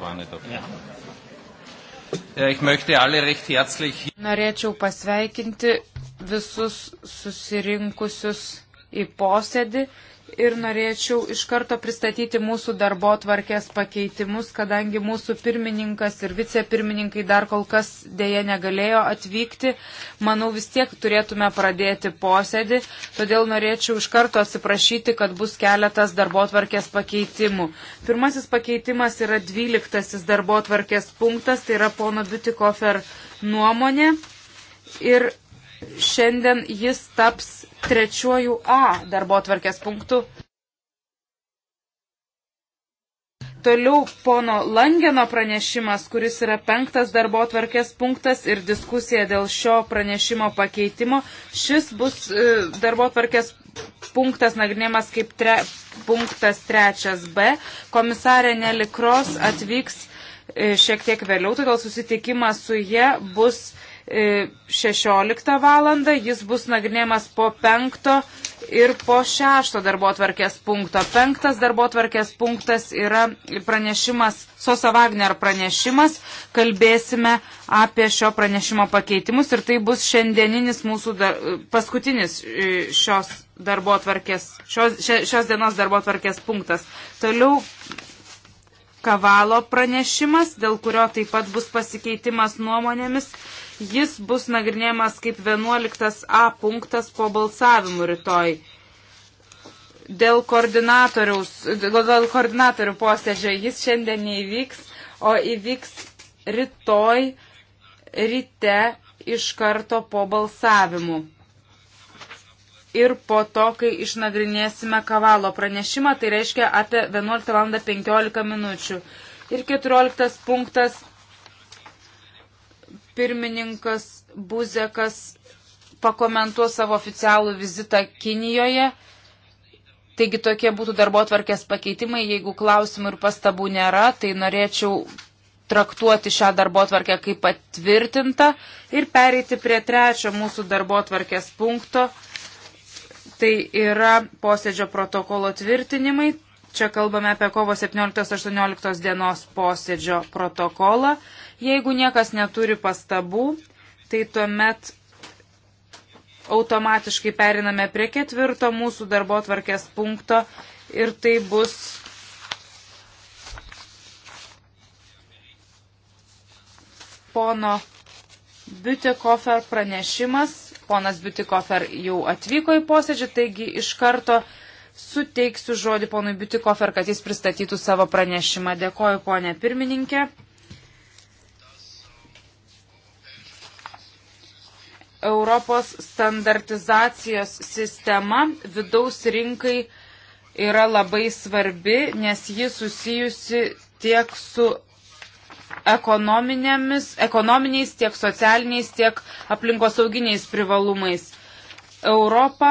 War nicht auf ja. Norėčiau pasveikinti visus susirinkusius į posėdį ir norėčiau iš karto pristatyti mūsų darbo tvarkės pakeitimus, kadangi mūsų pirmininkas ir vicepirmininkai dar kol kas dėje negalėjo atvykti. Manau, vis tiek turėtume pradėti posėdį, todėl norėčiau iš karto atsiprašyti, kad bus keletas darbo tvarkės pakeitimų. Pirmasis pakeitimas yra dvyliktasis darbo tvarkės punktas, tai yra pono Bitikofer nuomonė. Ir Šiandien jis taps trečiuoju A darbo tvarkės punktu. Toliau pono Langeno pranešimas, kuris yra penktas darbo tvarkės punktas ir diskusija dėl šio pranešimo pakeitimo. Šis bus e, darbo tvarkės punktas nagrinėjimas kaip tre, punktas trečias B. Komisarė Nelikros atvyks e, šiek tiek vėliau, todėl susitikimas su jie bus 16 e, valandą, jis bus nagrinėjamas po 5 ir po 6 darbo tvarkės punkto. 5 darbo tvarkės punktas yra pranešimas, Sosa Wagner pranešimas, kalbėsime apie šio pranešimo pakeitimus ir tai bus šiandieninis mūsų dar, e, paskutinis e, šios darbo tvarkės, šios, šios dienos darbo tvarkės punktas. Toliau Kavalo pranešimas, dėl kurio taip pat bus pasikeitimas nuomonėmis Jis bus nagrinėjamas kaip 11a punktas po balsavimu rytoj. Dėl, dėl koordinatorių posėdžio jis šiandien neįvyks, o įvyks rytoj ryte iš karto po balsavimu ir po to, kai išnagrinėsime kavalo pranešimą, tai reiškia apie 11 val. 15 minučių. Ir 14 punktas pirmininkas Buzekas pakomentuos savo oficialų vizitą Kinijoje. Taigi tokie būtų darbo tvarkės pakeitimai. Jeigu klausimų ir pastabų nėra, tai norėčiau traktuoti šią darbo tvarkę kaip patvirtintą ir pereiti prie trečio mūsų darbo tvarkės punkto. Tai yra posėdžio protokolo tvirtinimai. Čia kalbame apie kovo 17-18 dienos posėdžio protokolą. Jeigu niekas neturi pastabų, tai tuomet automatiškai periname prie ketvirto mūsų darbo tvarkės punkto ir tai bus pono Biutikofer pranešimas. Ponas Biutikofer jau atvyko į posėdžią, taigi iš karto suteiksiu žodį ponui Biutikofer, kad jis pristatytų savo pranešimą. Dėkoju, ponė pirmininkė. Europos standartizacijos sistema vidaus rinkai yra labai svarbi, nes ji susijusi tiek su ekonominiais, tiek socialiniais, tiek aplinkosauginiais privalumais. Europa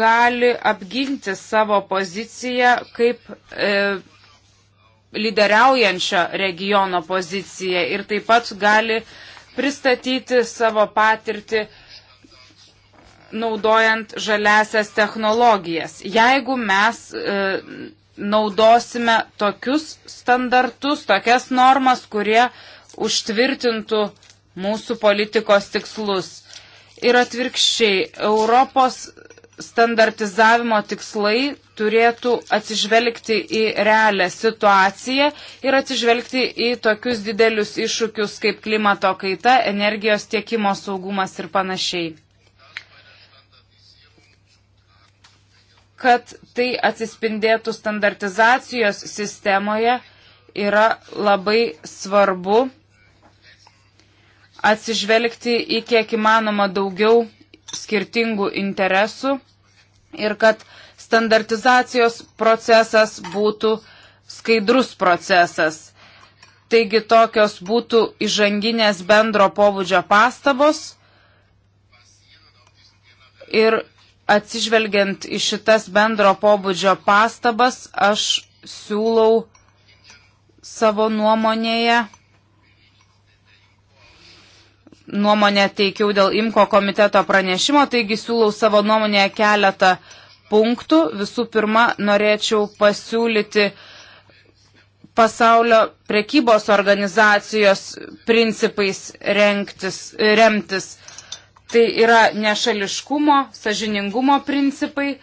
gali apginti savo poziciją kaip e, lyderiaujančio regiono poziciją ir taip pat gali e, pristatyti savo patirtį naudojant žaliasias technologijas. Jeigu mes e, naudosime tokius standartus, tokias normas, kurie užtvirtintų mūsų politikos tikslus. Ir atvirkščiai, Europos standartizavimo tikslai turėtų atsižvelgti į realią situaciją ir atsižvelgti į tokius didelius iššūkius kaip klimato kaita, energijos tiekimo saugumas ir panašiai. Kad tai atsispindėtų standartizacijos sistemoje yra labai svarbu atsižvelgti į kiek įmanoma daugiau skirtingų interesų ir kad standartizacijos procesas būtų skaidrus procesas. Taigi tokios būtų įžanginės bendro pobūdžio pastabos ir atsižvelgiant į šitas bendro pobūdžio pastabas, aš siūlau savo nuomonėje nuomonę teikiau dėl IMKO komiteto pranešimo, taigi siūlau savo nuomonę keletą punktų. Visų pirma, norėčiau pasiūlyti pasaulio prekybos organizacijos principais renktis, remtis. Tai yra nešališkumo, sažiningumo principai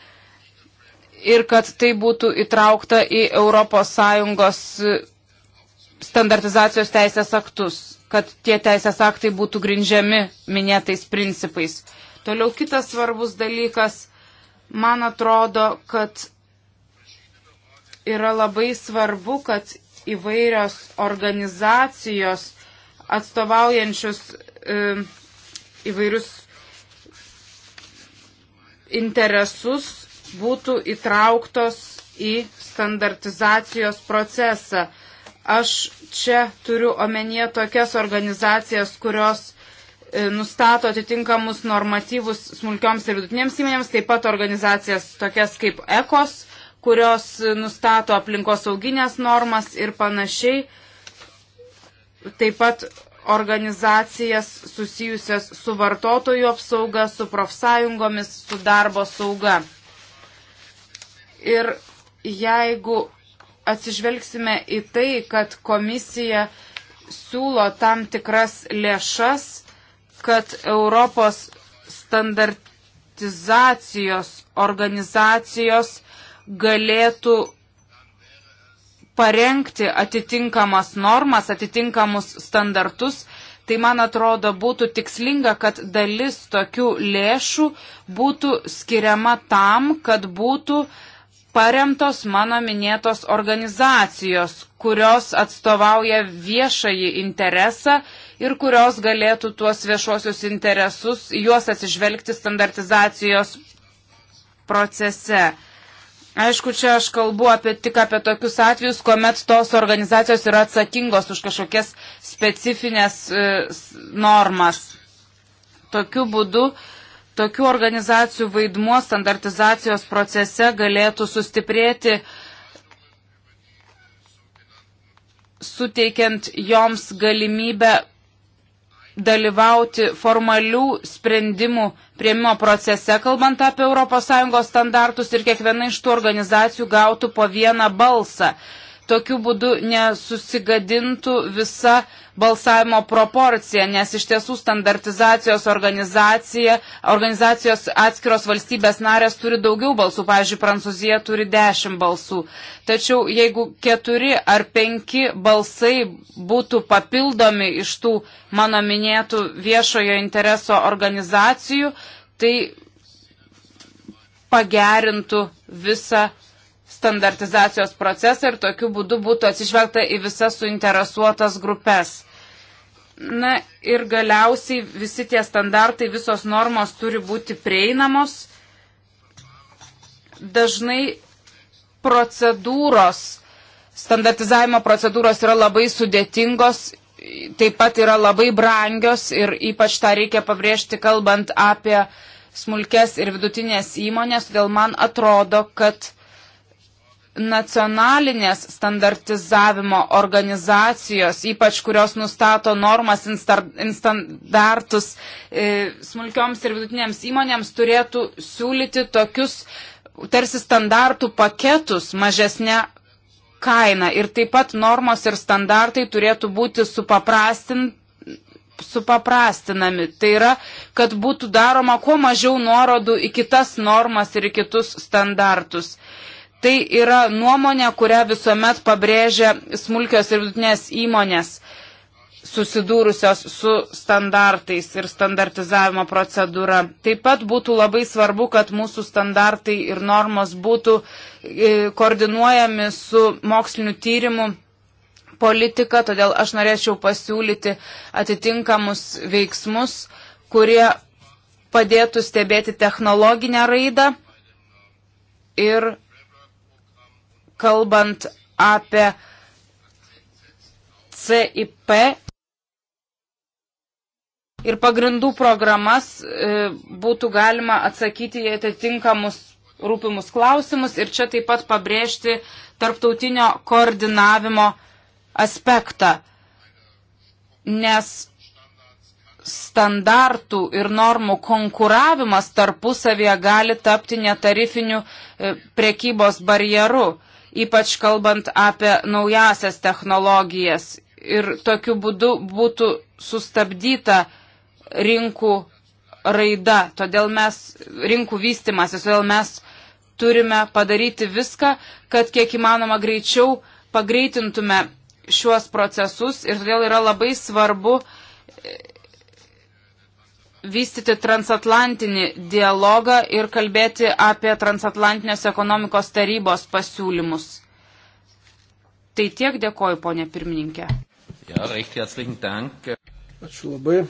ir kad tai būtų įtraukta į ES standartizacijos teisės aktus kad tie teisės aktai būtų grindžiami minėtais principais. Toliau kitas svarbus dalykas, man atrodo, kad yra labai svarbu, kad įvairios organizacijos atstovaujančius e, įvairius interesus būtų įtrauktos į standartizacijos procesą. Aš čia turiu omenyje tokias organizacijas, kurios e, nustato atitinkamus normatyvus smulkioms ir vidutinėms įmonėms, taip pat organizacijas tokias kaip ECOS, kurios e, nustato aplinkosauginės normas ir panašiai, taip pat organizacijas susijusias su vartotojų apsauga, su profsąjungomis, su darbo sauga. Ir jeigu atsižvelgsime į tai, kad komisija siūlo tam tikras lėšas, kad Europos standartizacijos organizacijos galėtų parengti atitinkamas normas, atitinkamus standartus, tai man atrodo būtų tikslinga, kad dalis tokių lėšų būtų skiriama tam, kad būtų uh, paremtos mano minėtos organizacijos, kurios atstovauja viešąjį interesą ir kurios galėtų tuos viešuosius interesus, juos atsižvelgti standartizacijos procese. Aišku, čia aš kalbu apie, tik apie tokius atvejus, kuomet tos organizacijos yra atsakingos už kažkokias specifines e, normas. Tokiu būdu e, tokių organizacijų vaidmuo standartizacijos procese galėtų sustiprėti, suteikiant joms galimybę dalyvauti formalių sprendimų prieimimo procese, kalbant apie ES standartus ir kiekviena iš tų organizacijų gautų po vieną balsą tokiu būdu nesusigadintų visa balsavimo proporcija, nes iš tiesų standartizacijos organizacijos atskiros valstybės narės turi daugiau balsų, pavyzdžiui, Prancūzija turi 10 balsų. Tačiau jeigu 4 ar 5 balsai būtų papildomi iš tų mano minėtų viešojo intereso organizacijų, tai pagerintų visą standartizacijos procesą ir tokiu būdu būtų atsižvelgta į visas suinteresuotas grupės. Na ir galiausiai visi tie standartai, visos normos turi būti prieinamos. Dažnai procedūros, standartizavimo procedūros yra labai sudėtingos, taip pat yra labai brangios ir ypač tą reikia pabrėžti kalbant apie smulkes ir vidutinės įmonės, todėl man atrodo, kad nacionalinės standartizavimo organizacijos, ypač kurios nustato normas standartus e, smulkioms ir vidutinėms įmonėms, turėtų siūlyti tokius tarsi standartų paketus mažesnė kaina. Ir taip pat normos ir standartai turėtų būti supaprastinti supaprastinami. Tai yra, kad būtų daroma kuo mažiau nuorodų į kitas normas ir į kitus standartus. Tai yra nuomonė, kurią visuomet pabrėžia smulkios ir vidutinės įmonės susidūrusios su standartais ir standartizavimo procedūra. Taip pat būtų labai svarbu, kad mūsų standartai ir normos būtų e, koordinuojami su moksliniu tyrimu politika, todėl aš norėčiau pasiūlyti atitinkamus veiksmus, kurie padėtų stebėti technologinę raidą ir kalbant apie CIP ir pagrindų programas, e, būtų galima atsakyti į atitinkamus rūpimus klausimus ir čia taip pat pabrėžti tarptautinio koordinavimo aspektą, nes standartų ir normų konkuravimas tarpusavėje gali tapti netarifiniu e, prekybos barjeru ypač kalbant apie naujasias technologijas. Ir tokiu būdu būtų sustabdyta rinkų raida, todėl mes, rinkų vystimasis, todėl mes turime padaryti viską, kad kiek įmanoma greičiau pagreitintume šiuos procesus ir todėl yra labai svarbu vystyti transatlantinį dialogą ir kalbėti apie transatlantinės ekonomikos tarybos pasiūlymus. Tai tiek dėkoju, ponė pirmininkė. Ja, recht herzlichen Dank. Ačiū labai.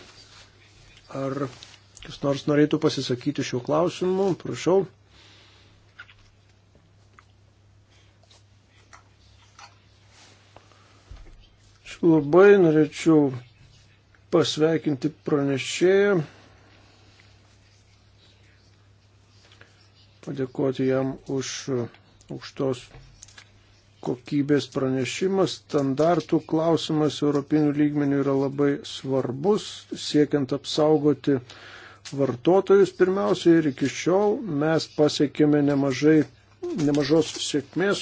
Ar kas nors norėtų pasisakyti šiuo klausimu? Prašau. Ačiū labai, norėčiau pasveikinti pranešėją. padėkoti jam už aukštos kokybės pranešimas, standartų klausimas europinių lygmenių yra labai svarbus, siekiant apsaugoti vartotojus pirmiausiai ir iki šiol mes pasiekėme nemažai, nemažos sėkmės,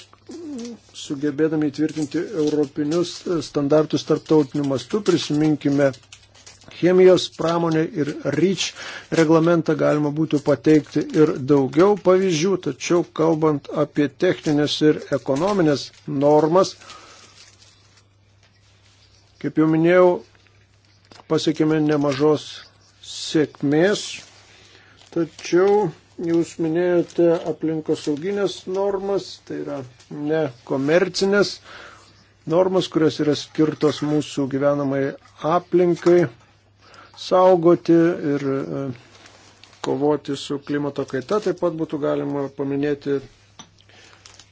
sugebėdami įtvirtinti europinius standartus tarptautiniu mastu. Prisiminkime chemijos pramonė ir REACH reglamentą galima būtų pateikti ir daugiau pavyzdžių, tačiau kalbant apie techninės ir ekonominės normas, kaip jau minėjau, pasiekėme nemažos sėkmės, tačiau jūs minėjote aplinkosauginės normas, tai yra nekomercinės normas, kurios yra skirtos mūsų gyvenamai aplinkai saugoti ir e, kovoti su klimato kaita. Taip pat būtų galima paminėti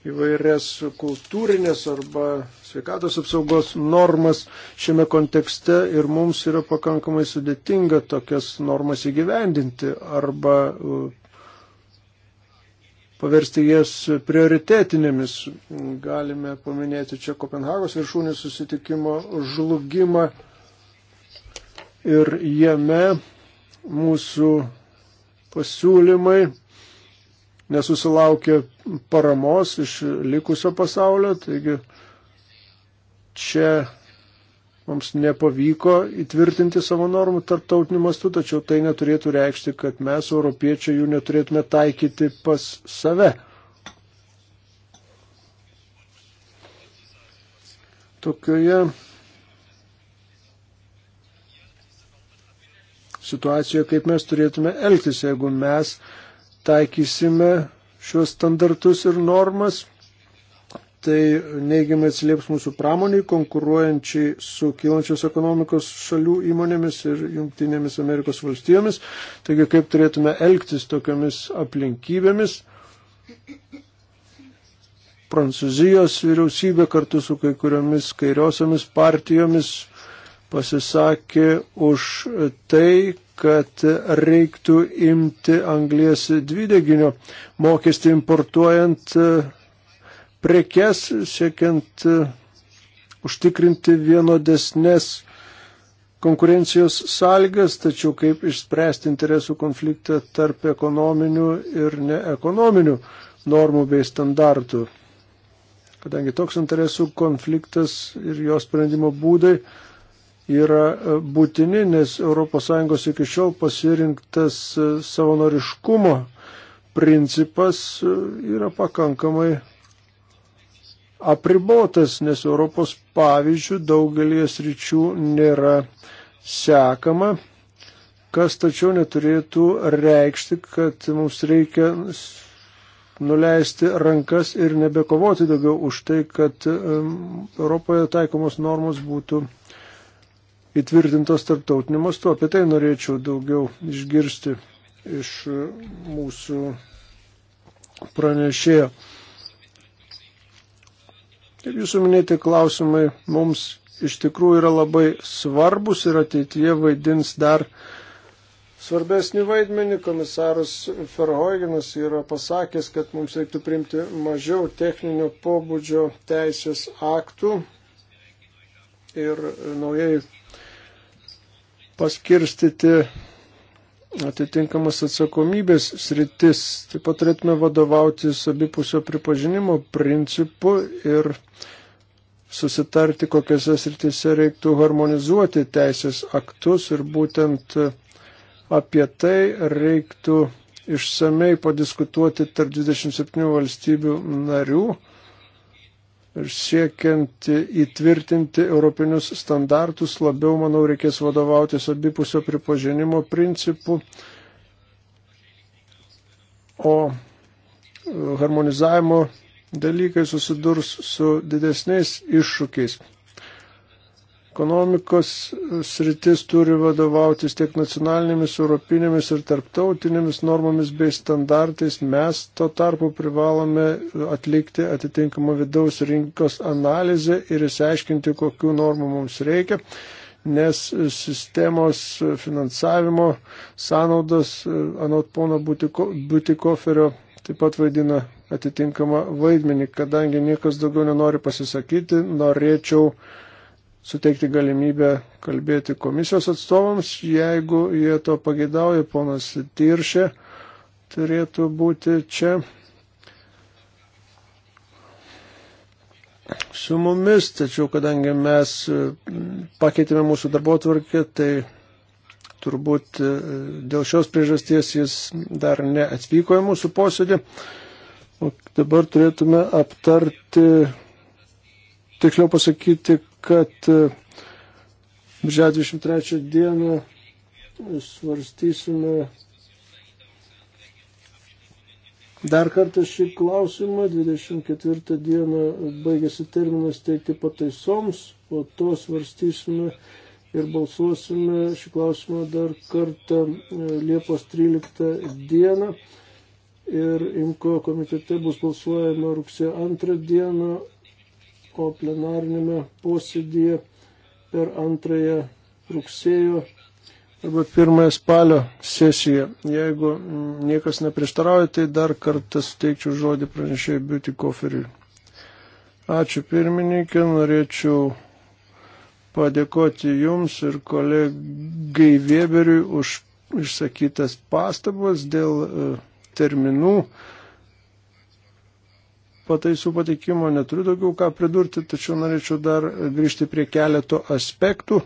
įvairias kultūrinės arba sveikatos apsaugos normas šiame kontekste ir mums yra pakankamai sudėtinga tokias normas įgyvendinti arba e, paversti jas prioritetinėmis. Galime paminėti čia Kopenhagos viršūnės susitikimo žlugimą ir jame mūsų pasiūlymai nesusilaukė paramos iš likusio pasaulio, taigi čia mums nepavyko įtvirtinti savo normų tarptautiniu mastu, tačiau tai neturėtų reikšti, kad mes, europiečiai, jų neturėtume taikyti pas save. Tokioje situacijoje, kaip mes turėtume elgtis, jeigu mes taikysime šios standartus ir normas, tai neigiamai atsilieps mūsų pramoniai, konkuruojančiai su kylančios ekonomikos šalių įmonėmis ir Junktinėmis Amerikos valstijomis. Taigi, kaip turėtume elgtis tokiamis aplinkybėmis. Prancūzijos vyriausybė kartu su kai kuriomis kairiosiamis partijomis pasisakė už tai, kad reiktų imti anglies dvideginio mokestį importuojant e, prekes, siekiant e, užtikrinti vienodesnės konkurencijos sąlygas, tačiau kaip išspręsti interesų konfliktą tarp ekonominių ir neekonominių normų bei standartų. Kadangi toks interesų konfliktas ir jo sprendimo būdai yra e, būtini, nes ES iki šiol pasirinktas e, savanoriškumo principas e, yra pakankamai apribotas, nes Europos pavyzdžių daugelį sričių nėra sekama, kas tačiau neturėtų reikšti, kad mums reikia nuleisti rankas ir nebekovoti daugiau už tai, kad um, Europoje taikomos normos būtų įtvirtintos tarptautiniu mastu. Apie tai norėčiau daugiau išgirsti iš mūsų pranešėjo. Kaip jūsų minėti klausimai mums iš tikrųjų yra labai svarbus ir ateityje vaidins dar svarbesnį vaidmenį. Komisaras Ferhoiginas yra pasakęs, kad mums reiktų priimti mažiau techninio pobūdžio teisės aktų ir naujai paskirstyti atitinkamas atsakomybės sritis. Taip pat turėtume vadovautis abipusio pripažinimo principu ir susitarti, kokiuose sritise reiktų harmonizuoti teisės aktus ir būtent apie tai reiktų išsamei padiskutuoti tarp 27 valstybių narių siekiant įtvirtinti europinius standartus, labiau, manau, reikės vadovautis abipusio pripažinimo principu, o harmonizavimo dalykai susidurs su didesniais iššūkiais. Ekonomikos sritis turi vadovautis tiek nacionalinėmis, europinėmis ir tarptautinėmis normomis bei standartais. Mes to tarpu privalome atlikti atitinkamą vidaus rinkos analizę ir įsiaiškinti, kokiu normu mums reikia, nes sistemos finansavimo sąnaudos anot pono Butikoferio taip pat vaidina atitinkamą vaidmenį. Kadangi niekas daugiau nenori pasisakyti, norėčiau suteikti galimybę kalbėti komisijos atstovams, jeigu jie to pageidauja, ponas Tiršė turėtų būti čia su mumis, tačiau kadangi mes mm, pakeitėme mūsų darbo tvarkę, tai turbūt e, dėl šios priežasties jis dar neatvyko į mūsų posėdį. O dabar turėtume aptarti, tiksliau pasakyti, kad e, birželio 23 dieną svarstysime dar kartą šį klausimą. 24 dieną baigėsi terminas teikti pataisoms, o to svarstysime ir balsuosime šį klausimą dar kartą e, Liepos 13 dieną. Ir Imko komitete bus balsuojama rugsėjo 2 dieną, o plenarinėme posėdėje per antrąją rugsėjo arba pirmąją spalio sesiją. Jeigu niekas neprieštarauja, tai dar kartą suteikčiau žodį pranešėjai Beauty Koferiui. Ačiū pirmininkė, norėčiau padėkoti Jums ir kolegai Weberiui už išsakytas pastabas dėl e, terminų. Uh, pataisų pateikimo, neturiu daugiau ką pridurti, tačiau norėčiau dar grįžti prie keleto aspektų.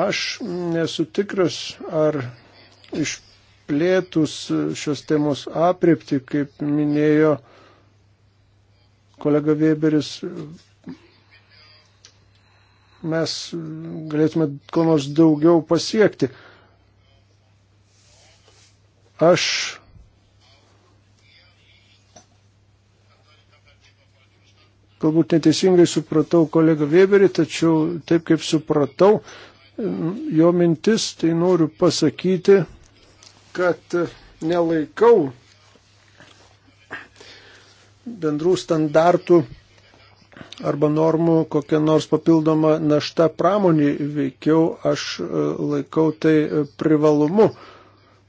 Aš nesu tikras, ar išplėtus šios temos apriepti, kaip minėjo kolega Weberis, mes galėtume ko nors daugiau pasiekti. Aš galbūt neteisingai supratau kolegą Weberį, tačiau taip kaip supratau jo mintis, tai noriu pasakyti, kad e, nelaikau bendrų standartų arba normų kokią nors papildomą naštą pramonį veikiau, aš e, laikau tai e, privalumu.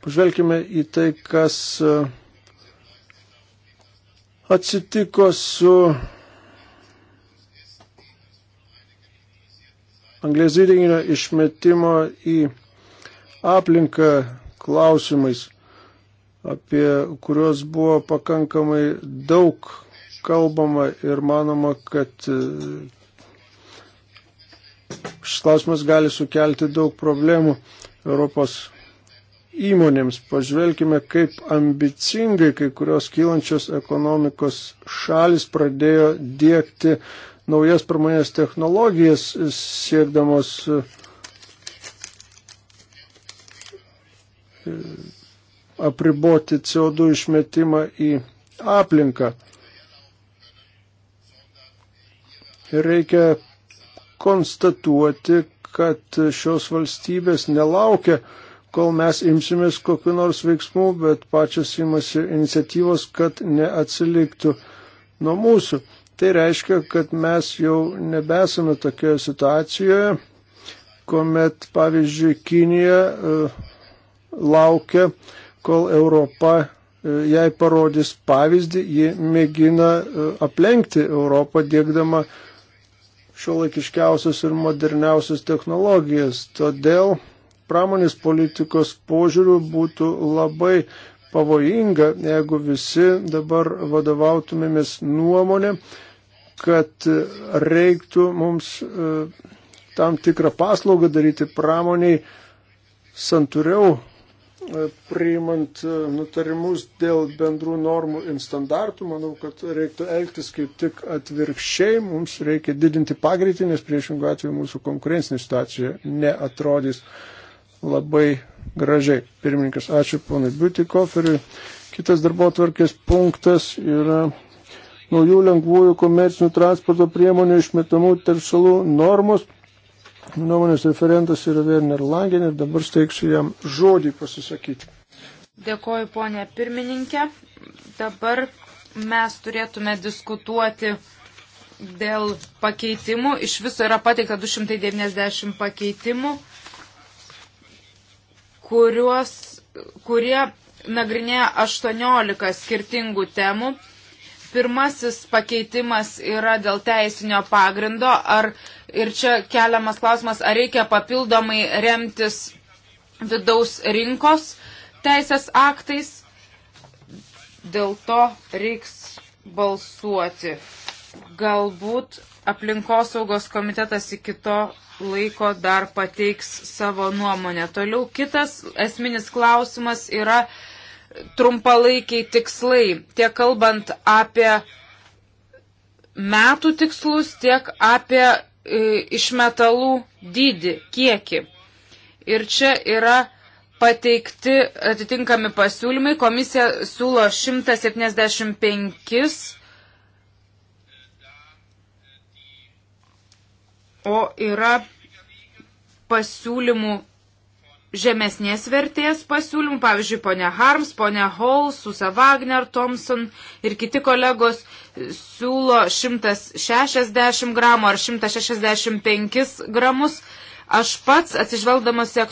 Pažvelkime į tai, kas atsitiko su anglės dvideginio išmetimo į aplinką klausimais, apie kuriuos buvo pakankamai daug kalbama ir manoma, kad e, šis klausimas gali sukelti daug problemų Europos įmonėms. Pažvelkime, kaip ambicingai kai kurios kylančios ekonomikos šalis pradėjo dėkti naujas pramonės technologijas siekdamos e, apriboti CO2 išmetimą į aplinką. Ir reikia konstatuoti, kad šios valstybės nelaukia, kol mes imsimės kokiu nors veiksmu, bet pačios imasi iniciatyvos, kad neatsiliktų nuo mūsų. Tai reiškia, kad mes jau nebesame tokioje situacijoje, kuomet, pavyzdžiui, Kinija e, laukia, kol Europa e, jai parodys pavyzdį, ji mėgina e, aplenkti Europą, dėkdama šiuolaikiškiausias ir moderniausias technologijas. Todėl pramonės politikos požiūrių būtų labai pavojinga, jeigu visi dabar vadovautumėmės nuomonė, kad reiktų mums e, tam tikrą paslaugą daryti pramoniai santūriau, e, priimant e, nutarimus dėl bendrų normų ir standartų. Manau, kad reiktų elgtis kaip tik atvirkščiai, mums reikia didinti pagreitį, nes priešingų atveju mūsų konkurencinė situacija neatrodys labai gražiai. Pirmininkas, ačiū ponui Biutikoferiui. Kitas darbo tvarkės punktas yra naujų lengvųjų komercinių transporto priemonių išmetamų teršalų normos. Nuomonės referentas yra Werner Langen ir dabar steiksiu jam žodį pasisakyti. Dėkoju, ponė pirmininkė. Dabar mes turėtume diskutuoti dėl pakeitimų. Iš viso yra pateikta 290 pakeitimų, kuriuos, kurie nagrinėja 18 skirtingų temų. Pirmasis pakeitimas yra dėl teisinio pagrindo, ar ir čia keliamas klausimas, ar reikia papildomai remtis vidaus rinkos teisės aktais. Dėl to reiks balsuoti. Galbūt aplinkosaugos komitetas iki to laiko dar pateiks savo nuomonę. Toliau kitas esminis klausimas yra trumpalaikiai tikslai, tiek kalbant apie metų tikslus, tiek apie e, išmetalų dydį, kiekį. Ir čia yra pateikti atitinkami pasiūlymai. Komisija siūlo 175, o yra pasiūlymų žemesnės vertės pasiūlymų, pavyzdžiui, ponia Harms, ponia Hall, Susa Wagner, Thompson ir kiti kolegos siūlo 160 gramų ar 165 gramus. Aš pats, atsižvelgdamas į,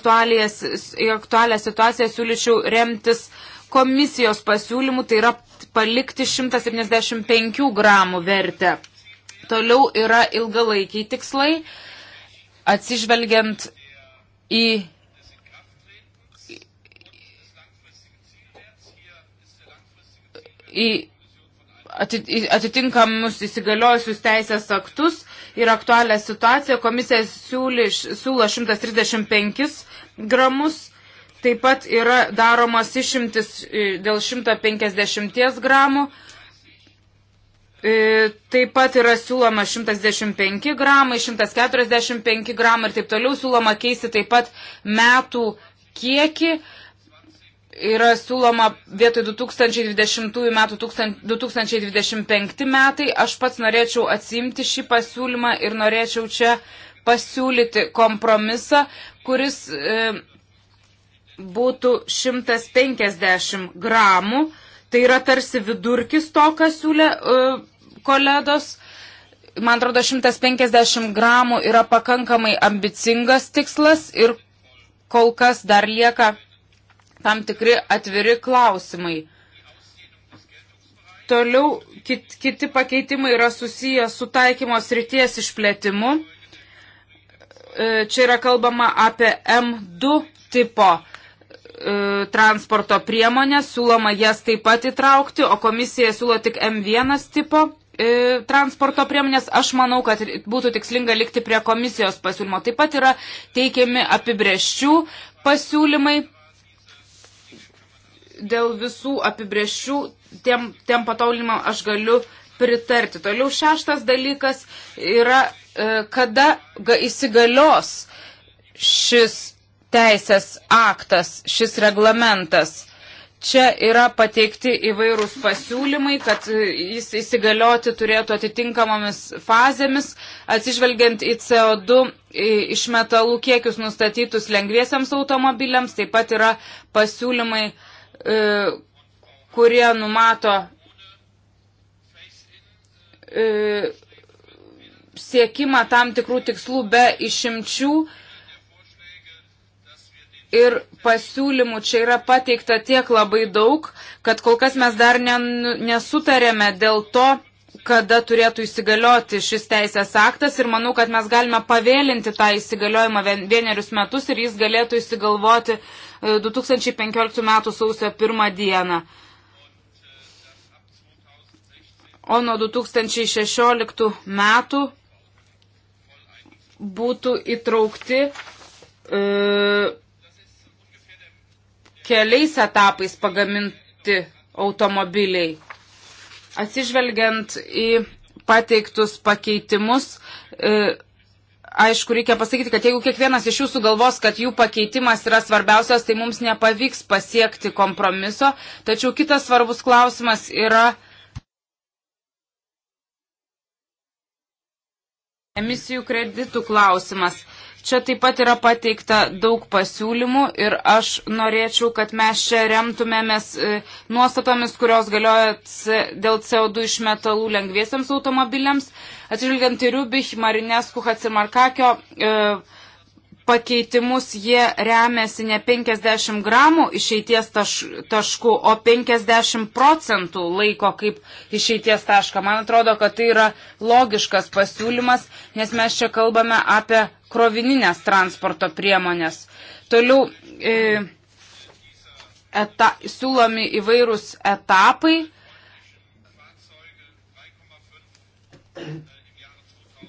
į aktualią situaciją, siūlyčiau remtis komisijos pasiūlymų, tai yra palikti 175 gramų vertę. Toliau yra ilgalaikiai tikslai, atsižvelgiant į į atitinkamus įsigaliojusius teisės aktus ir aktualią situaciją. Komisija siūly, siūlo 135 gramus. Taip pat yra daromas išimtis e, dėl 150 gramų. E, taip pat yra siūloma 115 gramai, 145 gramai ir taip toliau siūloma keisti taip pat metų kiekį yra siūloma vietoj 2020 metų 2025 metai. Aš pats norėčiau atsimti šį pasiūlymą ir norėčiau čia pasiūlyti kompromisą, kuris e, būtų 150 gramų. Tai yra tarsi vidurkis to, ką siūlė e, kolegos. Man atrodo, 150 gramų yra pakankamai ambicingas tikslas ir kol kas dar lieka tam tikri atviri klausimai. Toliau kit, kiti pakeitimai yra susiję su taikymos ryties išplėtimu. E, čia yra kalbama apie M2 tipo e, transporto priemonės, siūloma jas taip pat įtraukti, o komisija siūlo tik M1 tipo e, transporto priemonės. Aš manau, kad būtų tikslinga likti prie komisijos pasiūlymo. Taip pat yra teikiami apibrėžčių pasiūlymai dėl visų apibrėžčių tiem, tiem patolinimam aš galiu pritarti. Toliau šeštas dalykas yra, e, kada įsigalios šis teisės aktas, šis reglamentas. Čia yra pateikti įvairūs pasiūlymai, kad e, jis įsigalioti turėtų atitinkamomis fazėmis, atsižvelgiant į CO2 išmetalų kiekius nustatytus lengviesiams automobiliams. Taip pat yra pasiūlymai uh, E, kurie numato e, siekimą tam tikrų tikslų be išimčių ir pasiūlymų čia yra pateikta tiek labai daug, kad kol kas mes dar ne, nesutarėme dėl to, kada turėtų įsigalioti šis teisės aktas ir manau, kad mes galime pavėlinti tą įsigaliojimą vienerius metus ir jis galėtų įsigalvoti, 2015 e, m. sausio 1 dieną. O nuo 2016 metų būtų įtraukti e, keliais etapais pagaminti automobiliai. Atsižvelgiant į pateiktus pakeitimus, e, aišku, reikia pasakyti, kad jeigu kiekvienas iš jūsų galvos, kad jų pakeitimas yra svarbiausias, tai mums nepavyks pasiekti kompromiso. Tačiau kitas svarbus klausimas yra emisijų kreditų klausimas. Čia taip pat yra pateikta daug pasiūlymų ir aš norėčiau, kad mes čia remtumėmės e, nuostatomis, kurios galioja dėl CO2 iš metalų lengviesiams automobiliams. Atsižvelgiant į Rubich, Marinės, Kuhats ir Markakio e, pakeitimus, jie remiasi ne 50 gramų išeities taš, taškų, o 50 procentų laiko kaip išeities tašką. Man atrodo, kad tai yra logiškas pasiūlymas, nes mes čia kalbame apie krovininės transporto priemonės. Toliau. E, eta, siūlomi įvairūs etapai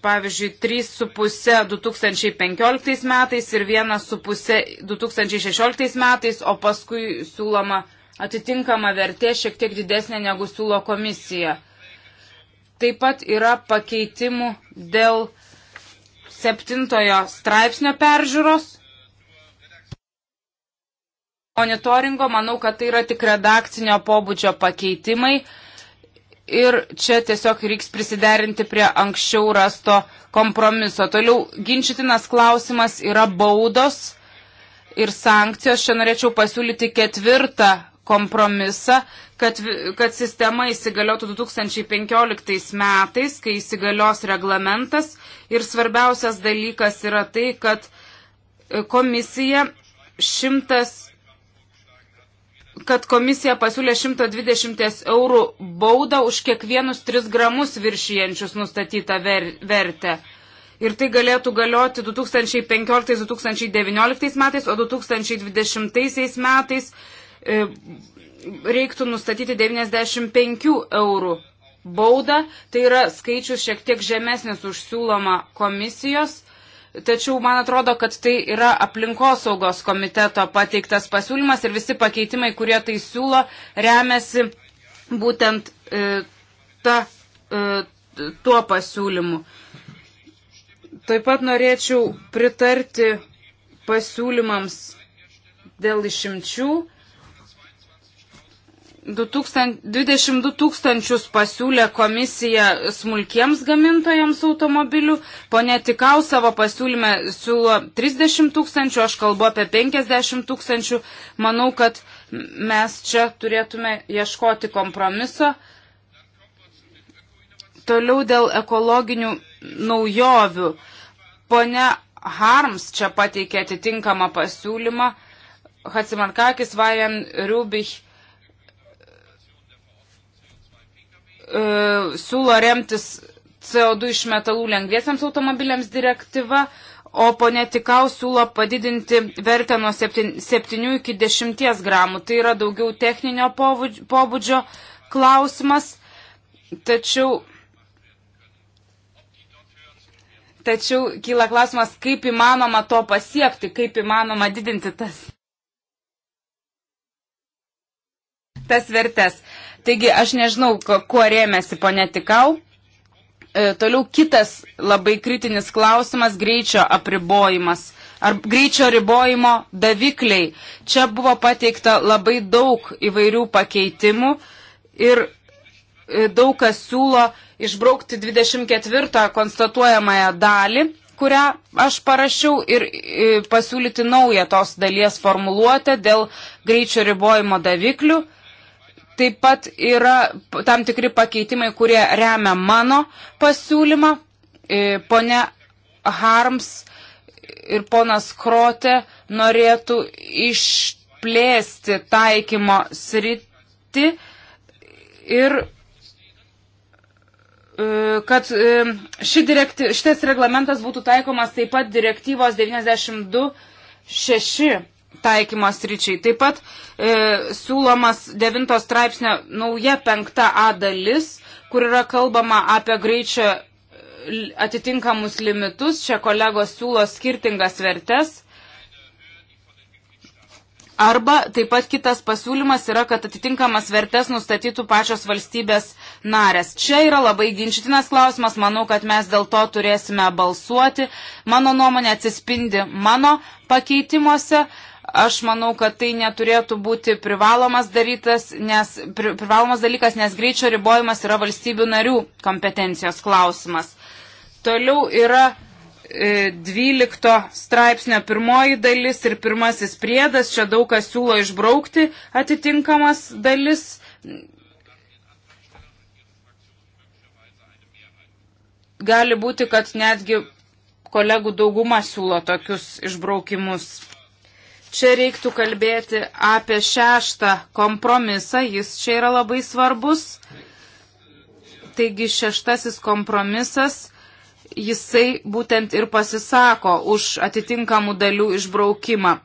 pavyzdžiui, 3,5 2015 metais ir 1,5 2016 metais, o paskui siūloma atitinkama vertė šiek tiek didesnė negu siūlo komisija. Taip pat yra pakeitimų dėl septintojo straipsnio peržiūros. Monitoringo, manau, kad tai yra tik redakcinio pobūdžio pakeitimai ir čia tiesiog reiks prisiderinti prie anksčiau rasto kompromiso. Toliau ginčytinas klausimas yra baudos ir sankcijos. Čia norėčiau pasiūlyti ketvirtą kompromisą, kad, kad sistema įsigaliotų 2015 metais, kai įsigalios reglamentas. Ir svarbiausias dalykas yra tai, kad komisija šimtas kad komisija pasiūlė 120 eurų baudą už kiekvienus 3 gramus viršijančius nustatytą ver vertę. Ir tai galėtų galioti 2015-2019 metais, o 2020 metais e, reiktų nustatyti 95 eurų baudą. Tai yra skaičius šiek tiek žemesnis už siūlomą komisijos. Tačiau man atrodo, kad tai yra aplinkosaugos komiteto pateiktas pasiūlymas ir visi pakeitimai, kurie tai siūlo, remiasi būtent e, ta, e, tuo pasiūlymu. Taip pat norėčiau pritarti pasiūlymams dėl išimčių. 22 tūkstančius pasiūlė komisija smulkiems gamintojams automobilių, ponė Tikau savo pasiūlyme siūlo 30 tūkstančių, aš kalbu apie 50 tūkstančių. Manau, kad mes čia turėtume ieškoti kompromiso. Toliau dėl ekologinių naujovių. Pone Harms čia pateikė atitinkamą pasiūlymą. Hatsimarkakis Vajan Rubich E, siūlo remtis CO2 iš metalų lengviesiams automobiliams direktyva, o ponė Tikau siūlo padidinti vertę nuo 7 iki 10 gramų. Tai yra daugiau techninio pobūdžio klausimas, tačiau. Tačiau kyla klausimas, kaip įmanoma to pasiekti, kaip įmanoma didinti tas, tas vertes. Taigi aš nežinau, kuo rėmėsi ponė Tikau. E, toliau kitas labai kritinis klausimas - greičio apribojimas ar greičio ribojimo davikliai. Čia buvo pateikta labai daug įvairių pakeitimų ir e, daug kas siūlo išbraukti 24 konstatuojamąją dalį, kurią aš parašiau ir e, pasiūlyti naują tos dalies formuluotę dėl greičio ribojimo daviklių. Taip pat yra tam tikri pakeitimai, kurie remia mano pasiūlymą. E, pone Harms ir ponas Krote norėtų išplėsti taikymo sritį ir e, kad e, ši direkti, šitas reglamentas būtų taikomas taip pat direktyvos 92.6 taikymos ryčiai. Taip pat e, siūlomas 9 straipsnio nauja 5a dalis, kur yra kalbama apie greičio e, atitinkamus limitus. Čia kolegos siūlo skirtingas vertes. Arba taip pat kitas pasiūlymas yra, kad atitinkamas vertės nustatytų pačios valstybės narės. Čia yra labai ginčytinas klausimas, manau, kad mes dėl to turėsime balsuoti. Mano nuomonė atsispindi mano pakeitimuose. E, Aš manau, kad tai neturėtų būti privalomas, darytas, nes, pri, privalomas dalykas, nes greičio ribojimas yra valstybių narių kompetencijos klausimas. Toliau yra 12 e, straipsnio pirmoji dalis ir pirmasis priedas, čia daug kas siūlo išbraukti atitinkamas dalis. Gali būti, kad netgi kolegų dauguma siūlo tokius išbraukimus. Čia reiktų kalbėti apie šeštą kompromisą, jis čia yra labai svarbus. Taigi šeštasis kompromisas, jisai būtent ir pasisako už atitinkamų dalių išbraukimą.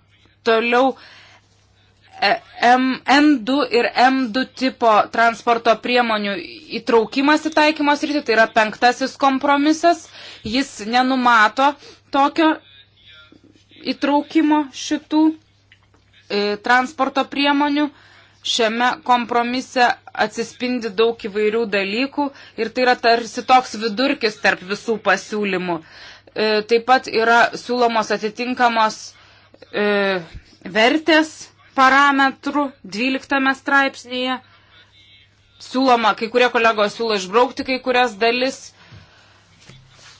Toliau e, M, M2 ir M2 tipo transporto priemonių įtraukimas į taikymos rytį, tai yra penktasis kompromisas, jis nenumato tokio įtraukimo šitų e, transporto priemonių. Šiame kompromise atsispindi daug įvairių dalykų ir tai yra tarsi toks vidurkis tarp visų pasiūlymų. E, taip pat yra siūlomos atitinkamos e, vertės parametrų 12 straipsnėje. Siūloma, kai kurie kolegos siūlo išbraukti kai kurias dalis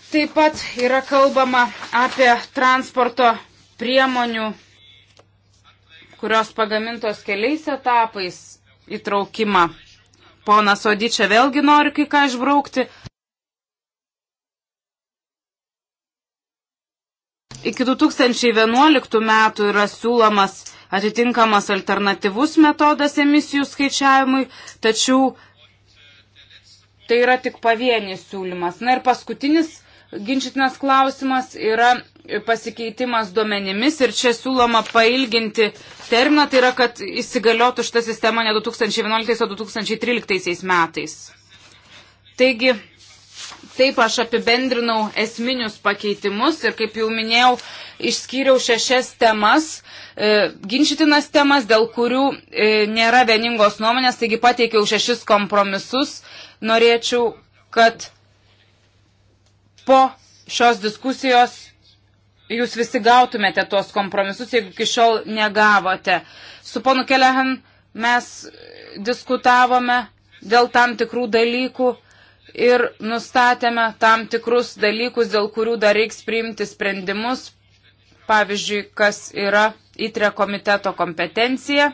taip pat yra kalbama apie transporto priemonių, kurios pagamintos keliais etapais įtraukimą. Ponas Odyčia vėlgi nori kai ką išbraukti. Iki 2011 metų yra siūlomas atitinkamas alternatyvus metodas emisijų skaičiavimui, tačiau tai yra tik pavienis siūlymas. Na ir paskutinis ginčytinas klausimas yra pasikeitimas duomenimis ir čia siūloma pailginti terminą, tai yra, kad įsigaliotų šitą sistemą ne 2011, o 2013 metais. Taigi, taip aš apibendrinau esminius pakeitimus ir, kaip jau minėjau, išskyriau šešias temas, e, ginčytinas temas, dėl kurių e, nėra vieningos nuomonės, taigi pateikiau šešis kompromisus. Norėčiau, kad po šios diskusijos jūs visi gautumėte tuos kompromisus, jeigu iki šiol negavote. Su ponu Kelehan mes diskutavome dėl tam tikrų dalykų ir nustatėme tam tikrus dalykus, dėl kurių dar reiks priimti sprendimus, pavyzdžiui, kas yra įtre komiteto kompetencija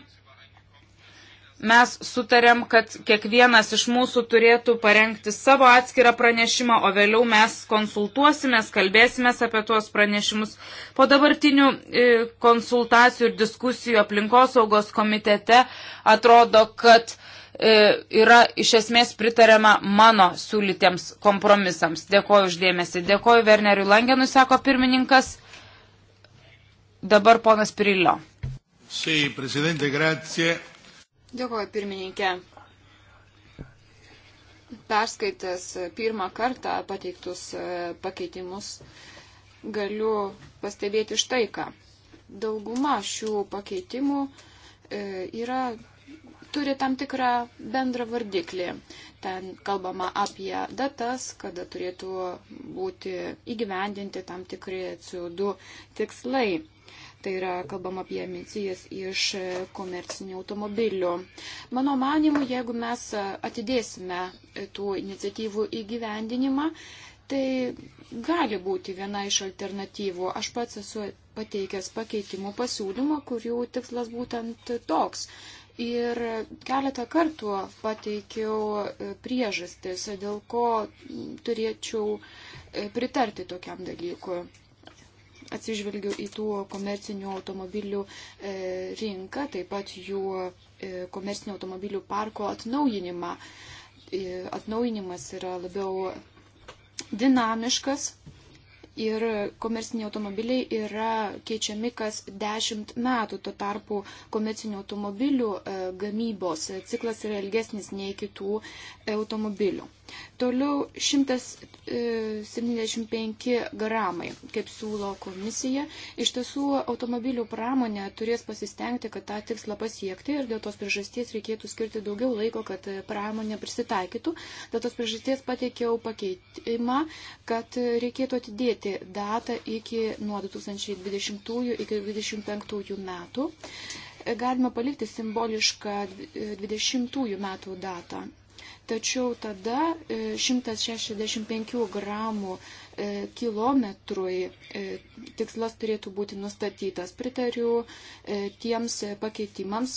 mes sutarėm, kad kiekvienas iš mūsų turėtų parengti savo atskirą pranešimą, o vėliau mes konsultuosimės, kalbėsimės apie tuos pranešimus. Po dabartinių e, konsultacijų ir diskusijų aplinkosaugos komitete atrodo, kad e, yra iš esmės pritarama mano siūlytiems kompromisams. Dėkoju uždėmesi. Dėkoju Werneriui Langenui, sako pirmininkas. Dabar ponas Pirilio. Sì, si, Presidente, grazie. Dėkuoju, pirmininkė. Perskaitęs pirmą kartą pateiktus e, pakeitimus, galiu pastebėti štai ką. Dauguma šių pakeitimų e, yra, turi tam tikrą bendrą vardiklį. Ten kalbama apie datas, kada turėtų būti įgyvendinti tam tikri CO2 tikslai. Tai yra kalbama apie emisijas iš komercinių automobilių. Mano manimu, jeigu mes atidėsime tų iniciatyvų įgyvendinimą, tai gali būti viena iš alternatyvų. Aš pats esu pateikęs pakeitimų pasiūlymą, kurių tikslas būtent toks. Ir keletą kartų pateikiau priežastis, dėl ko turėčiau pritarti tokiam dalykui atsižvelgiu į tų komercinių automobilių e, rinką, taip pat jų e, komercinių automobilių parko atnaujinimą. E, atnaujinimas yra labiau dinamiškas ir komerciniai automobiliai yra keičiami kas 10 metų. Tuo tarpu komercinių automobilių e, gamybos ciklas yra ilgesnis nei kitų e, automobilių. Toliau 175 e, gramai, kaip siūlo komisija. Iš tiesų, automobilių pramonė turės pasistengti, kad tą tikslą pasiekti ir dėl tos priežasties reikėtų skirti daugiau laiko, kad pramonė prisitaikytų. Dėl tos priežasties pateikiau pakeitimą, kad reikėtų atidėti numatyti datą iki nuo 2020 iki 2025 metų. Galima palikti simbolišką 20 metų datą. Tačiau tada 165 e, gramų E, kilometrui e, tikslas turėtų būti nustatytas. Pritariu e, tiems pakeitimams,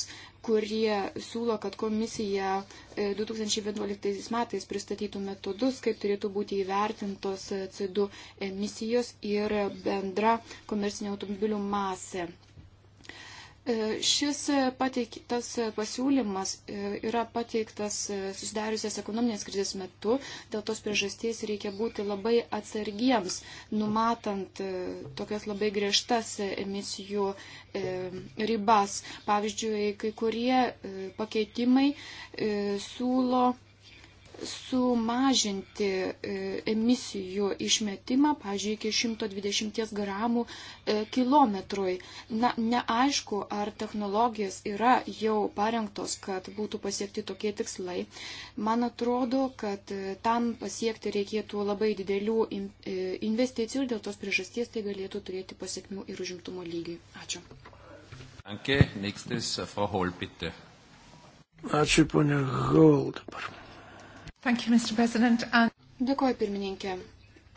kurie siūlo, kad komisija 2011 metais pristatytų metodus, kaip turėtų būti įvertintos CO2 emisijos ir bendra komercinė automobilių masė. E, šis pateiktas pasiūlymas e, yra pateiktas e, susidariusios ekonominės krizės metu, dėl tos priežasties reikia būti labai atsargiems, numatant tokias labai griežtas emisijų ribas. Pavyzdžiui, kai kurie pakeitimai siūlo sumažinti e, emisijų išmetimą, pažiūrėjau, iki 120 gramų e, kilometrui. Na, neaišku, ar technologijas yra jau parengtos, kad būtų pasiekti tokie tikslai. Man atrodo, kad e, tam pasiekti reikėtų labai didelių investicijų ir dėl tos priežasties tai galėtų turėti pasiekmių ir užimtumo lygiai. Ačiū. Danke, nächstes Frau Hol, bitte. Ačiū, ponia Hol, dabar. Thank you, Mr. President. And... Dėkoju, pirmininkė.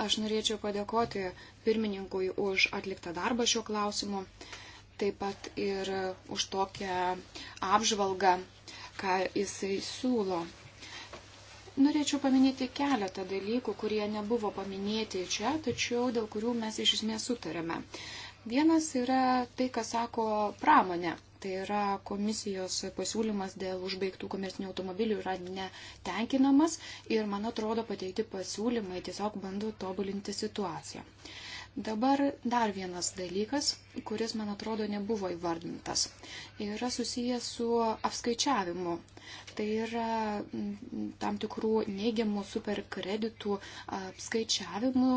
Aš norėčiau padėkoti pirmininkui už atliktą darbą šiuo klausimu, taip pat ir už tokią apžvalgą, ką jisai siūlo. Norėčiau paminėti keletą dalykų, kurie nebuvo paminėti čia, tačiau dėl kurių mes iš esmės sutarėme. Vienas yra tai, ką sako pramonė. Tai yra komisijos pasiūlymas dėl užbaigtų komercinių automobilių yra netenkinamas ir, man atrodo, pateikti pasiūlymai tiesiog bando tobulinti situaciją. Dabar dar vienas dalykas, kuris, man atrodo, nebuvo įvardintas, yra susijęs su apskaičiavimu. Tai yra mm, tam tikrų neigiamų superkreditų apskaičiavimu,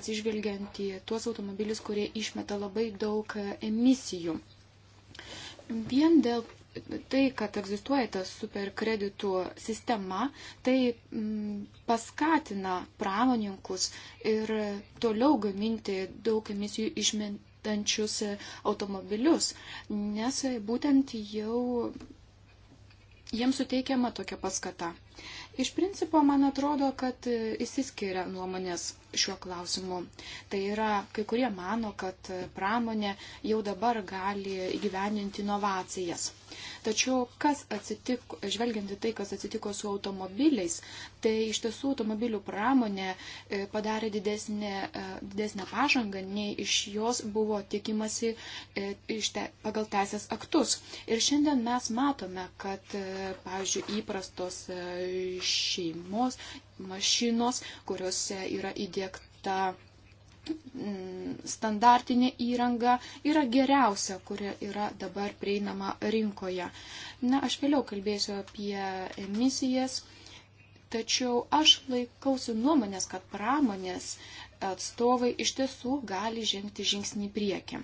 atsižvelgiant į tuos automobilius, kurie išmeta labai daug emisijų. Vien dėl tai, kad egzistuoja ta superkreditų sistema, tai mm, paskatina pramoninkus ir toliau gaminti daug emisijų išmetančius automobilius, nes būtent jau jiems suteikiama tokia paskata. Iš principo, man atrodo, kad įsiskiria nuomonės šiuo klausimu. Tai yra, kai kurie mano, kad pramonė jau dabar gali įgyveninti inovacijas. Tačiau, kas atsitiko, žvelgiant į tai, kas atsitiko su automobiliais, tai iš tiesų automobilių pramonė e, padarė didesnę, e, didesnę pažangą, nei iš jos buvo tikimasi e, iš te, pagal teisės aktus. Ir šiandien mes matome, kad, pavyzdžiui, įprastos šeimos, mašinos, kuriuose yra įdėkta mm, standartinė įranga yra geriausia, kuri yra dabar prieinama rinkoje. Na, aš vėliau kalbėsiu apie emisijas, tačiau aš laikausi nuomonės, kad pramonės atstovai iš tiesų gali žengti žingsnį į priekį.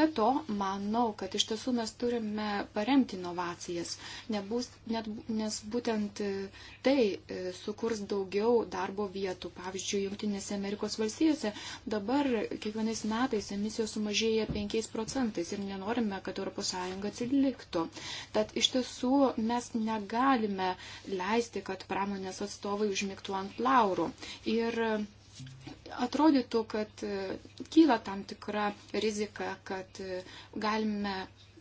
Be to, manau, kad iš tiesų mes turime paremti inovacijas, nebus, net, nes būtent tai e, sukurs daugiau darbo vietų. Pavyzdžiui, Junktinėse Amerikos valstijose dabar kiekvienais metais emisijos sumažėja 5 procentais ir nenorime, kad ES atsiliktų. Tad iš tiesų mes negalime leisti, kad pramonės atstovai užmigtų ant laurų. Ir atrodytų, kad e, kyla tam tikra rizika, kad e, galime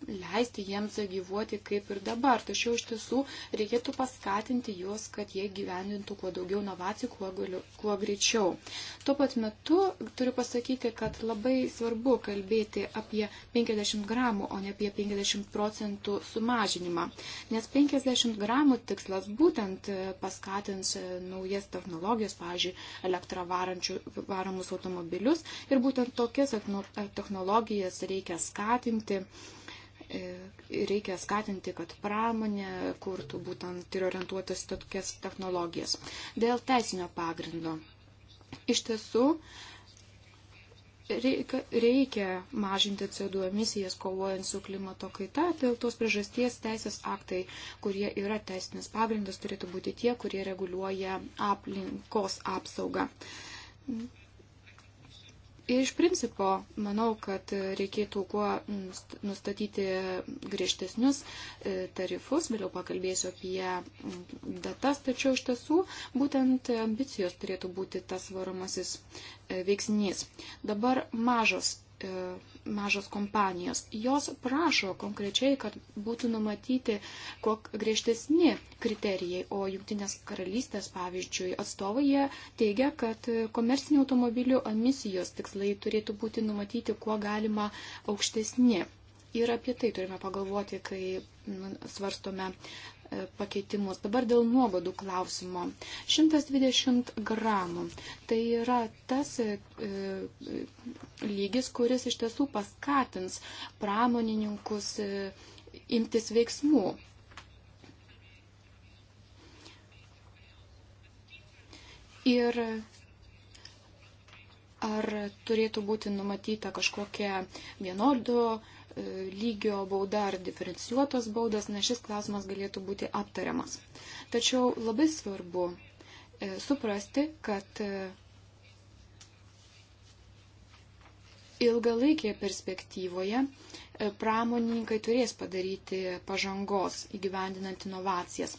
leisti jiems gyvuoti kaip ir dabar. Tačiau iš tiesų reikėtų paskatinti juos, kad jie gyvendintų kuo daugiau inovacijų, kuo, galiu, kuo greičiau. Tuo pat metu turiu pasakyti, kad labai svarbu kalbėti apie 50 gramų, o ne apie 50 procentų sumažinimą. Nes 50 gramų tikslas būtent paskatins naujas technologijas, pavyzdžiui, elektravaromus automobilius ir būtent tokias technologijas reikia skatinti reikia skatinti, kad pramonė kurtų būtent ir orientuotas tokias technologijas. Dėl teisinio pagrindo. Iš tiesų, reikia, reikia mažinti CO2 emisijas kovojant su klimato kaita, dėl tos priežasties teisės aktai, kurie yra teisinis pagrindas, turėtų būti tie, kurie reguliuoja aplinkos apsaugą. Iš principo, manau, kad reikėtų kuo nustatyti griežtesnius e, tarifus, vėliau pakalbėsiu apie datas, tačiau iš tiesų būtent ambicijos turėtų būti tas varomasis e, veiksnys. Dabar mažos E, mažos kompanijos. Jos prašo konkrečiai, kad būtų numatyti kok griežtesni kriterijai, o jungtinės karalystės, pavyzdžiui, atstovai jie teigia, kad komersinių automobilių emisijos tikslai turėtų būti numatyti kuo galima aukštesni. Ir apie tai turime pagalvoti, kai svarstome pakeitimus. Dabar dėl nuobodų klausimo. 120 gramų. Tai yra tas e, e, lygis, kuris iš tiesų paskatins pramonininkus e, imtis veiksmų. Ir ar turėtų būti numatyta kažkokia vienodo E, lygio bauda ar diferencijuotos baudas, nes šis klausimas galėtų būti aptariamas. Tačiau labai svarbu e, suprasti, kad e, ilgalaikėje perspektyvoje pramoninkai turės padaryti pažangos įgyvendinant inovacijas.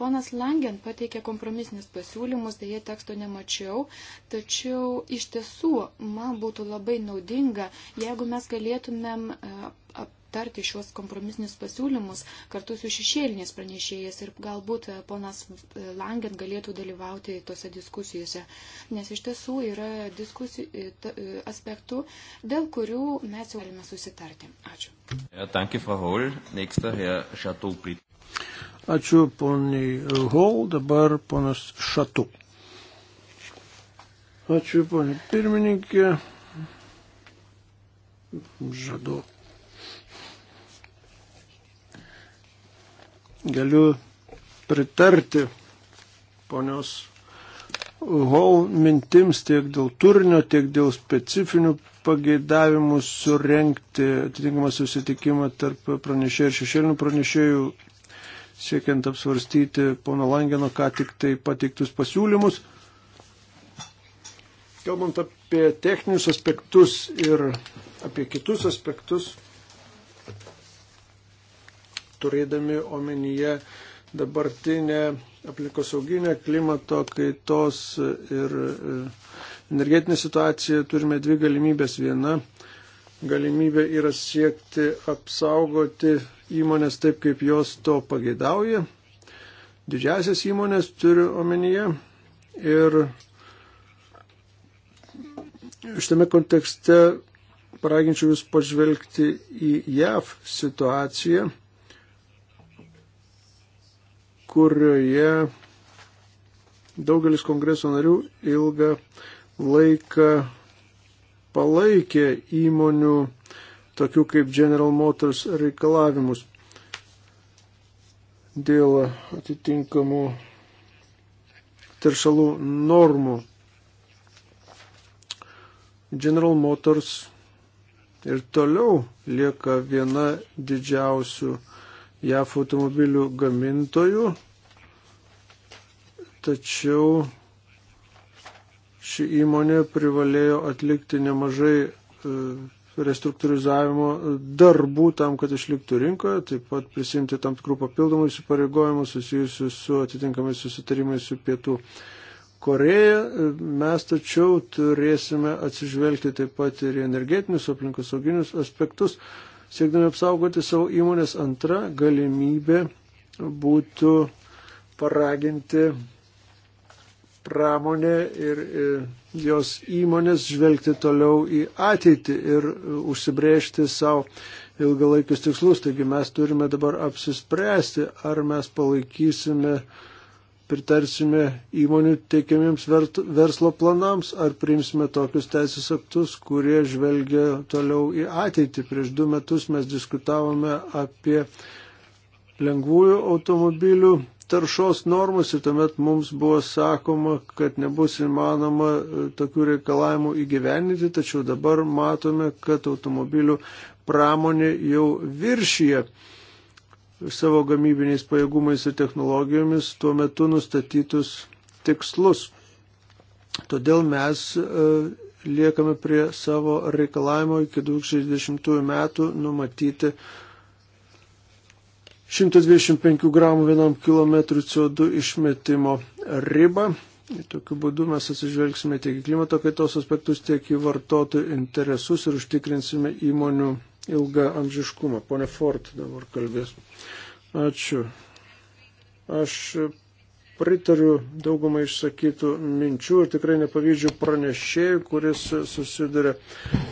Ponas Langen pateikė kompromisinius pasiūlymus, dėje teksto nemačiau, tačiau iš tiesų man būtų labai naudinga, jeigu mes galėtumėm e, aptarti šios kompromisinius pasiūlymus kartu su šešėlinės pranešėjas ir galbūt e, ponas e, Langent galėtų dalyvauti tose diskusijose, nes iš tiesų yra diskusijų e, aspektų, dėl kurių mes jau galime susitarti. Ačiū. Ja, danke, Frau Hol. Nächster, Herr Chateau, Ačiū poniai Hall, dabar ponas Šatu. Ačiū poniai pirmininkė. Žadu Galiu pritarti ponios Hall mintims tiek dėl turinio, tiek dėl specifinių pageidavimų surenkti atitinkamą susitikimą tarp pranešėjų ir šešėlinių pranešėjų, siekiant apsvarstyti pono Langeno ką tik tai pateiktus pasiūlymus. Kalbant apie techninius aspektus ir apie kitus aspektus, turėdami omenyje dabartinę aplinkosauginę klimato kaitos ir e, energetinę situaciją, turime dvi galimybės. Viena galimybė yra siekti apsaugoti įmonės taip, kaip jos to pageidauja. Didžiasias įmonės turiu omenyje ir šitame kontekste paraginčiau Jūs pažvelgti į JAV situaciją kurioje daugelis kongreso narių ilgą laiką palaikė įmonių tokių kaip General Motors reikalavimus dėl atitinkamų teršalų normų. General Motors ir toliau lieka viena didžiausių JAF automobilių gamintojų, tačiau ši įmonė privalėjo atlikti nemažai e, restruktūrizavimo darbų tam, kad išliktų rinkoje, taip pat prisimti tam tikrų papildomų įsipareigojimų susijusių su atitinkamais susitarimais su Pietų Koreja. Mes tačiau turėsime atsižvelgti taip pat ir energetinius aplinkosauginius aspektus. Siekdami apsaugoti savo įmonės antra galimybė būtų paraginti pramonę ir jos įmonės žvelgti toliau į ateitį ir e, užsibrėžti savo ilgalaikius tikslus. Taigi mes turime dabar apsispręsti, ar mes palaikysime uh, pritarsime įmonių teikiamiems verslo planams, ar priimsime tokius teisės aktus, kurie žvelgia toliau į ateitį. Prieš du metus mes diskutavome apie lengvųjų automobilių taršos normas ir tuomet mums buvo sakoma, kad nebus įmanoma e, tokių reikalavimų įgyveninti, tačiau dabar matome, kad automobilių pramonė jau viršyje savo gamybiniais pajėgumais ir technologijomis tuo metu nustatytus tikslus. Todėl mes e, liekame prie savo reikalavimo iki 2020 metų numatyti 125 gramų vienam kilometrų CO2 išmetimo ribą. Tokiu būdu mes atsižvelgsime tiek į klimato kaitos aspektus, tiek į vartotojų interesus ir užtikrinsime įmonių ilgą amžiškumą. Pone Fort dabar kalbės. Ačiū. Aš pritariu daugumą išsakytų minčių ir tikrai nepavydžiu pranešėjų, kuris susiduria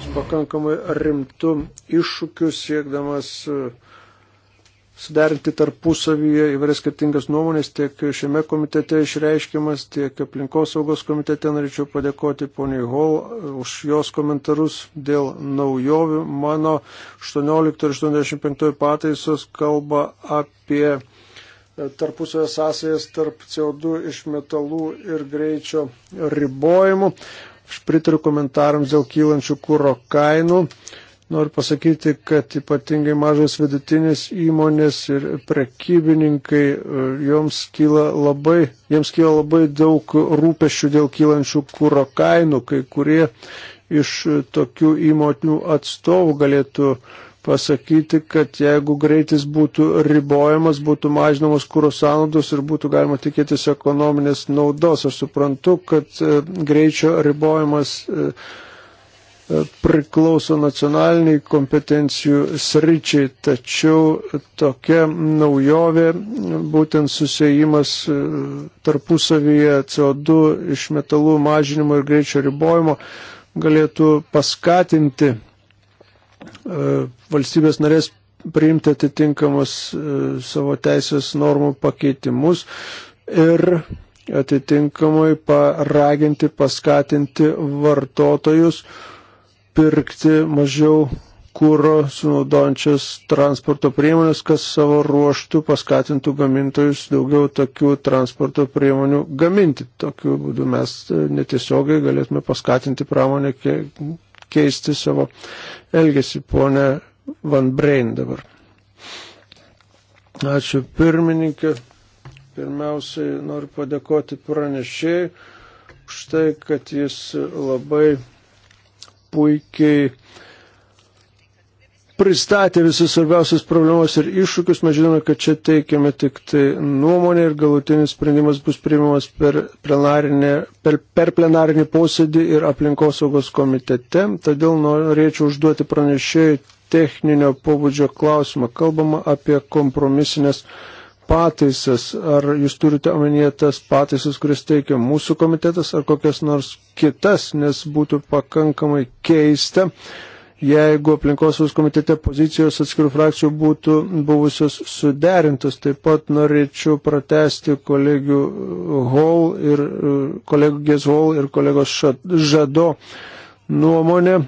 su pakankamai rimtu iššūkiu siekdamas uh, suderinti tarpusavyje įvairias skirtingas nuomonės, tiek šiame komitete išreiškiamas, tiek aplinkosaugos komitete norėčiau padėkoti poniai Hall už jos komentarus dėl naujovių. Mano 18 ir 85 pataisos kalba apie e, tarpusavio sąsajas tarp CO2 iš metalų ir greičio ribojimų. Aš pritariu komentarams dėl kylančių kūro kainų. Noriu pasakyti, kad ypatingai mažos vidutinės įmonės ir prekybininkai, e, joms kyla labai, jiems kyla labai daug rūpešių dėl kylančių kūro kainų, kai kurie iš tokių įmonių atstovų galėtų pasakyti, kad jeigu greitis būtų ribojamas, būtų mažinamos kūro sąnaudos ir būtų galima tikėtis ekonominės naudos. Aš suprantu, kad e, greičio ribojamas. E, E, priklauso nacionaliniai kompetencijų sričiai, tačiau tokia naujovė, būtent susijimas e, tarpusavyje CO2 iš metalų mažinimo ir greičio ribojimo galėtų paskatinti e, valstybės narės priimti atitinkamus savo teisės normų pakeitimus ir atitinkamai paraginti, paskatinti vartotojus pirkti mažiau kūro sunaudojančias transporto priemonės, kas savo ruoštų paskatintų gamintojus daugiau tokių transporto priemonių gaminti. Tokiu būdu mes netiesiogai galėtume paskatinti pramonę keisti savo elgesį. Pone Van Brein dabar. Ačiū pirmininkė. Pirmiausiai noriu padėkoti pranešėjai už tai, kad jis labai puikiai pristatė visus svarbiausius problemas ir iššūkius. Mes žinome, kad čia teikiame tik tai nuomonę ir galutinis sprendimas bus priimamas per, per, per plenarinį posėdį ir aplinkosaugos komitete. Todėl norėčiau užduoti pranešėjai techninio pobūdžio klausimą. Kalbama apie kompromisinės pataisas, ar jūs turite omenyje tas pataisas, kurias teikia mūsų komitetas, ar kokias nors kitas, nes būtų pakankamai keista, jeigu aplinkosaus komitete pozicijos atskirų frakcijų būtų buvusios suderintos. Taip pat norėčiau pratesti kolegių Hall ir kolegės Hall ir kolegos Žado nuomonę.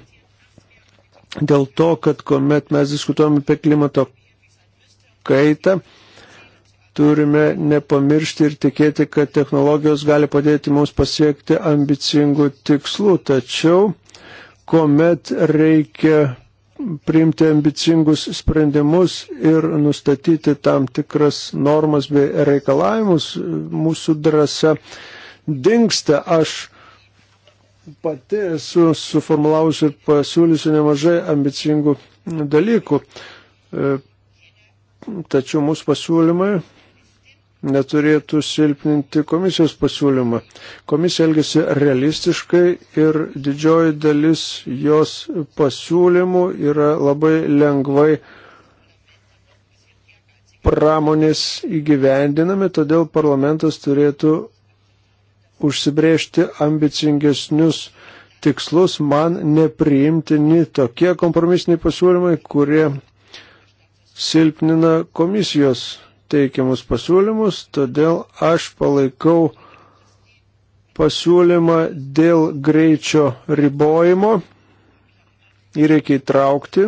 Dėl to, kad kuomet mes diskutuojame apie klimato kaitą, turime nepamiršti ir tikėti, kad technologijos gali padėti mums pasiekti ambicingų tikslų, tačiau kuomet reikia priimti ambicingus sprendimus ir nustatyti tam tikras normas bei reikalavimus, mūsų drąsa dinksta. Aš pati esu suformulavusi ir pasiūlysiu nemažai ambicingų dalykų. E, tačiau mūsų pasiūlymai neturėtų silpninti komisijos pasiūlymą. Komisija elgesi realistiškai ir didžioji dalis jos pasiūlymų yra labai lengvai pramonės įgyvendinami, todėl parlamentas turėtų užsibrėžti ambicingesnius tikslus. Man nepriimtini tokie kompromisiniai pasiūlymai, kurie silpnina komisijos teikiamus pasiūlymus, todėl aš palaikau pasiūlymą dėl greičio ribojimo. Jį reikia įtraukti.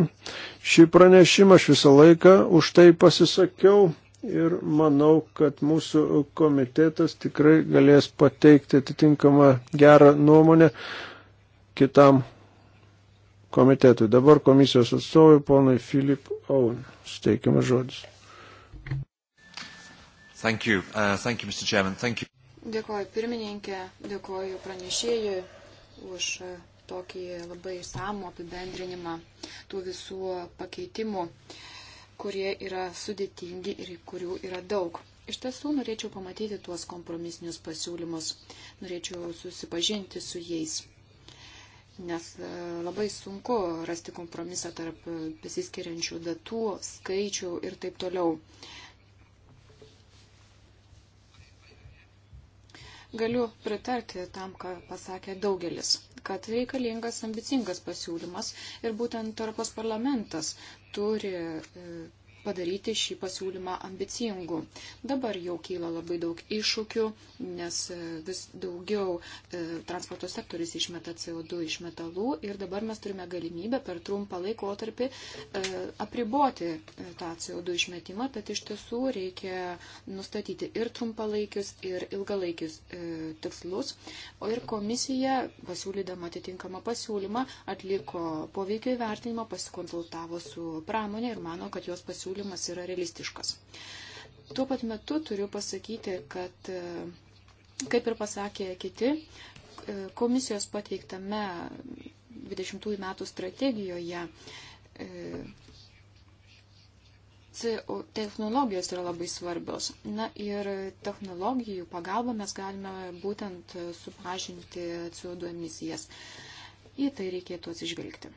Šį pranešimą aš visą laiką už tai pasisakiau ir manau, kad mūsų komitetas tikrai galės pateikti atitinkamą gerą nuomonę kitam komitetui. Dabar komisijos atstovui ponui Filip Aun steikiamas žodis. Thank you. Uh, thank you, Mr. Chairman. Thank you. Dėkuoju pirmininkė, dėkuoju pranešėjui už uh, tokį labai samų apibendrinimą tų visų pakeitimų, kurie yra sudėtingi ir kurių yra daug. Iš tiesų norėčiau pamatyti tuos kompromisinius pasiūlymus, norėčiau susipažinti su jais nes uh, labai sunku rasti kompromisą tarp uh, besiskiriančių datų, skaičių ir taip toliau. Galiu pritarti tam, ką pasakė daugelis, kad reikalingas ambicingas pasiūlymas ir būtent Europos parlamentas turi e, padaryti šį pasiūlymą ambicingu. Dabar jau kyla labai daug iššūkių, nes e, vis daugiau e, transporto sektorius išmeta CO2 iš metalų ir dabar mes turime galimybę per trumpą laikotarpį e, apriboti tą CO2 išmetimą, tad iš tiesų reikia nustatyti ir trumpalaikius, ir ilgalaikius tikslus. O ir komisija, pasiūlydama atitinkamą pasiūlymą, atliko poveikio įvertinimą, pasikonsultavo su pramonė ir mano, kad jos pasiūlymas pasiūlymas yra realistiškas. Tuo pat metu turiu pasakyti, kad, e, kaip ir pasakė kiti, e, komisijos pateiktame 20 metų strategijoje e, technologijos yra labai svarbios. Na ir technologijų pagalba mes galime būtent sumažinti CO2 emisijas. Į tai reikėtų atsižvelgti.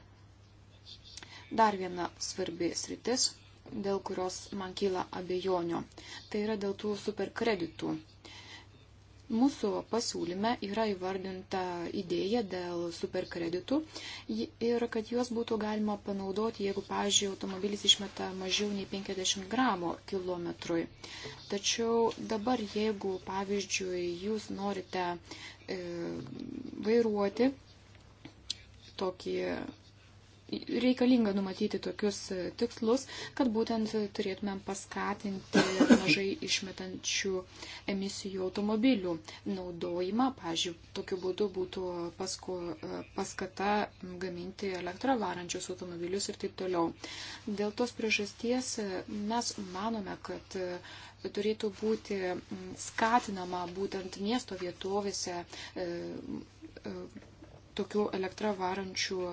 Dar viena svarbi sritis dėl kurios man kyla abejonių. Tai yra dėl tų superkreditų. Mūsų pasiūlyme yra įvardinta idėja dėl superkreditų ir kad juos būtų galima panaudoti, jeigu, pavyzdžiui, automobilis išmeta mažiau nei 50 gramų kilometrui. Tačiau dabar, jeigu, pavyzdžiui, jūs norite e, vairuoti tokį reikalinga numatyti tokius e, tikslus, kad būtent e, turėtumėm paskatinti mažai išmetančių emisijų automobilių naudojimą. Pavyzdžiui, tokiu būdu būtų pasko, e, paskata gaminti elektrą varančius automobilius ir taip toliau. Dėl tos priežasties mes manome, kad turėtų būti skatinama būtent miesto vietovėse tokių elektrą varančių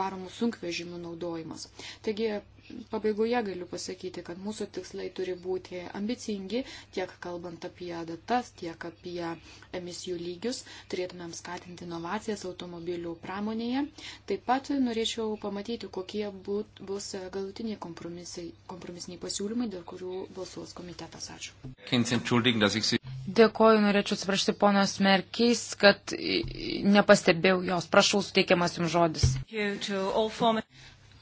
varomų sunkvežimių naudojimas. Taigi pabaigoje galiu pasakyti, kad mūsų tikslai turi būti ambicingi, tiek kalbant apie datas, tiek apie emisijų lygius. Turėtumėm skatinti inovacijas automobilių pramonėje. Taip pat norėčiau pamatyti, kokie būt, bus galutiniai kompromisiniai pasiūlymai, dėl kurių balsuos komitetas. Ačiū. Dėkoju, norėčiau atsiprašyti ponios Merkys, kad nepastebėjau jos. Prašau, suteikiamas jums žodis.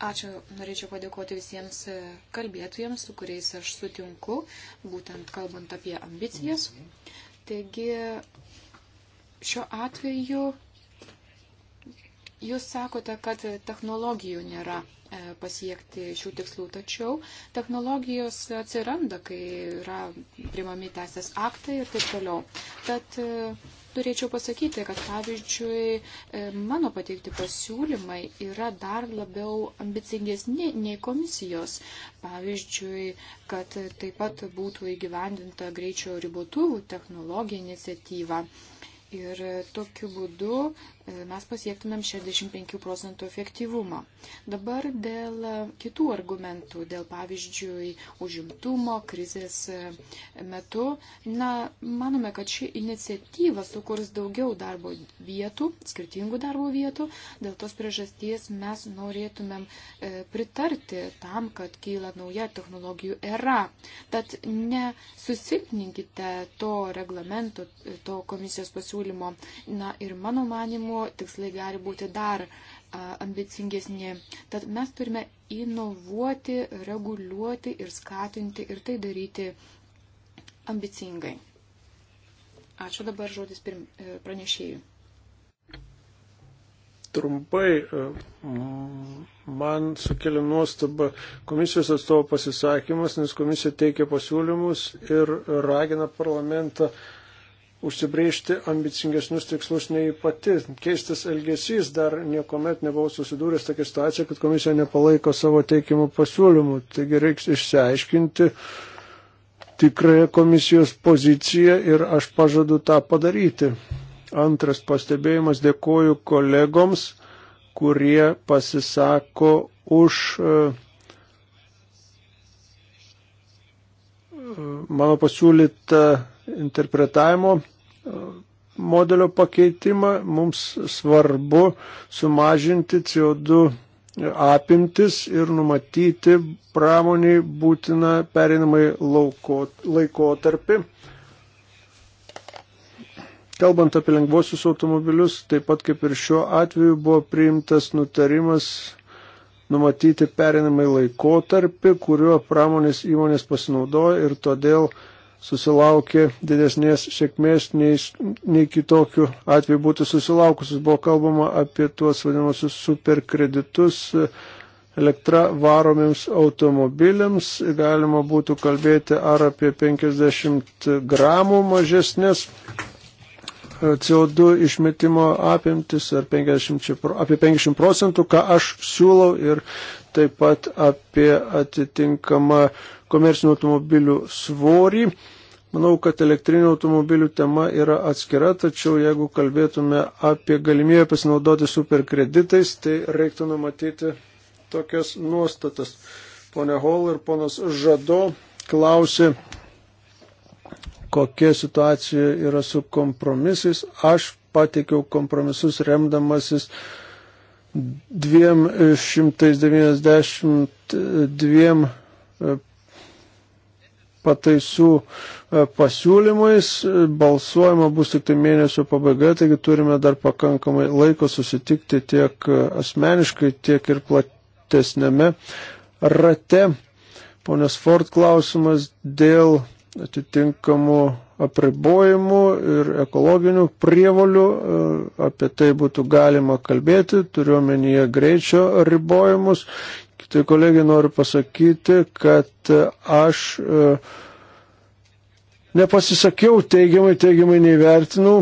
Ačiū, norėčiau padėkoti visiems e, kalbėtojams, su kuriais aš sutinku, būtent kalbant apie ambicijas. Taigi, šiuo atveju jūs sakote, kad technologijų nėra e, pasiekti šių tikslų, tačiau technologijos atsiranda, kai yra primami teisės aktai ir taip toliau. Tad e, Turėčiau pasakyti, kad pavyzdžiui, e, mano pateikti pasiūlymai yra dar labiau ambicingesni nei komisijos. Pavyzdžiui, kad taip pat būtų įgyvendinta greičio ribotuvų technologija iniciatyva. Ir tokiu būdu mes pasiektumėm 65 procentų efektyvumą. Dabar dėl e, kitų argumentų, dėl pavyzdžiui užimtumo krizės e, metu, na, manome, kad ši iniciatyva sukurs daugiau darbo vietų, skirtingų darbo vietų, dėl tos priežasties mes norėtumėm e, pritarti tam, kad kyla nauja technologijų era. Tad nesusilpninkite to reglamento, to komisijos pasiūlymo. Na ir mano manimu, tvarumo tikslai gali būti dar ambicingesni. Tad mes turime inovuoti, reguliuoti ir skatinti ir tai daryti ambicingai. Ačiū dabar žodis pirm, e, pranešėjui. Trumpai e, man sukelia nuostaba komisijos atstovo pasisakymas, nes komisija teikia pasiūlymus ir ragina parlamentą uh, užsibriežti ambicingesnius tikslus nei pati. Keistas elgesys dar niekuomet nebuvau susidūręs tokia situacija, kad komisija nepalaiko savo teikimų pasiūlymų. Taigi reiks išsiaiškinti tikrąją komisijos poziciją ir aš pažadu tą padaryti. Antras pastebėjimas dėkoju kolegoms, kurie pasisako už e, e, mano pasiūlytą interpretavimo modelio pakeitimą, mums svarbu sumažinti CO2 apimtis ir numatyti pramoniai būtiną pereinamai laikotarpį. Kalbant apie lengvosius automobilius, taip pat kaip ir šiuo atveju buvo priimtas nutarimas numatyti perinamai laikotarpį, kuriuo pramonės įmonės pasinaudoja ir todėl uh, susilaukė didesnės sėkmės nei, nei kitokių atveju būtų susilaukusius. Buvo kalbama apie tuos vadinamosius superkreditus elektra varomiems automobiliams. Galima būtų kalbėti ar apie 50 gramų mažesnės e, CO2 išmetimo apimtis ar 50, apie 50 procentų, ką aš siūlau ir taip pat apie atitinkamą komersinių automobilių svorį. Manau, kad elektrinių automobilių tema yra atskira, tačiau jeigu kalbėtume apie galimybę pasinaudoti superkreditais, tai reiktų numatyti tokias nuostatas. Pone Hall ir ponas Žado klausė, kokia situacija yra su kompromisais. Aš pateikiau kompromisus remdamasis 292 pataisų e, pasiūlymais. Balsuojama bus tik tai mėnesio pabaiga, taigi turime dar pakankamai laiko susitikti tiek e, asmeniškai, tiek ir platesnėme rate. Ponės Ford klausimas dėl atitinkamų apribojimų ir ekologinių prievolių, e, apie tai būtų galima kalbėti, turiuomenyje greičio ribojimus, Tai kolegai noriu pasakyti, kad e, aš e, nepasisakiau teigiamai, teigiamai neįvertinau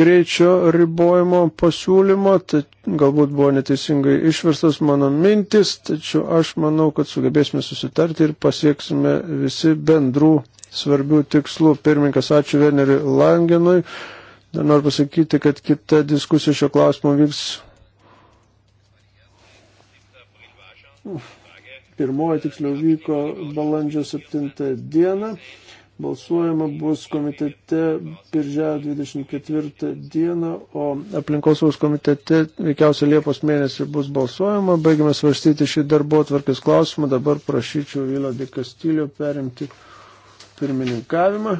greičio ribojimo pasiūlymo, tai galbūt buvo neteisingai išverstas mano mintis, tačiau aš manau, kad sugebėsime susitarti ir pasieksime visi bendrų svarbių tikslų. Pirmininkas, ačiū Veneriui Langenui. Dar noriu pasakyti, kad kita diskusija šio klausimo vyks Pirmoji tiksliau vyko balandžio 7 dieną. Balsuojama bus komitete birželio 24 dieną, o aplinkosaugos komitete veikiausiai Liepos mėnesį bus balsuojama. Baigime svarstyti šį darbo tvarkės klausimą. Dabar prašyčiau Vilą Dikastilio perimti pirmininkavimą.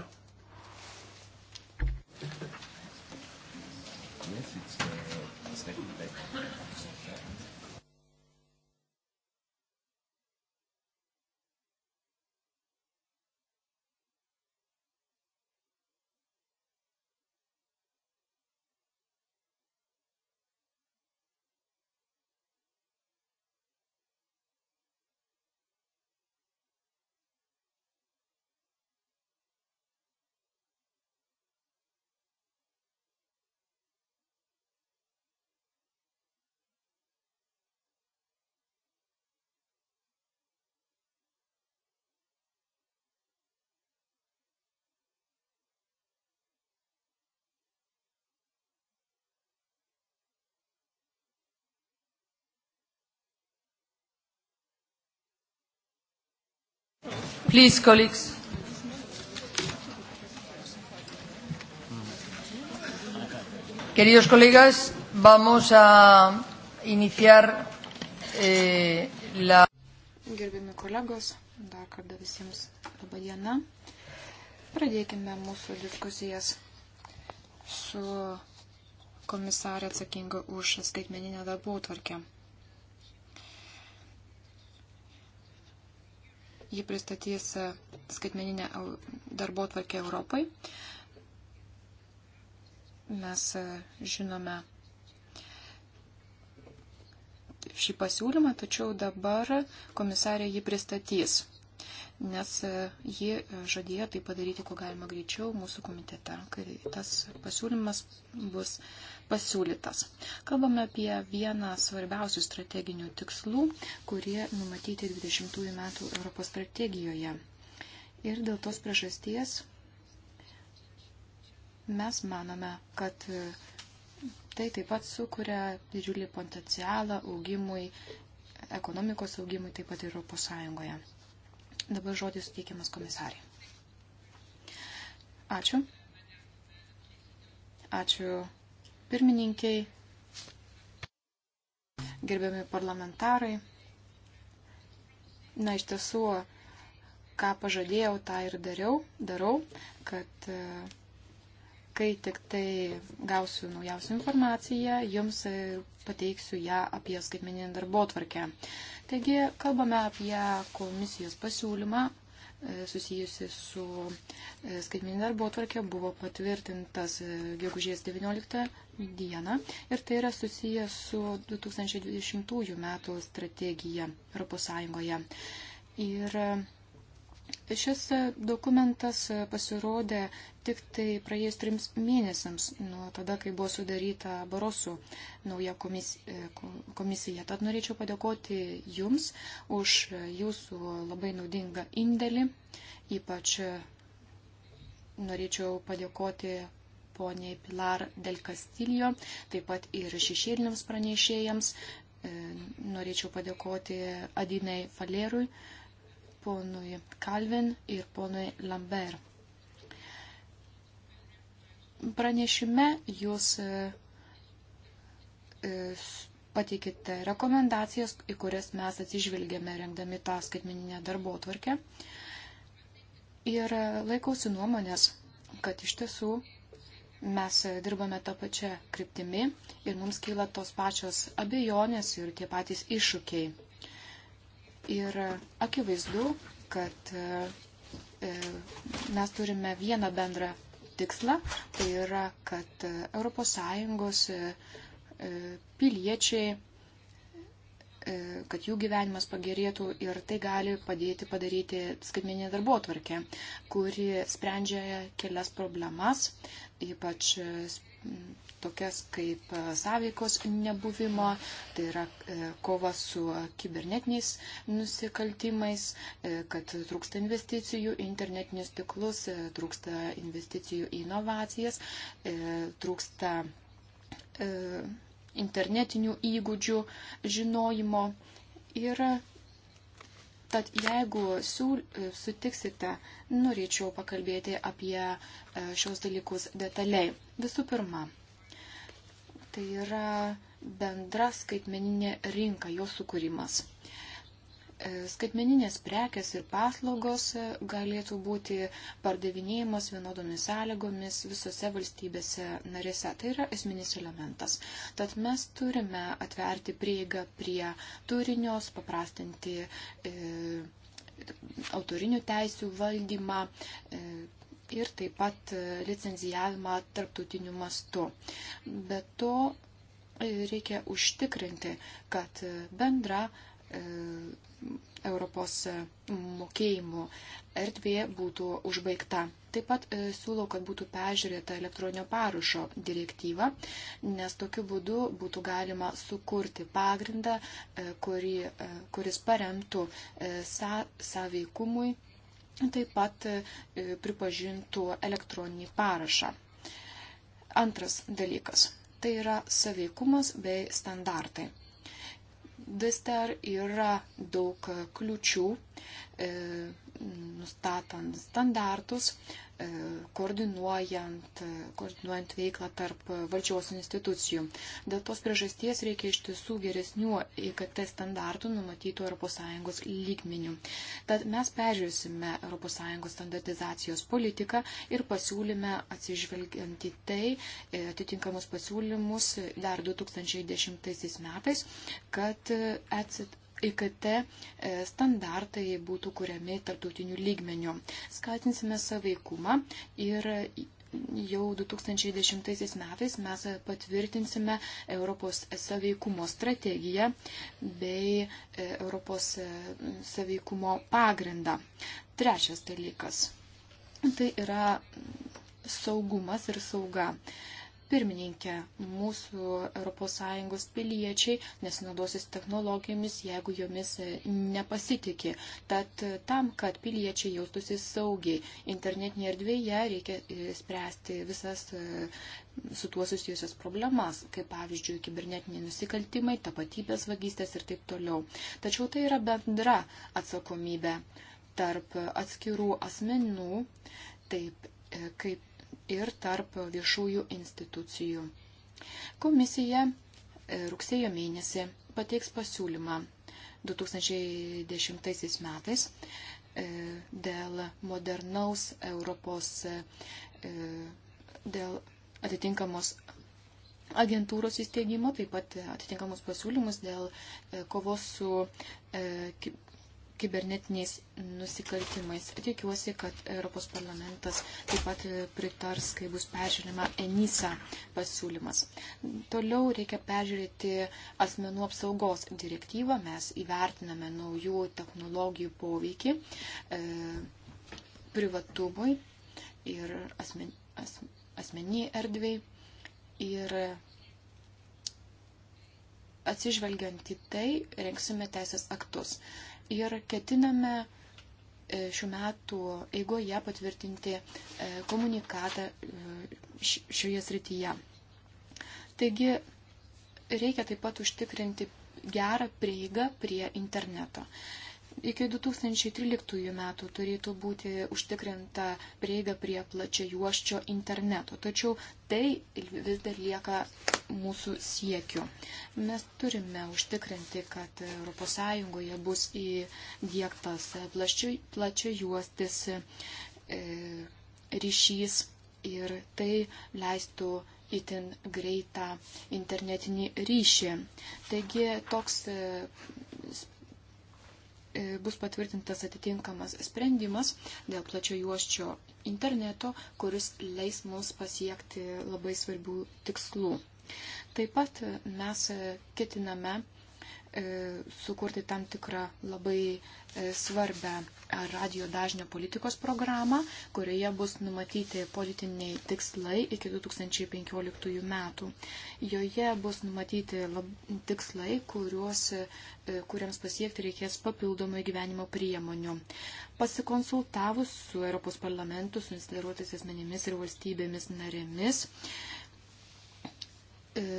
Please, colleagues. Queridos colegas, vamos a iniciar eh, la. Gerbiami kolegos, dar kartą visiems laba diena. Pradėkime mūsų diskusijas su komisarė atsakinga už skaitmeninę darbų tvarkę. Ji pristatys e, skaitmeninę darbo tvarkę Europai. Mes e, žinome šį pasiūlymą, tačiau dabar komisarė jį pristatys nes e, ji e, žadėjo tai padaryti, kuo galima greičiau mūsų komitete, kai tas pasiūlymas bus pasiūlytas. Kalbame apie vieną svarbiausių strateginių tikslų, kurie numatyti 20 metų Europos strategijoje. Ir dėl tos priežasties mes manome, kad e, tai taip pat sukuria didžiulį potencialą augimui, ekonomikos augimui taip pat Europos Sąjungoje. Dabar žodis suteikiamas komisarė. Ačiū. Ačiū pirmininkiai, gerbiami parlamentarai. Na, iš tiesų, ką pažadėjau, tą ir dariau, darau, kad uh, Kai tik tai gausiu naujausią informaciją, jums e, pateiksiu ją apie skaitmeninę darbo tvarkę. Taigi, kalbame apie komisijos pasiūlymą e, susijusi su e, skaitmeninė darbo tvarkė buvo patvirtintas gegužės 19 dieną ir tai yra susijęs su 2020 metų strategija Europos Sąjungoje. Ir Šis dokumentas pasirodė tik tai praėjus trims mėnesiams nuo tada, kai buvo sudaryta Barosų nauja komisija. Tad norėčiau padėkoti Jums už Jūsų labai naudingą indėlį. Ypač norėčiau padėkoti poniai Pilar del Castillo, taip pat ir šešėliniams pranešėjams. E, norėčiau padėkoti Adinai Falerui ponui Kalvin ir ponui Lambert. Pranešime jūs e, e, pateikite rekomendacijas, į kurias mes atsižvelgėme rengdami tą skaitmeninę darbo tvarkę. Ir laikausi nuomonės, kad iš tiesų mes dirbame tą pačią kryptimį ir mums kyla tos pačios abejonės ir tie patys iššūkiai. Ir akivaizdu, kad e, e, mes turime vieną bendrą tikslą, tai yra, kad ES e, piliečiai, kad jų gyvenimas pagerėtų ir tai gali padėti padaryti skaitmeninę darbotvarkę, kuri sprendžia kelias problemas, ypač tokias kaip e, sąveikos nebuvimo, tai yra e, kova su e, kibernetiniais nusikaltimais, kad trūksta investicijų į internetinius tiklus, trūksta investicijų į inovacijas, trūksta internetinių įgūdžių, žinojimo. Ir Tad jeigu siūl, sutiksite, norėčiau pakalbėti apie šios dalykus detaliai. Visų pirma, Tai yra bendra skaitmeninė rinka, jos sukūrimas. E, skaitmeninės prekes ir paslaugos e, galėtų būti pardavinėjimas vienodomis sąlygomis visose valstybėse narėse. Tai yra esminis elementas. Tad mes turime atverti prieigą prie turinios, paprastinti e, autorinių teisių valdymą, e, ir taip pat e, licenzijavimą tarptautiniu mastu. Be to e, reikia užtikrinti, kad e, bendra Europos mokėjimų erdvė būtų užbaigta. Taip pat siūlau, kad būtų peržiūrėta elektroninio parašo direktyva, nes tokiu būdu būtų galima sukurti pagrindą, kuri, kuris paremtų sa, sąveikumui taip pat e, pripažintų elektroninį parašą. Antras dalykas - tai yra saveikumas bei standartai. Vis dar yra daug kliučių e, nustatant standartus, e, koordinuojant, e, koordinuojant veiklą tarp valdžios institucijų. Dėl tos priežasties reikia iš tiesų geresnių IKT standartų numatytų ES lygmenių. Tad mes peržiūrėsime ES standartizacijos politiką ir pasiūlyme atsižvelgiant į tai e, atitinkamus pasiūlymus dar 2010 metais, kad ECT IKT e, standartai būtų kuriami tarptautinių lygmenių. Skatinsime saveikumą ir jau 2010 metais mes patvirtinsime Europos saveikumo strategiją bei e, Europos e, saveikumo pagrindą. Trečias dalykas. Tai yra saugumas ir sauga. Pirmininkė, mūsų ES piliečiai nesinaudosis technologijomis, jeigu jomis e, nepasitikė. Tad e, tam, kad piliečiai jaustųsi saugiai internetinėje erdvėje, reikia e, spręsti visas su tuo susijusias problemas, kaip pavyzdžiui, kibernetiniai nusikaltimai, tapatybės vagystės ir taip toliau. Tačiau tai yra bendra atsakomybė tarp atskirų asmenų, taip kaip ir tarp viešųjų institucijų. Komisija e, rugsėjo mėnesį pateiks pasiūlymą 2010 metais e, dėl modernaus Europos, e, dėl atitinkamos agentūros įsteigimo, taip pat atitinkamus pasiūlymus dėl kovos su kibernetiniais nusikaltimais. Tikiuosi, kad Europos parlamentas taip pat pritars, kai bus peržiūrima ENISA pasiūlymas. Toliau reikia peržiūrėti asmenų apsaugos direktyvą. Mes įvertiname naujų technologijų poveikį e, privatumui ir asmen, as, asmeniai erdvei. Ir atsižvelgiant į tai, renksime teisės aktus ir ketiname e, šių metų eigoje patvirtinti e, komunikatą e, šioje srityje. Taigi reikia taip pat užtikrinti gerą prieigą prie interneto. Iki 2013 metų turėtų būti užtikrinta prieiga prie plačia juoščio interneto, tačiau tai vis dar lieka mūsų siekiu. Mes turime užtikrinti, kad ES bus įdėktas plačia juostis e, ryšys ir tai leistų itin greitą internetinį ryšį. Taigi toks e, E, bus patvirtintas atitinkamas sprendimas dėl plačio juoščio interneto, kuris leis mums pasiekti labai svarbių tikslų. Taip pat mes ketiname E, sukurti tam tikrą labai e, svarbę radio dažnio politikos programą, kurioje bus numatyti politiniai tikslai iki 2015 metų. Joje bus numatyti lab, tikslai, kuriuos, e, kuriems pasiekti reikės papildomai gyvenimo priemonių. Pasikonsultavus su Europos parlamentu, su instituotais asmenimis ir valstybėmis narėmis, e,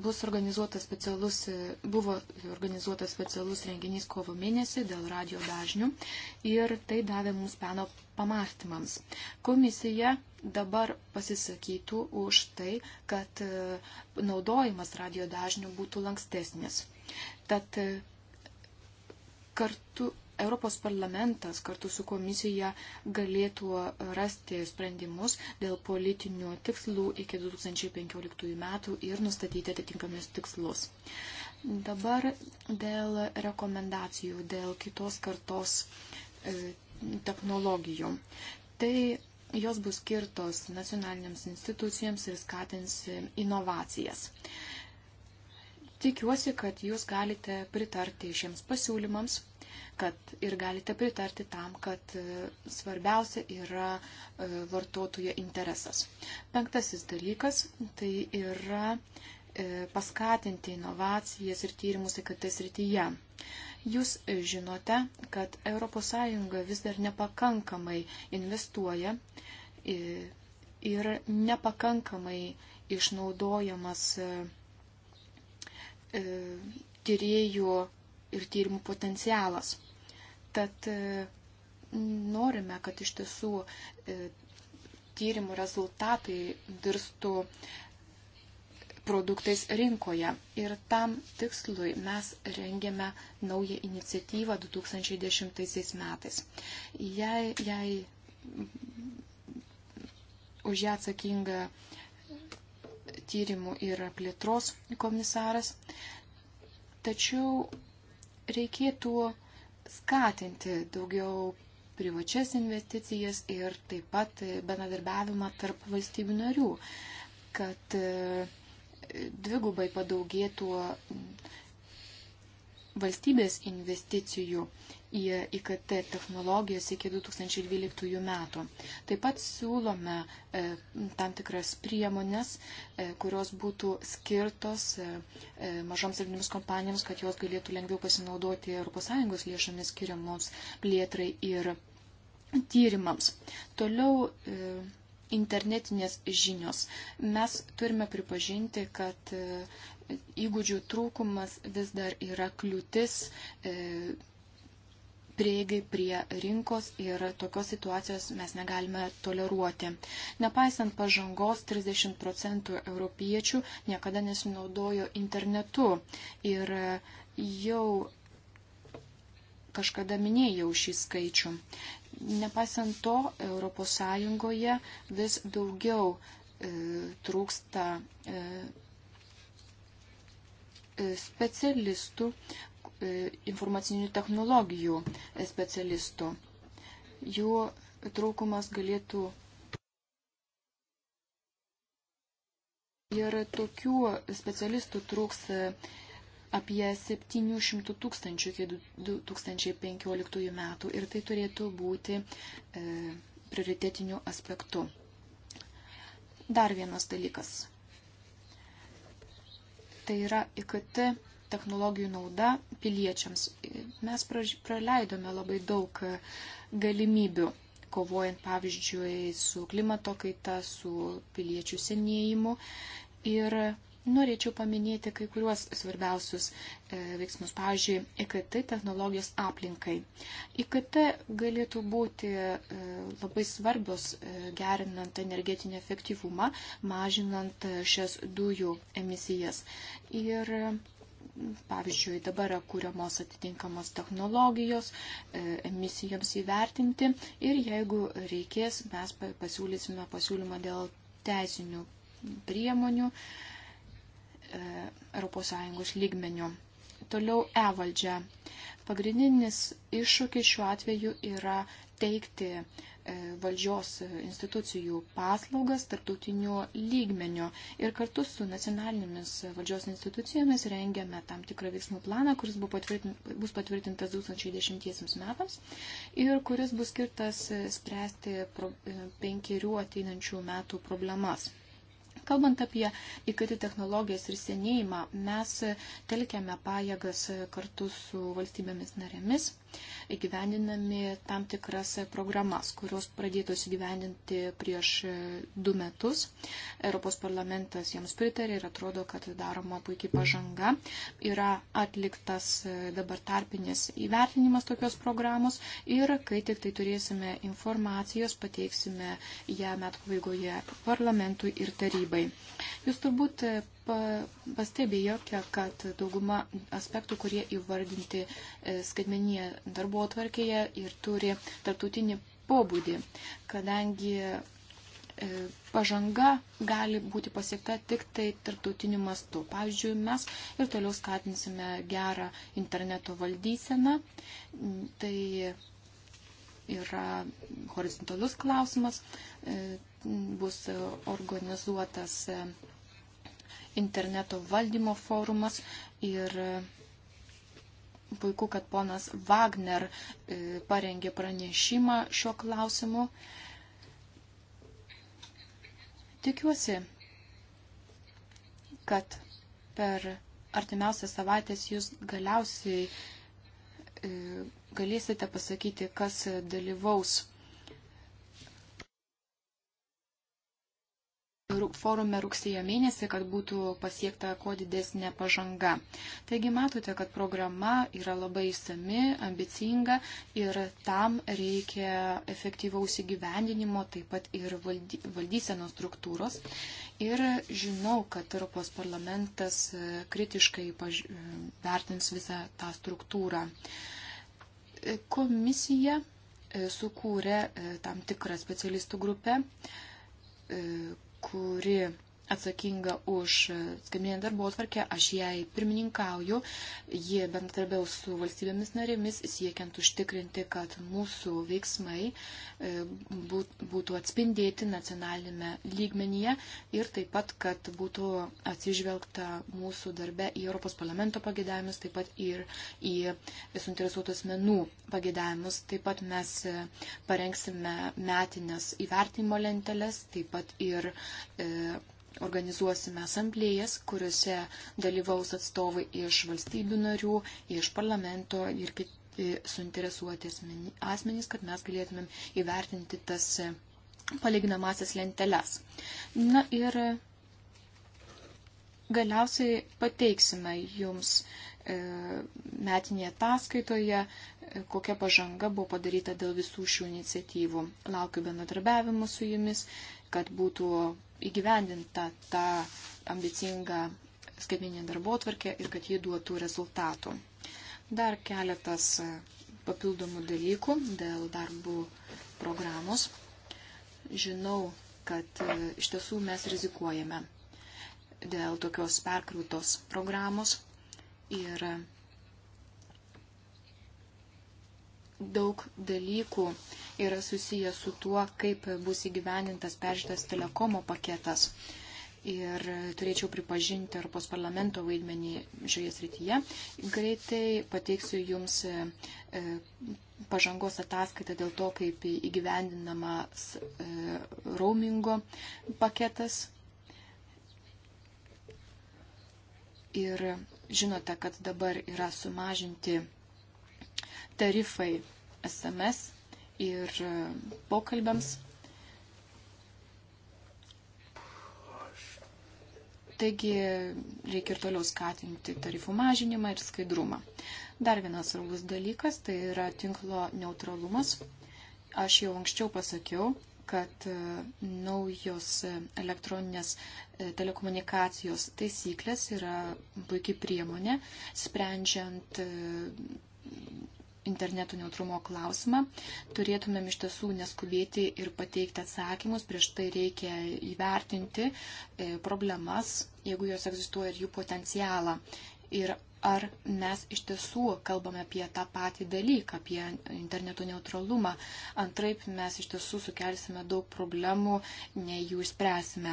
bus organizuotas specialus, buvo organizuotas specialus renginys kovo mėnesį dėl radio dažnių ir tai davė mums peno pamastymams. Komisija dabar pasisakytų už tai, kad e, naudojimas radio dažnių būtų lankstesnis. Tad e, kartu Europos parlamentas kartu su komisija galėtų rasti sprendimus dėl politinių tikslų iki 2015 metų ir nustatyti atitinkamus tikslus. Dabar dėl rekomendacijų, dėl kitos kartos e, technologijų. Tai jos bus skirtos nacionaliniams institucijams ir skatins e, inovacijas. Tikiuosi, kad jūs galite pritarti šiems pasiūlymams kad ir galite pritarti tam, kad e, svarbiausia yra e, vartotojo interesas. Penktasis dalykas tai yra e, paskatinti inovacijas ir tyrimus IKT srityje. Jūs žinote, kad ES vis dar nepakankamai investuoja ir nepakankamai išnaudojamas tyriejų ir tyrimų potencialas. Tad e, norime, kad iš tiesų e, tyrimų rezultatai virstų produktais rinkoje. Ir tam tikslui mes rengėme naują iniciatyvą 2010 metais. Jei, jei už ją atsakinga tyrimų ir plėtros komisaras, tačiau reikėtų skatinti daugiau privačias investicijas ir taip pat bendradarbiavimą tarp valstybių narių, kad e, dvigubai padaugėtų valstybės investicijų į IKT technologijas iki 2012 metų. Taip pat siūlome e, tam tikras priemonės, e, kurios būtų skirtos e, mažoms ir didinėms kompanijoms, kad jos galėtų lengviau pasinaudoti ES lėšomis skiriamoms plėtrai ir tyrimams. Toliau internetinės žinios. Mes turime pripažinti, kad įgūdžių trūkumas vis dar yra kliūtis prieigai prie rinkos ir tokios situacijos mes negalime toleruoti. Nepaisant pažangos, 30 procentų europiečių niekada nesinaudojo internetu ir jau kažkada minėjau šį skaičių. Nepaisant to, ES vis daugiau e, trūksta e, e specialistų, E, informacinių technologijų specialistų. Jų trūkumas galėtų ir tokių specialistų trūks e, apie 700 tūkstančių iki 2015 metų ir tai turėtų būti e, prioritetiniu aspektu. Dar vienas dalykas. Tai yra IKT technologijų nauda piliečiams. Mes praleidome labai daug e, galimybių, kovojant pavyzdžiui su klimato kaita, su piliečių senėjimu. Ir Norėčiau paminėti kai kuriuos svarbiausius e, veiksmus, pavyzdžiui, IKT technologijos aplinkai. IKT galėtų būti e, labai svarbios e, gerinant energetinį efektyvumą, mažinant e, šias dujų emisijas. Ir Pavyzdžiui, dabar yra kūriamos atitinkamos technologijos e, emisijoms įvertinti ir jeigu reikės, mes pasiūlysime pasiūlymą dėl teisinių priemonių e, ES lygmenių. Toliau E valdžia. Pagrindinis iššūkis šiuo atveju yra teikti E, valdžios institucijų paslaugas tarptautiniu lygmeniu ir kartu su nacionalinėmis valdžios institucijomis rengiame tam tikrą veiksmų planą, kuris patvirtint, bus patvirtintas 2010 metams ir kuris bus skirtas spręsti e, penkerių ateinančių metų problemas. Kalbant apie IKT technologijas ir senėjimą, mes telkiame pajėgas kartu su valstybėmis narėmis įgyvendinami tam tikras programas, kurios pradėtos įgyvendinti prieš e, du metus. Europos parlamentas jiems pritarė ir atrodo, kad daroma puikiai pažanga. Yra atliktas e, dabar tarpinis įvertinimas tokios programos ir kai tik tai turėsime informacijos, pateiksime ją metų pabaigoje parlamentui ir tarybai. Jūs turbūt e, pastebėjo, kad dauguma aspektų, kurie įvardinti e, skaitmenyje darbo atvarkėje ir turi tartutinį pobūdį, kadangi e, pažanga gali būti pasiekta tik tai tarptautiniu mastu. Pavyzdžiui, mes ir toliau skatinsime gerą interneto valdyseną. Tai yra horizontalus klausimas. E, bus organizuotas interneto valdymo forumas ir e, puiku, kad ponas Wagner e, parengė pranešimą šiuo klausimu. Tikiuosi, kad per artimiausias savaitės jūs galiausiai e, galėsite pasakyti, kas dalyvaus forume rugsėjo mėnesį, kad būtų pasiekta kuo didesnė pažanga. Taigi matote, kad programa yra labai įsami, ambicinga ir tam reikia efektyvaus įgyvendinimo, taip pat ir valdy, valdysenos struktūros. Ir žinau, kad Europos parlamentas e, kritiškai paž... E, vertins visą tą struktūrą. E, komisija sukūrė tam tikrą specialistų grupę kuri atsakinga už skaitmeninę darbo atvarkę, aš jai pirmininkauju, jie bendradarbiaus su valstybėmis narėmis, siekiant užtikrinti, kad mūsų veiksmai e, būtų atspindėti nacionalinėme lygmenyje ir taip pat, kad būtų atsižvelgta mūsų darbe į Europos parlamento pagėdavimus, taip pat ir į suinteresuotos menų pagėdavimus. Taip pat mes e, parengsime metinės įvertinimo lentelės, taip pat ir e, Organizuosime asamblėjas, kuriuose dalyvaus atstovai iš valstybių narių, iš parlamento ir kiti suinteresuoti asmenys, kad mes galėtumėm įvertinti tas palyginamasias lenteles. Na ir galiausiai pateiksime jums e, metinėje ataskaitoje, e, kokia pažanga buvo padaryta dėl visų šių iniciatyvų. Laukiu bendradarbiavimo su jumis, kad būtų įgyvendinta ta ambicinga skaitmeninė darbo tvarkė ir kad jie duotų rezultatų. Dar keletas e, papildomų dalykų dėl darbų programos. Žinau, kad e, iš tiesų mes rizikuojame dėl tokios perkrūtos programos ir daug dalykų yra susiję su tuo, kaip bus įgyvenintas peržiūrėtas telekomo paketas. Ir turėčiau pripažinti Europos parlamento vaidmenį šioje srityje. Greitai pateiksiu Jums e, e, pažangos ataskaitą dėl to, kaip įgyvendinamas e, roamingo paketas. Ir žinote, kad dabar yra sumažinti tarifai SMS ir e, pokalbiams. Taigi reikia ir toliau skatinti tarifų mažinimą ir skaidrumą. Dar vienas svarbus dalykas tai yra tinklo neutralumas. Aš jau anksčiau pasakiau, kad e, naujos elektroninės e, telekomunikacijos taisyklės yra puikiai priemonė, sprendžiant interneto neutrumo klausimą, turėtumėm iš tiesų neskubėti ir pateikti atsakymus, prieš tai reikia įvertinti e, problemas, jeigu jos egzistuoja ir jų potencialą. Ir ar mes iš tiesų kalbame apie tą patį dalyką, apie interneto neutralumą. Antraip mes iš tiesų sukelsime daug problemų, nei jų išspręsime.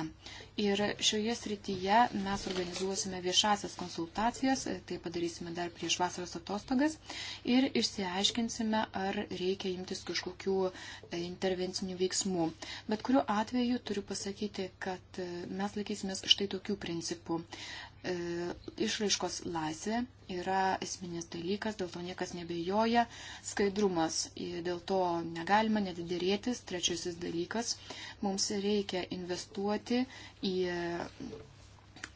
Ir šioje srityje mes organizuosime viešasias konsultacijas, tai padarysime dar prieš vasaros atostogas ir išsiaiškinsime, ar reikia imtis kažkokių intervencinių veiksmų. Bet kuriuo atveju turiu pasakyti, kad mes laikysimės štai tokių principų. E, išraiškos laisvė yra esminis dalykas, dėl to niekas nebejoja. Skaidrumas, e, dėl to negalima nedidėrėtis. Trečiasis dalykas, mums reikia investuoti į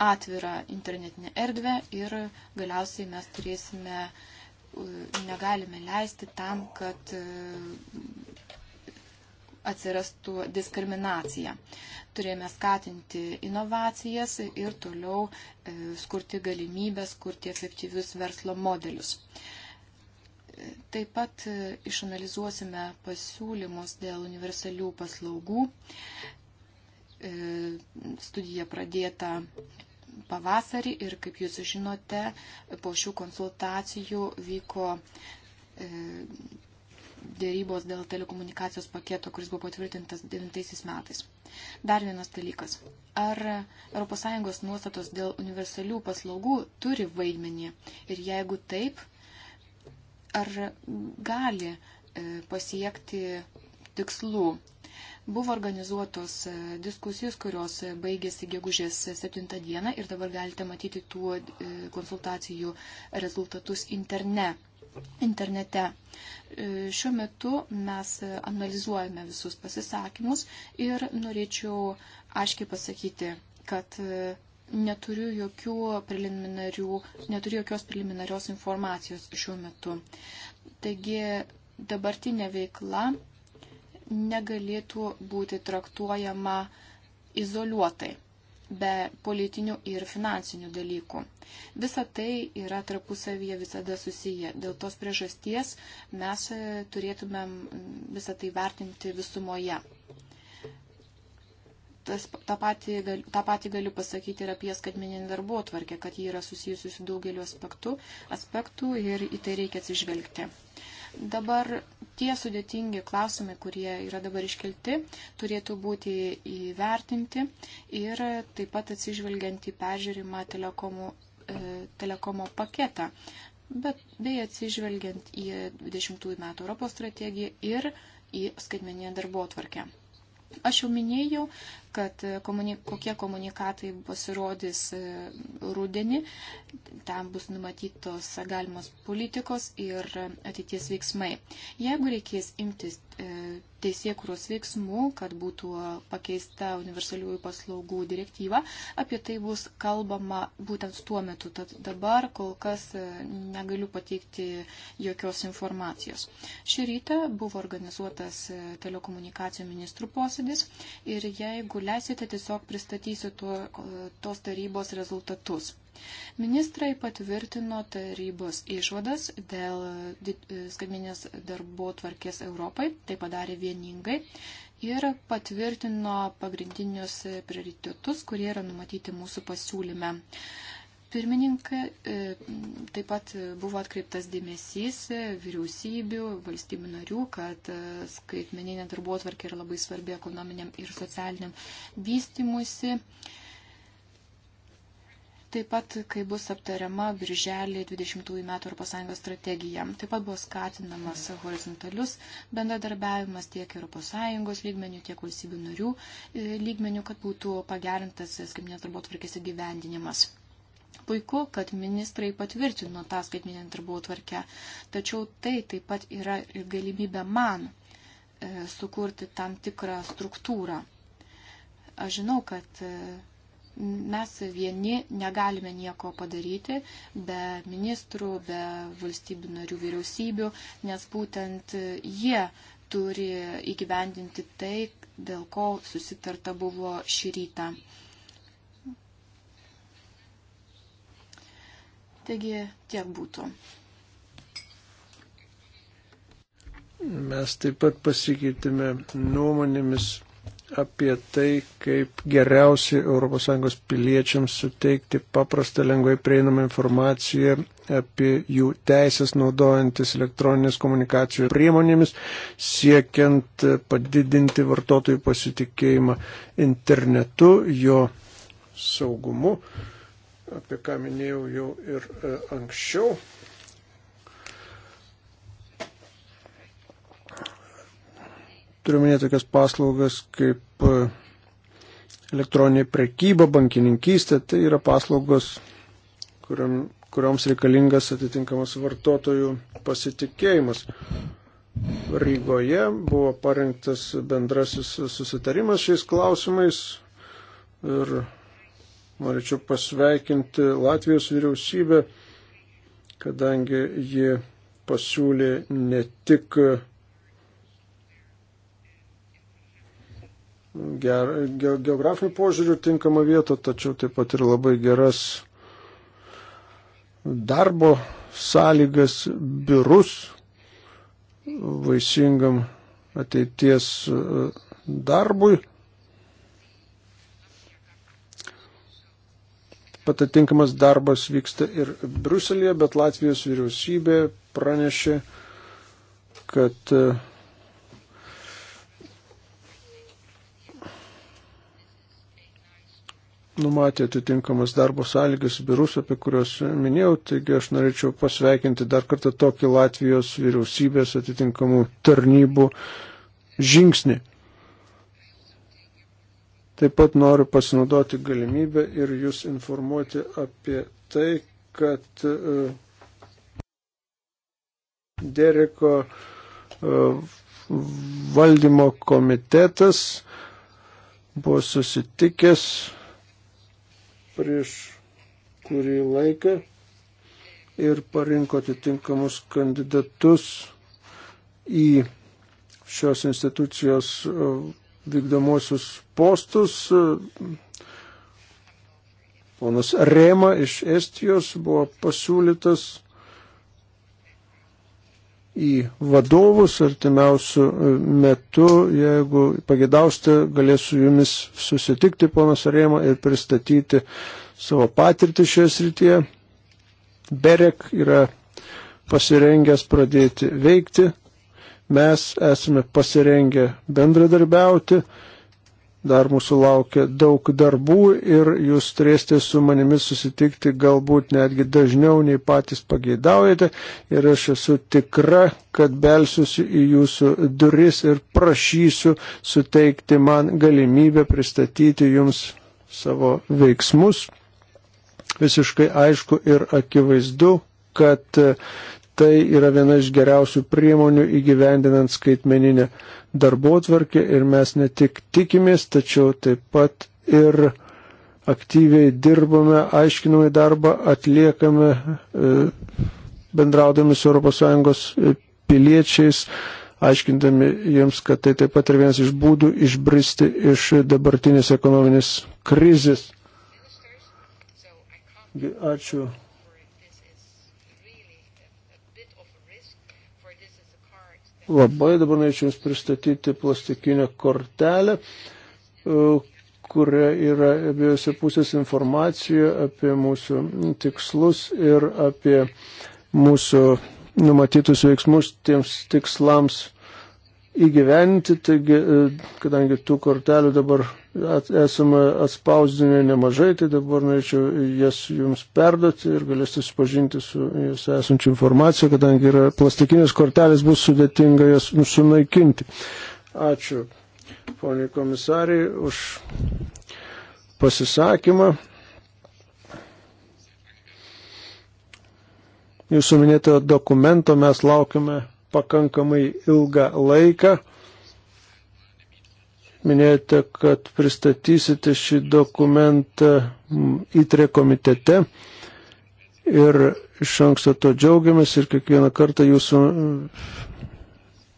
atvirą internetinę erdvę ir galiausiai mes turėsime, e, negalime leisti tam, kad atsirastų diskriminacija. Turėjome skatinti inovacijas ir toliau e, skurti galimybės, kurti efektyvius verslo modelius. E, taip pat e, išanalizuosime pasiūlymus dėl universalių paslaugų. Studija pradėta pavasarį ir, kaip jūs žinote, po šių konsultacijų vyko dėrybos dėl telekomunikacijos paketo, kuris buvo patvirtintas 9 metais. Dar vienas dalykas. Ar ES nuostatos dėl universalių paslaugų turi vaidmenį? Ir jeigu taip, ar gali e, pasiekti tikslų Buvo organizuotos e, diskusijos, kurios e, baigėsi gegužės 7 dieną ir dabar galite matyti tų e, konsultacijų rezultatus interne. Internete. Šiuo metu mes analizuojame visus pasisakymus ir norėčiau aiškiai pasakyti, kad neturiu, jokių neturiu jokios preliminarios informacijos šiuo metu. Taigi dabartinė veikla negalėtų būti traktuojama izoliuotai, be politinių ir finansinių dalykų. Visa tai yra tarpusavyje visada susiję. Dėl tos priežasties mes e, turėtumėm visą tai vertinti visumoje. Tas, tą, patį, tą patį galiu pasakyti ir apie skaitmeninį darbo tvarkę, kad ji yra susijusi su daugeliu aspektų, aspektų ir į tai reikia atsižvelgti. Dabar tie sudėtingi klausimai, kurie yra dabar iškelti, turėtų būti įvertinti ir taip pat atsižvelgiant į peržiūrimą telekomų, e, telekomo paketą, bet bei atsižvelgiant į 20 metų Europos strategiją ir į skaitmeninę darbo atvarkę. Aš jau minėjau, kad komunik kokie komunikatai pasirodys e, rudenį, tam bus numatytos galimos politikos ir ateities veiksmai. Jeigu reikės imtis E, teisėkuros veiksmų, kad būtų pakeista universaliųjų paslaugų direktyva. Apie tai bus kalbama būtent tuo metu. Tad dabar kol kas e, negaliu pateikti jokios informacijos. Šį rytą buvo organizuotas e, telekomunikacijų ministrų posėdis ir jeigu leisite, tiesiog pristatysiu to, tos tarybos rezultatus. Ministrai patvirtino tarybos išvadas dėl skaitminės darbo tvarkės Europai, tai padarė vieningai ir patvirtino pagrindinius prioritetus, kurie yra numatyti mūsų pasiūlyme. Pirmininkai e, taip pat buvo atkreiptas dėmesys vyriausybių, valstybių narių, kad e, skaitmeninė darbo tvarkė yra labai svarbi ekonominiam ir socialiniam vystimusi. Taip pat, kai bus aptariama birželį 20 metų Europos Sąjungos strategija, taip pat buvo skatinamas horizontalius bendradarbiavimas tiek Europos Sąjungos lygmenių, tiek valstybių narių e, lygmenių, kad būtų pagerintas skaitminės darbo tvarkės įgyvendinimas. Puiku, kad ministrai patvirtino tą skaitminę darbo tvarkę, tačiau tai taip pat yra ir galimybė man e, sukurti tam tikrą struktūrą. Aš žinau, kad e, Mes vieni negalime nieko padaryti be ministrų, be valstybių narių vyriausybių, nes būtent jie turi įgyvendinti tai, dėl ko susitarta buvo šį rytą. Taigi tiek būtų. Mes taip pat pasikeitėme nuomonėmis apie tai, kaip geriausiai ES piliečiams suteikti paprastą, lengvai prieinamą informaciją apie jų teisės naudojantis elektroninės komunikacijų priemonėmis, siekiant padidinti vartotojų pasitikėjimą internetu, jo saugumu, apie ką minėjau jau ir e, anksčiau. Turiu minėti tokias paslaugas kaip e, elektroninė prekyba, bankininkystė, tai yra paslaugos, kuriam, kurioms reikalingas atitinkamas vartotojų pasitikėjimas. Rygoje buvo parengtas bendrasis susitarimas šiais klausimais ir norėčiau pasveikinti Latvijos vyriausybę, kadangi ji pasiūlė ne tik ger, ge, geografinių požiūrių tinkamą vietą, tačiau taip pat ir labai geras darbo sąlygas, biurus vaisingam ateities e, darbui. Patatinkamas darbas vyksta ir Bruselėje, bet Latvijos vyriausybė pranešė, kad uh, numatė atitinkamas darbo sąlygas birus, apie kuriuos minėjau, taigi aš norėčiau pasveikinti dar kartą tokį Latvijos vyriausybės atitinkamų tarnybų žingsnį. Taip pat noriu pasinaudoti galimybę ir jūs informuoti apie tai, kad e, Dereko e, valdymo komitetas buvo susitikęs prieš kurį laiką ir parinko atitinkamus kandidatus į šios institucijos e, vykdomosius postus. Ponas Rema iš Estijos buvo pasiūlytas į vadovus artimiausių e, metų. Jeigu pagėdausite, galėsiu jumis susitikti, ponas Arėma, ir pristatyti savo patirtį šioje srityje. Berek yra pasirengęs pradėti veikti. Mes esame pasirengę bendradarbiauti dar mūsų laukia daug darbų ir jūs turėsite su manimi susitikti galbūt netgi dažniau nei patys pageidaujate. Ir aš esu tikra, kad belsiuosi į jūsų duris ir prašysiu suteikti man galimybę pristatyti jums savo veiksmus. Visiškai aišku ir akivaizdu, kad uh, tai yra viena iš geriausių priemonių įgyvendinant skaitmeninę darbotvarkę ir mes ne tik tikimės, tačiau taip pat ir aktyviai dirbame, aiškinamai darbą atliekame e, bendraudami su ES piliečiais, aiškindami jiems, kad tai taip pat ir vienas iš būdų išbristi iš dabartinės ekonominės krizės. Ačiū labai. Dabar norėčiau Jums pristatyti plastikinę kortelę, e, kuria yra abiejose pusės informacija apie mūsų tikslus ir apie mūsų numatytus veiksmus tiems tikslams įgyventi. Taigi, e, kadangi tų kortelių dabar esame atspausdinę nemažai, tai dabar norėčiau jas jums perduoti ir galėsite susipažinti su jūs esančia informacija, kadangi yra plastikinės kortelės, bus sudėtinga jas sunaikinti. Ačiū, poniai komisariai, už pasisakymą. Jūsų minėtojo dokumento mes laukime pakankamai ilgą laiką. Minėjote, kad pristatysite šį dokumentą įtre komitete ir iš anksto to džiaugiamės ir kiekvieną kartą jūsų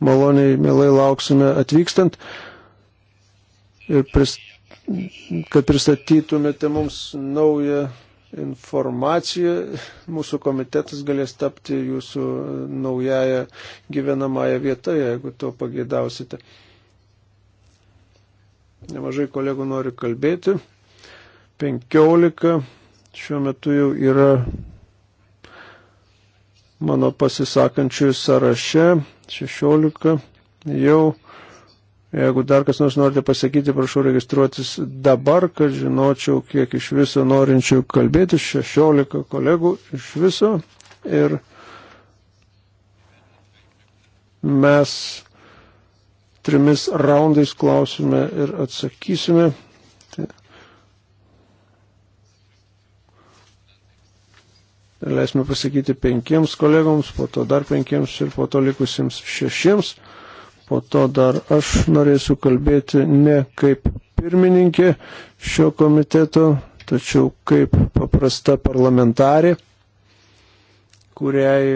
maloniai, mielai lauksime atvykstant ir prist, kad pristatytumėte mums naują informaciją, mūsų komitetas galės tapti jūsų naująją gyvenamąją vietą, jeigu to pageidausite. Nemažai kolegų nori kalbėti. 15 šiuo metu jau yra mano pasisakančių sąraše. 16 jau. Jeigu dar kas nors norite pasakyti, prašau registruotis dabar, kad žinočiau, kiek iš viso norinčių kalbėti. 16 kolegų iš viso. Ir mes trimis raundais klausime ir atsakysime. Tai leisime pasakyti penkiems kolegoms, po to dar penkiems ir po to likusiems šešiems. Po to dar aš norėsiu kalbėti ne kaip pirmininkė šio komiteto, tačiau kaip paprasta parlamentarė, kuriai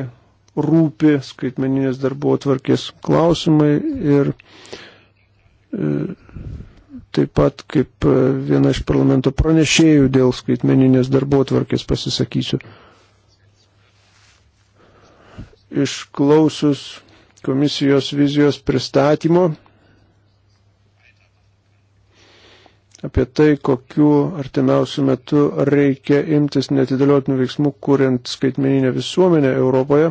rūpi skaitmeninės darbo tvarkės klausimai ir e, taip pat kaip e, viena iš parlamento pranešėjų dėl skaitmeninės darbo tvarkės pasisakysiu. Išklausus komisijos vizijos pristatymo apie tai, kokiu artimiausiu metu reikia imtis netidėliotinių veiksmų, kuriant skaitmeninę visuomenę Europoje.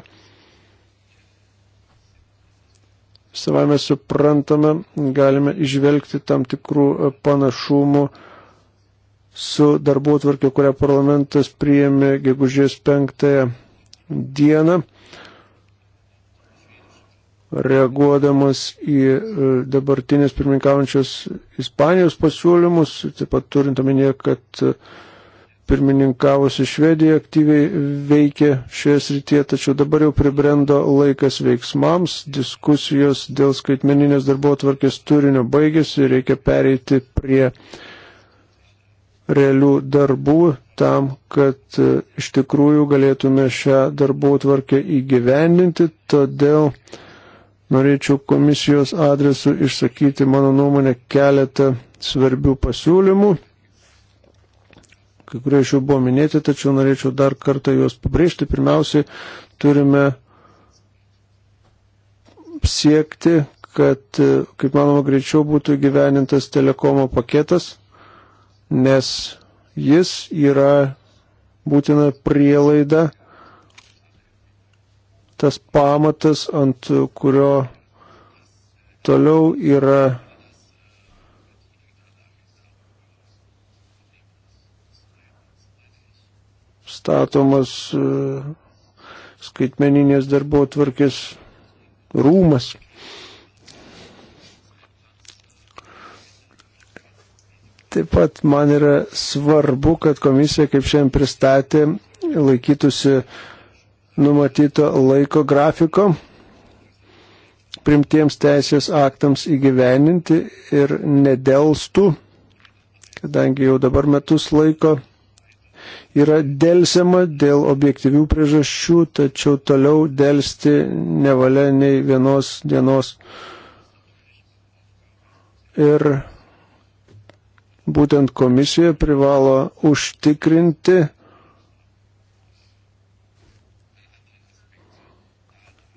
savame suprantame, galime išvelgti tam tikrų e, panašumų su darbo tvarkė, kurią parlamentas priėmė gegužės penktąją dieną, reaguodamas į e, dabartinės pirmininkaujančios Ispanijos pasiūlymus, taip pat turint omenyje, kad e, pirmininkavusi Švedija aktyviai veikė šioje srityje, tačiau dabar jau pribrendo laikas veiksmams, diskusijos dėl skaitmeninės darbo tvarkės turinio baigėsi ir reikia pereiti prie realių darbų tam, kad e, iš tikrųjų galėtume šią darbų tvarkę įgyvendinti, todėl norėčiau komisijos adresu išsakyti mano nuomonę keletą svarbių pasiūlymų kai kurie iš jų buvo minėti, tačiau norėčiau dar kartą juos pabrėžti. Pirmiausiai turime siekti, kad, kaip manoma, greičiau būtų gyvenintas telekomo paketas, nes jis yra būtina prielaida, tas pamatas, ant kurio toliau yra statomas e, skaitmeninės darbo tvarkės rūmas. Taip pat man yra svarbu, kad komisija, kaip šiandien pristatė, laikytųsi numatyto laiko grafiko primtiems teisės aktams įgyveninti ir nedelstų, kadangi jau dabar metus laiko yra dėlsiama dėl objektyvių priežasčių, tačiau toliau dėlsti nevalia nei vienos dienos. Ir būtent komisija privalo užtikrinti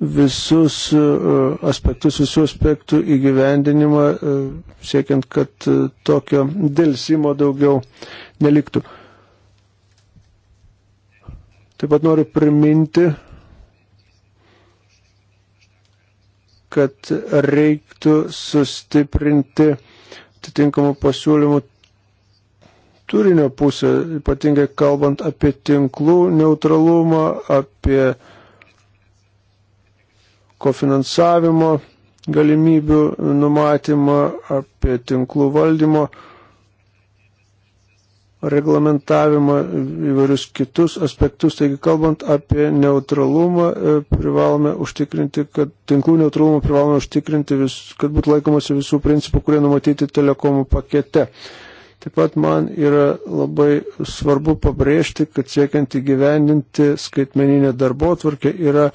visus uh, aspektus, visų aspektų įgyvendinimą, uh, siekiant, kad uh, tokio dėlsimo daugiau neliktų. Taip pat noriu priminti, kad reiktų sustiprinti atitinkamų pasiūlymų turinio pusę, ypatingai kalbant apie tinklų neutralumą, apie kofinansavimo galimybių numatymą, apie tinklų valdymo reglamentavimą, įvairius kitus aspektus. Taigi, kalbant apie neutralumą, e, privalome užtikrinti, kad tinklų neutralumą privalome užtikrinti, vis, kad būtų laikomasi visų principų, kurie numatyti telekomų pakete. Taip pat man yra labai svarbu pabrėžti, kad siekiant įgyvendinti skaitmeninę darbo tvarkę yra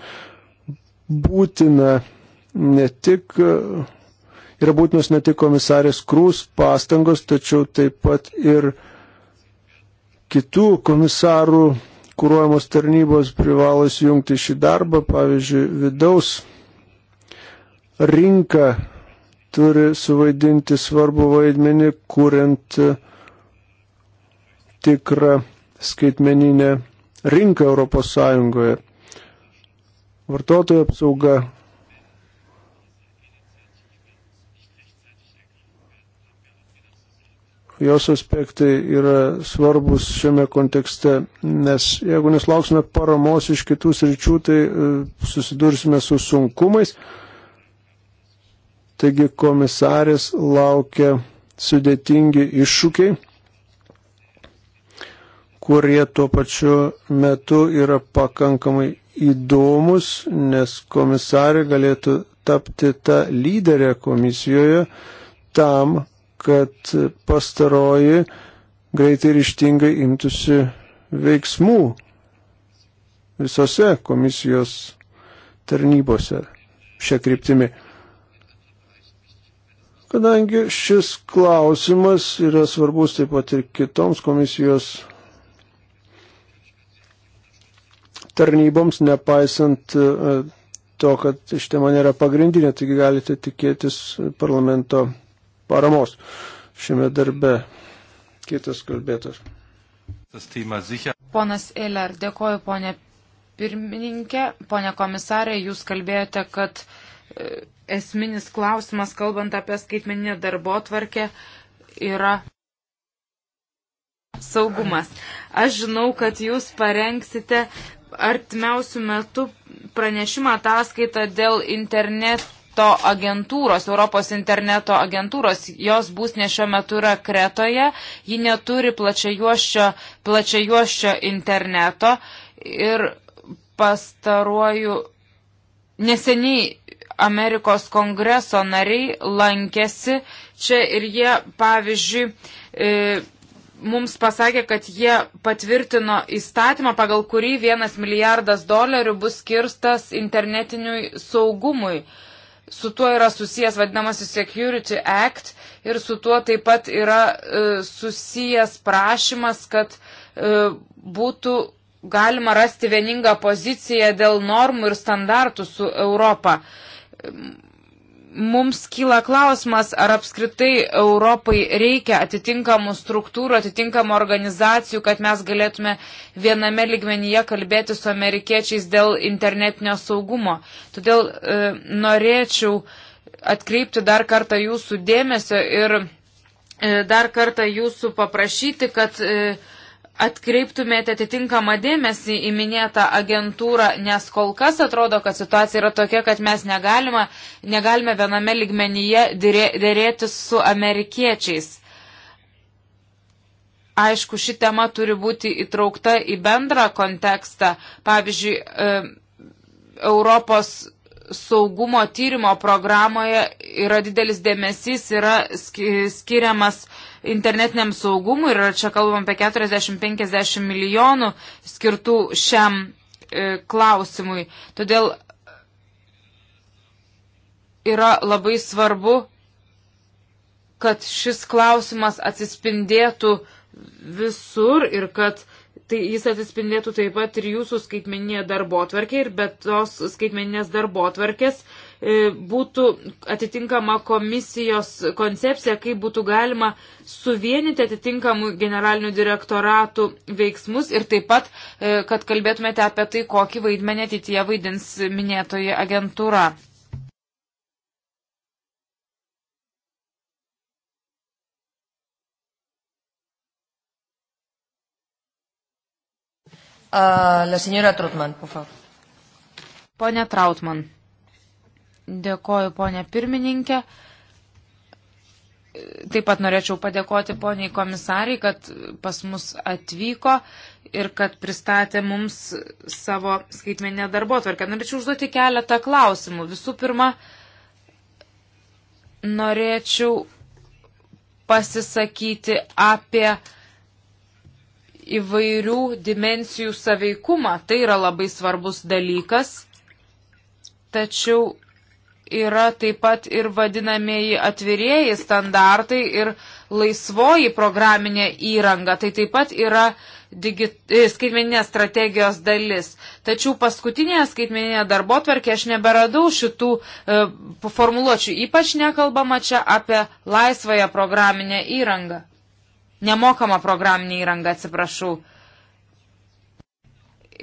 būtina ne tik e, yra būtinos ne tik komisarės Krūs pastangos, tačiau taip pat ir uh, kitų komisarų kūruojamos tarnybos privalo įsijungti šį darbą, pavyzdžiui, vidaus rinka turi suvaidinti svarbu vaidmenį, kuriant tikrą skaitmeninę rinką Europos Sąjungoje. Vartotojų apsauga jos aspektai yra svarbus šiame kontekste, nes jeigu neslauksime paramos iš kitų sričių, tai e, susidursime su sunkumais. Taigi komisarės laukia sudėtingi iššūkiai, kurie tuo pačiu metu yra pakankamai įdomus, nes komisarė galėtų tapti tą lyderę komisijoje tam, kad pastaroji greitai ir ištingai imtųsi veiksmų visose komisijos tarnybose šią kryptimį. Kadangi šis klausimas yra svarbus taip pat ir kitoms komisijos tarnyboms, nepaisant e, to, kad ši tema nėra pagrindinė, taigi galite tikėtis parlamento paramos šiame darbe. Kitas kalbėtas. Ponas Eiler, dėkoju ponė pirmininkė, ponė komisarė, jūs kalbėjote, kad e, esminis klausimas, kalbant apie skaitmeninę darbo tvarkę, yra saugumas. Aš žinau, kad jūs parengsite artimiausių metų pranešimą ataskaitą dėl internet interneto agentūros, Europos interneto agentūros. Jos būsnė šiuo metu yra Kretoje, ji neturi plačiajuoščio, plačiajuoščio interneto ir pastaruoju neseniai Amerikos kongreso nariai lankėsi čia ir jie, pavyzdžiui, e, mums pasakė, kad jie patvirtino įstatymą, pagal kurį vienas milijardas dolerių bus skirstas internetiniui saugumui. E, su tuo yra susijęs vadinamasis Security Act ir su tuo taip pat yra e, susijęs prašymas, kad e, būtų galima rasti vieningą poziciją dėl normų ir standartų su Europą mums kyla klausimas, ar apskritai Europai reikia atitinkamų struktūrų, atitinkamų organizacijų, kad mes galėtume viename ligmenyje kalbėti su amerikiečiais dėl internetinio saugumo. Todėl e, norėčiau atkreipti dar kartą jūsų dėmesio ir e, dar kartą jūsų paprašyti, kad e, atkreiptumėte atitinkamą dėmesį į minėtą agentūrą, nes kol kas atrodo, kad situacija yra tokia, kad mes negalime, negalime viename ligmenyje dėrėtis su amerikiečiais. Aišku, ši tema turi būti įtraukta į bendrą kontekstą. Pavyzdžiui, e, Europos saugumo tyrimo programoje yra didelis dėmesys, yra skiriamas uh, internetiniam saugumui ir čia kalbam apie 40-50 milijonų skirtų šiam e, klausimui. Todėl yra labai svarbu, kad šis klausimas atsispindėtų visur ir kad tai jis atsispindėtų taip pat ir jūsų skaitmeninėje darbo tvarkė ir bet tos skaitmeninės darbo tvarkės E, būtų atitinkama komisijos koncepcija, kaip būtų galima suvienyti atitinkamų generalinių direktoratų veiksmus ir taip pat, e, kad kalbėtumėte apie tai, kokį vaidmenį ateityje vaidins minėtoji agentūra. Uh, la señora Trotman, por favor. Ponia Trautman. Dėkoju, ponė pirmininkė. Taip pat norėčiau padėkoti poniai komisariai, kad pas mus atvyko ir kad pristatė mums savo skaitmeninę darbo tvarkę. Norėčiau užduoti keletą klausimų. Visų pirma, norėčiau pasisakyti apie įvairių dimensijų saveikumą. Tai yra labai svarbus dalykas. Tačiau yra taip pat ir vadinamieji atvirieji standartai ir laisvoji programinė įranga. Tai taip pat yra digit... E, skaitmeninės strategijos dalis. Tačiau paskutinėje skaitmeninėje darbo tvarkė aš neberadau šitų e, formuluočių. Ypač nekalbama čia apie laisvąją programinę įrangą. Nemokamą programinę įrangą, atsiprašau.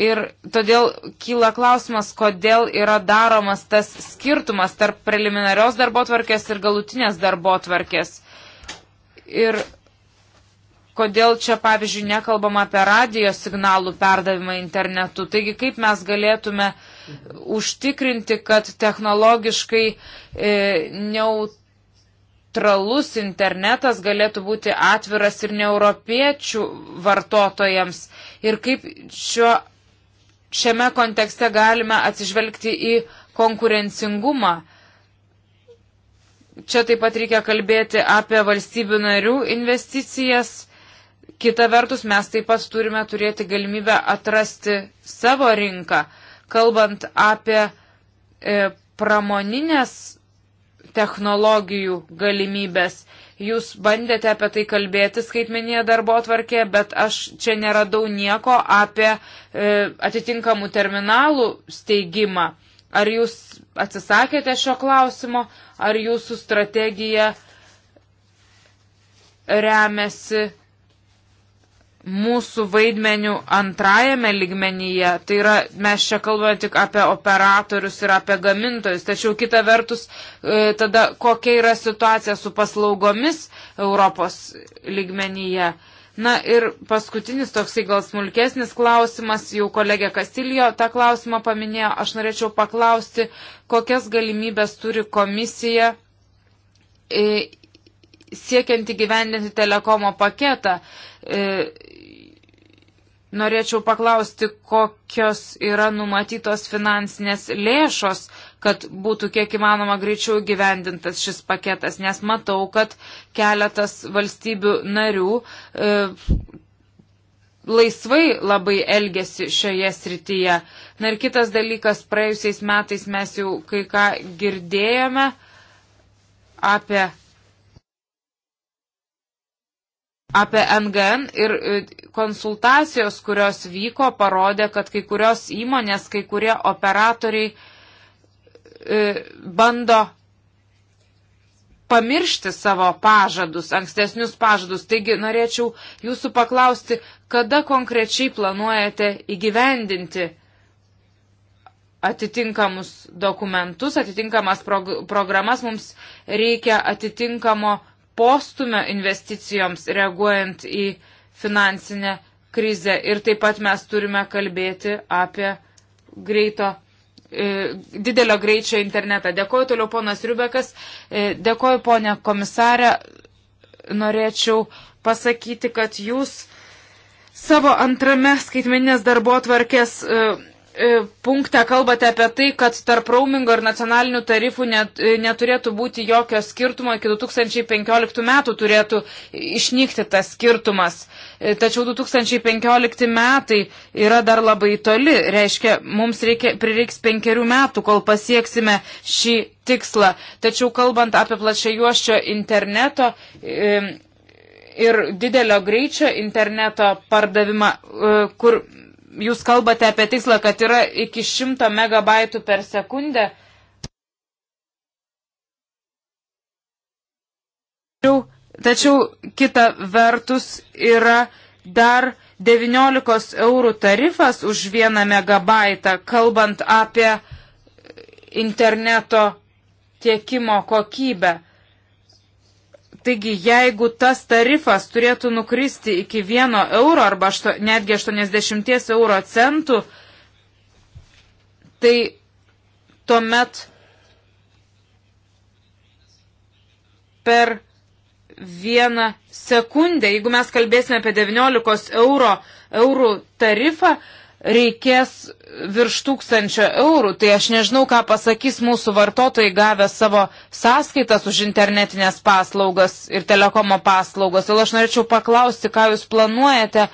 Ir todėl kyla klausimas, kodėl yra daromas tas skirtumas tarp preliminarios darbo tvarkės ir galutinės darbo tvarkės. Ir kodėl čia, pavyzdžiui, nekalbama apie radijo signalų perdavimą internetu. Taigi, kaip mes galėtume užtikrinti, kad technologiškai e, neutralus internetas galėtų būti atviras ir neuropiečių vartotojams. Ir kaip šiuo šiame kontekste galime atsižvelgti į konkurencingumą. Čia taip pat reikia kalbėti apie valstybių narių investicijas. Kita vertus, mes taip pat turime turėti galimybę atrasti savo rinką, kalbant apie e, pramoninės technologijų galimybės. Jūs bandėte apie tai kalbėti skaitmeninėje darbo atvarkė, bet aš čia neradau nieko apie e, atitinkamų terminalų steigimą. Ar jūs atsisakėte šio klausimo, ar jūsų strategija remiasi mūsų vaidmenių antrajame ligmenyje, tai yra mes čia kalbame tik apie operatorius ir apie gamintojus, tačiau kita vertus, e, tada kokia yra situacija su paslaugomis Europos ligmenyje. Na ir paskutinis toksai gal smulkesnis klausimas, jau kolegė Kastilijo tą klausimą paminėjo, aš norėčiau paklausti, kokias galimybės turi komisija e, siekiant įgyvendinti telekomo paketą. E, norėčiau paklausti, kokios yra numatytos finansinės lėšos, kad būtų kiek įmanoma greičiau gyvendintas šis paketas, nes matau, kad keletas valstybių narių e, laisvai labai elgesi šioje srityje. Na ir kitas dalykas, praėjusiais metais mes jau kai ką girdėjome apie apie NGN ir e, konsultacijos, kurios vyko, parodė, kad kai kurios įmonės, kai kurie operatoriai e, bando pamiršti savo pažadus, ankstesnius pažadus. Taigi norėčiau jūsų paklausti, kada konkrečiai planuojate įgyvendinti atitinkamus dokumentus, atitinkamas prog programas, mums reikia atitinkamo uh, postumio investicijoms reaguojant į finansinę krizę. Ir taip pat mes turime kalbėti apie greito, e, didelio greičio internetą. Dėkoju toliau ponas Riubekas, e, dėkoju ponė komisarė. Norėčiau pasakyti, kad jūs savo antrame skaitmeninės darbo tvarkės e, E, punktą kalbate apie tai, kad tarp roamingo ir nacionalinių tarifų net, e, neturėtų būti jokio skirtumo, iki 2015 metų turėtų išnykti tas skirtumas. E, tačiau 2015 metai yra dar labai toli, reiškia, mums reikia, prireiks penkerių metų, kol pasieksime šį tikslą. Tačiau kalbant apie plačiai juoščio interneto. E, ir didelio greičio interneto pardavimą, kur jūs kalbate apie tikslą, kad yra iki 100 megabaitų per sekundę. Tačiau, tačiau kita vertus yra dar 19 eurų tarifas už vieną megabaitą, kalbant apie interneto tiekimo kokybę. Taigi, jeigu tas tarifas turėtų nukristi iki 1 euro arba ašto, netgi 80 euro centų, tai tuomet per vieną sekundę, jeigu mes kalbėsime apie 19 euro, eurų tarifą, reikės virš tūkstančio eurų, tai aš nežinau, ką pasakys mūsų vartotojai gavę savo sąskaitas už internetinės paslaugas ir telekomo paslaugas. Ir aš norėčiau paklausti, ką jūs planuojate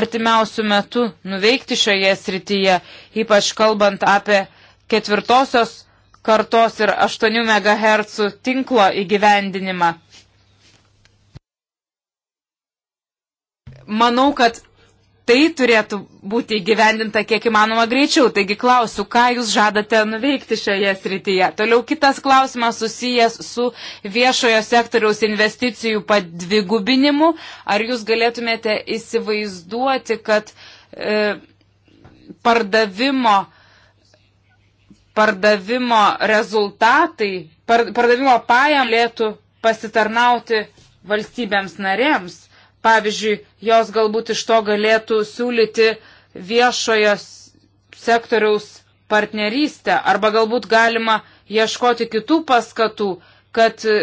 artimiausių metų nuveikti šioje srityje, ypač kalbant apie ketvirtosios kartos ir 8 MHz tinklo įgyvendinimą. Manau, kad tai turėtų būti įgyvendinta kiek įmanoma greičiau. Taigi klausiu, ką jūs žadate nuveikti šioje srityje. Toliau kitas klausimas susijęs su viešojo sektoriaus investicijų padvigubinimu. Ar jūs galėtumėte įsivaizduoti, kad e, pardavimo, pardavimo rezultatai, par, pardavimo pajam lėtų pasitarnauti valstybėms narėms? Pavyzdžiui, jos galbūt iš to galėtų siūlyti viešojo sektoriaus partnerystę arba galbūt galima ieškoti kitų paskatų, kad e,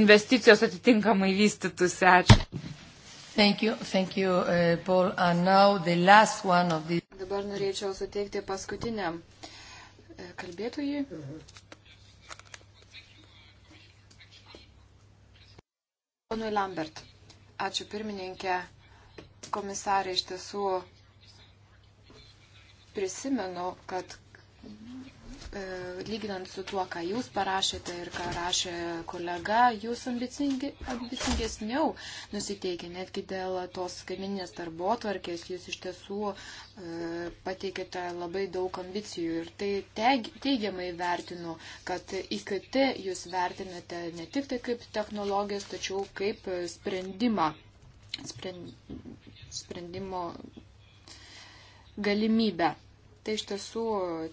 investicijos atitinkamai vystytųsi. Ačiū. Thank you, thank you, uh, Paul. And now the last one of the... Dabar norėčiau suteikti paskutiniam e, kalbėtojui. Ponui Lambert. Ačiū pirmininkė. Komisarė, iš tiesų prisimenu, kad E, lyginant su tuo, ką jūs parašėte ir ką rašė kolega, jūs ambicingi, ambicingesniau nusiteikę, netgi dėl tos kaiminės darbo tvarkės, jūs iš tiesų e, pateikėte labai daug ambicijų ir tai teg, teigiamai vertinu, kad IKT jūs vertinate ne tik tai kaip technologijas, tačiau kaip sprendimą, sprend, sprendimo galimybę. Tai iš tiesų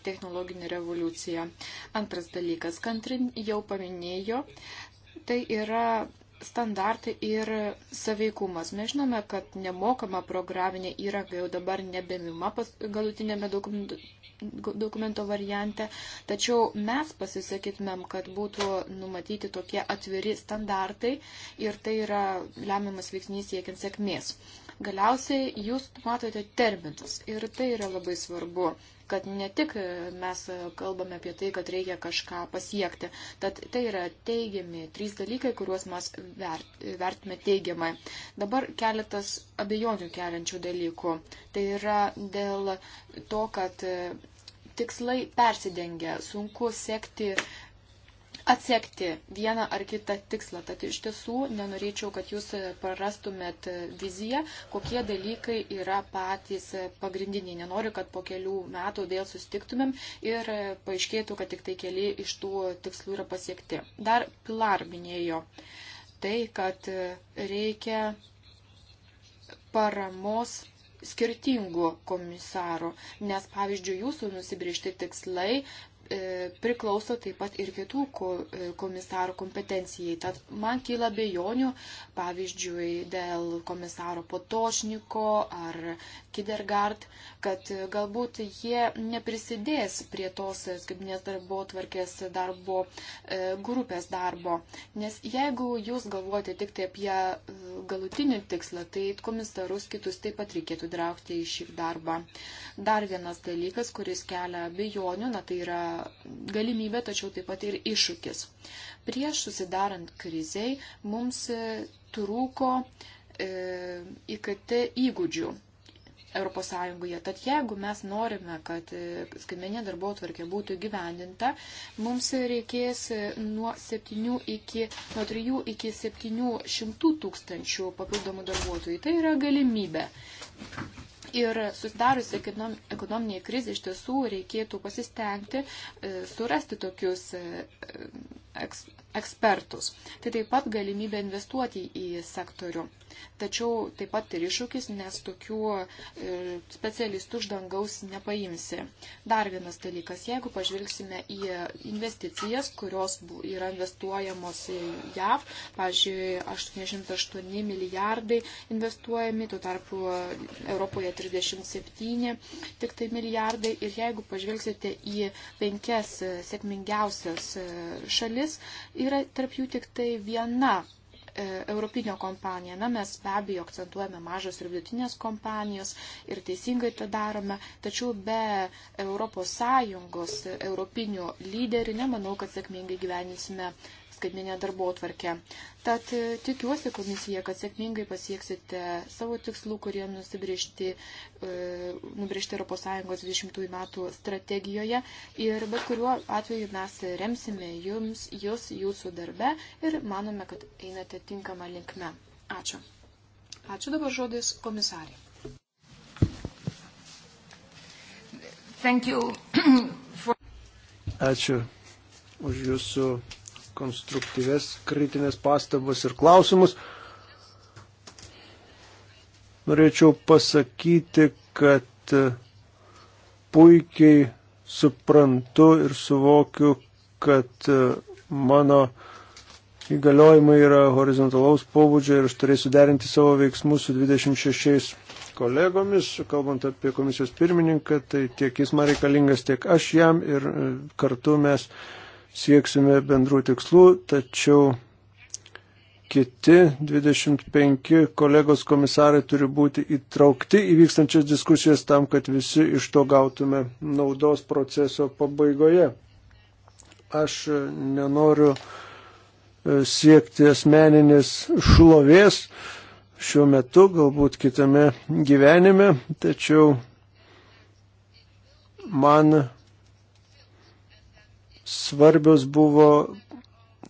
technologinė revoliucija. Antras dalykas, Kantrin jau paminėjo, tai yra standartai ir saveikumas. Mes žinome, kad nemokama programinė įranga jau dabar nebemima galutinėme dokumento, dokumento variante, tačiau mes pasisakytumėm, kad būtų numatyti tokie atviri standartai ir tai yra lemiamas veiksnys siekiant sėkmės. Sėkmės. Galiausiai jūs matote terminus ir tai yra labai svarbu, kad ne tik mes kalbame apie tai, kad reikia kažką pasiekti. Tad tai yra teigiami trys dalykai, kuriuos mes vert, vertime teigiamai. Dabar keletas abejonių keliančių dalykų. Tai yra dėl to, kad tikslai persidengia, sunku sekti uh, atsekti vieną ar kitą tikslą. Tad iš tiesų nenorėčiau, kad jūs prarastumėt viziją, kokie dalykai yra patys pagrindiniai. Nenoriu, kad po kelių metų vėl sustiktumėm ir paaiškėtų, kad tik tai keli iš tų tikslų yra pasiekti. Dar Pilar minėjo tai, kad reikia paramos skirtingų komisarų, nes pavyzdžiui, jūsų nusibriežti tikslai E, priklauso taip pat ir kitų e, komisarų kompetencijai. Tad man kyla bejonių, pavyzdžiui, dėl komisaro Potošniko ar Kidergard kad galbūt jie neprisidės prie tos skaitinės darbo tvarkės darbo e, grupės darbo. Nes jeigu jūs galvojate tik tai apie e, galutinį tikslą, tai komisarus kitus taip pat reikėtų draukti į šį darbą. Dar vienas dalykas, kuris kelia bejonių, na tai yra galimybė, tačiau taip pat ir iššūkis. Prieš susidarant kriziai mums e, trūko IKT įgūdžių ES. Tad jeigu mes norime, kad e, skaitmeninė darbo tvarkė būtų gyvendinta, mums reikės e, nuo, 7 iki, nuo 3 iki 700 tūkstančių papildomų darbuotojų. Tai yra galimybė. Ir susidariusi ekonominiai krizė iš tiesų reikėtų pasistengti e, surasti tokius eks, ekspertus. Tai taip pat galimybė investuoti į sektorių. Tačiau taip pat ir iššūkis, nes tokių e, specialistų už dangaus nepaimsi. Dar vienas dalykas, jeigu pažvelgsime į investicijas, kurios yra investuojamos JAV, pažiūrėjau, 88 milijardai investuojami, tuo tarpu Europoje 37 tik tai milijardai. Ir jeigu pažvelgsite į penkias sėkmingiausias e, šalis, Yra tarp jų tik tai viena e, europinio kompanija. Na, mes be abejo akcentuojame mažos ir vidutinės kompanijos ir teisingai tą darome, tačiau be ES europinių lyderių nemanau, kad sėkmingai gyvenysime skaitminę darbo atvarkę. Tad e, tikiuosi komisija, kad sėkmingai pasieksite savo tikslų, kurie nusibriežti, e, nubriežti ES 20 metų strategijoje. Ir bet kuriuo atveju mes remsime jums, jūs, jūsų darbe ir manome, kad einate tinkamą linkmę. Ačiū. Ačiū dabar žodis komisarė. Thank you. For... Ačiū už jūsų konstruktyves kritinės pastabas ir klausimus. Norėčiau pasakyti, kad e, puikiai suprantu ir suvokiu, kad e, mano įgaliojimai yra horizontalaus pobūdžio ir aš turėsiu derinti savo veiksmus su 26 kolegomis, kalbant apie komisijos pirmininką, tai tiek jis man reikalingas, tiek aš jam ir e, kartu mes sieksime bendrų tikslų, tačiau kiti 25 kolegos komisarai turi būti įtraukti į vykstančias diskusijas tam, kad visi iš to gautume naudos proceso pabaigoje. Aš nenoriu e, siekti asmeninės šlovės šiuo metu, galbūt kitame gyvenime, tačiau man svarbios buvo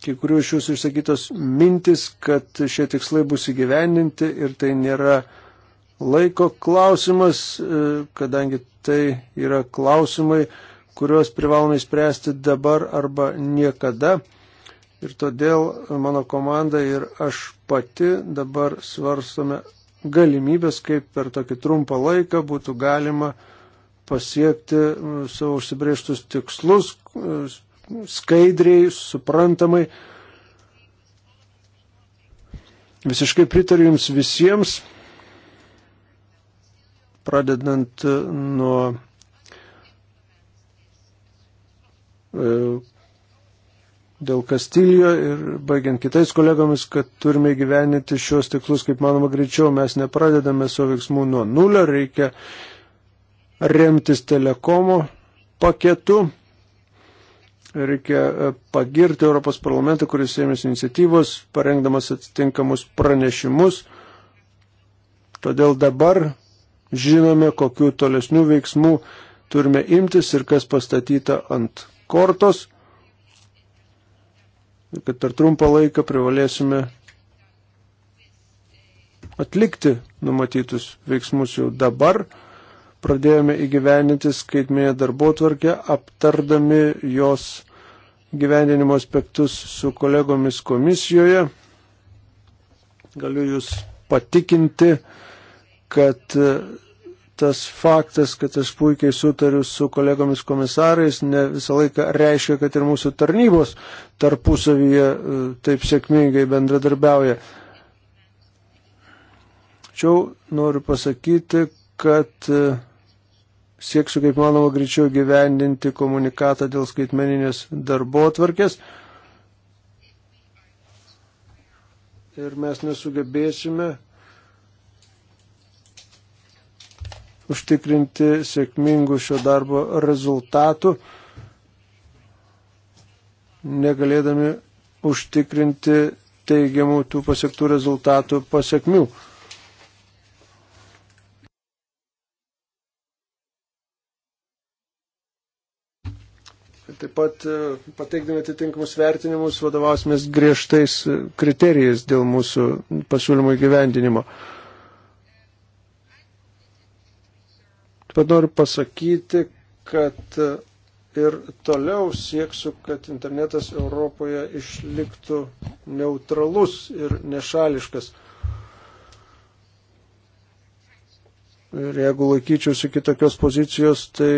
kai kurių iš jūsų išsakytos mintis, kad šie tikslai bus įgyvendinti ir tai nėra laiko klausimas, e, kadangi tai yra klausimai, kuriuos privalome spręsti dabar arba niekada. Ir todėl mano komanda ir aš pati dabar svarstome galimybės, kaip per tokį trumpą laiką būtų galima pasiekti e, savo užsibrieštus tikslus, skaidriai, suprantamai. Visiškai pritariu Jums visiems, pradedant e, nuo e, dėl Kastilijo ir baigiant kitais kolegomis, kad turime gyveninti šios tiklus, kaip manoma, greičiau mes nepradedame savo veiksmų nuo nulio, reikia remtis telekomo paketu, Reikia e, pagirti Europos parlamentą, kuris ėmėsi iniciatyvos, parengdamas atitinkamus pranešimus. Todėl dabar žinome, kokiu tolesnių veiksmų turime imtis ir kas pastatyta ant kortos, kad per trumpą laiką privalėsime atlikti numatytus veiksmus jau dabar pradėjome įgyveninti skaitmėje darbo tvarkę, aptardami jos gyvendinimo aspektus su kolegomis komisijoje. Galiu Jūs patikinti, kad e, tas faktas, kad aš puikiai sutariu su kolegomis komisarais, ne visą laiką reiškia, kad ir mūsų tarnybos tarpusavyje e, taip sėkmingai bendradarbiauja. Tačiau noriu pasakyti, kad e, sieksiu kaip manoma greičiau gyvendinti komunikatą dėl skaitmeninės darbo atvarkės. Ir mes nesugebėsime užtikrinti sėkmingų šio darbo rezultatų, negalėdami užtikrinti teigiamų tų pasiektų rezultatų pasiekmių. Taip pat e, pateikdami atitinkamus vertinimus vadovausimės griežtais e, kriterijais dėl mūsų pasiūlymų įgyvendinimo. Taip pat noriu pasakyti, kad e, ir toliau sieksiu, kad internetas Europoje išliktų neutralus ir nešališkas. Ir jeigu laikyčiausi kitokios pozicijos, tai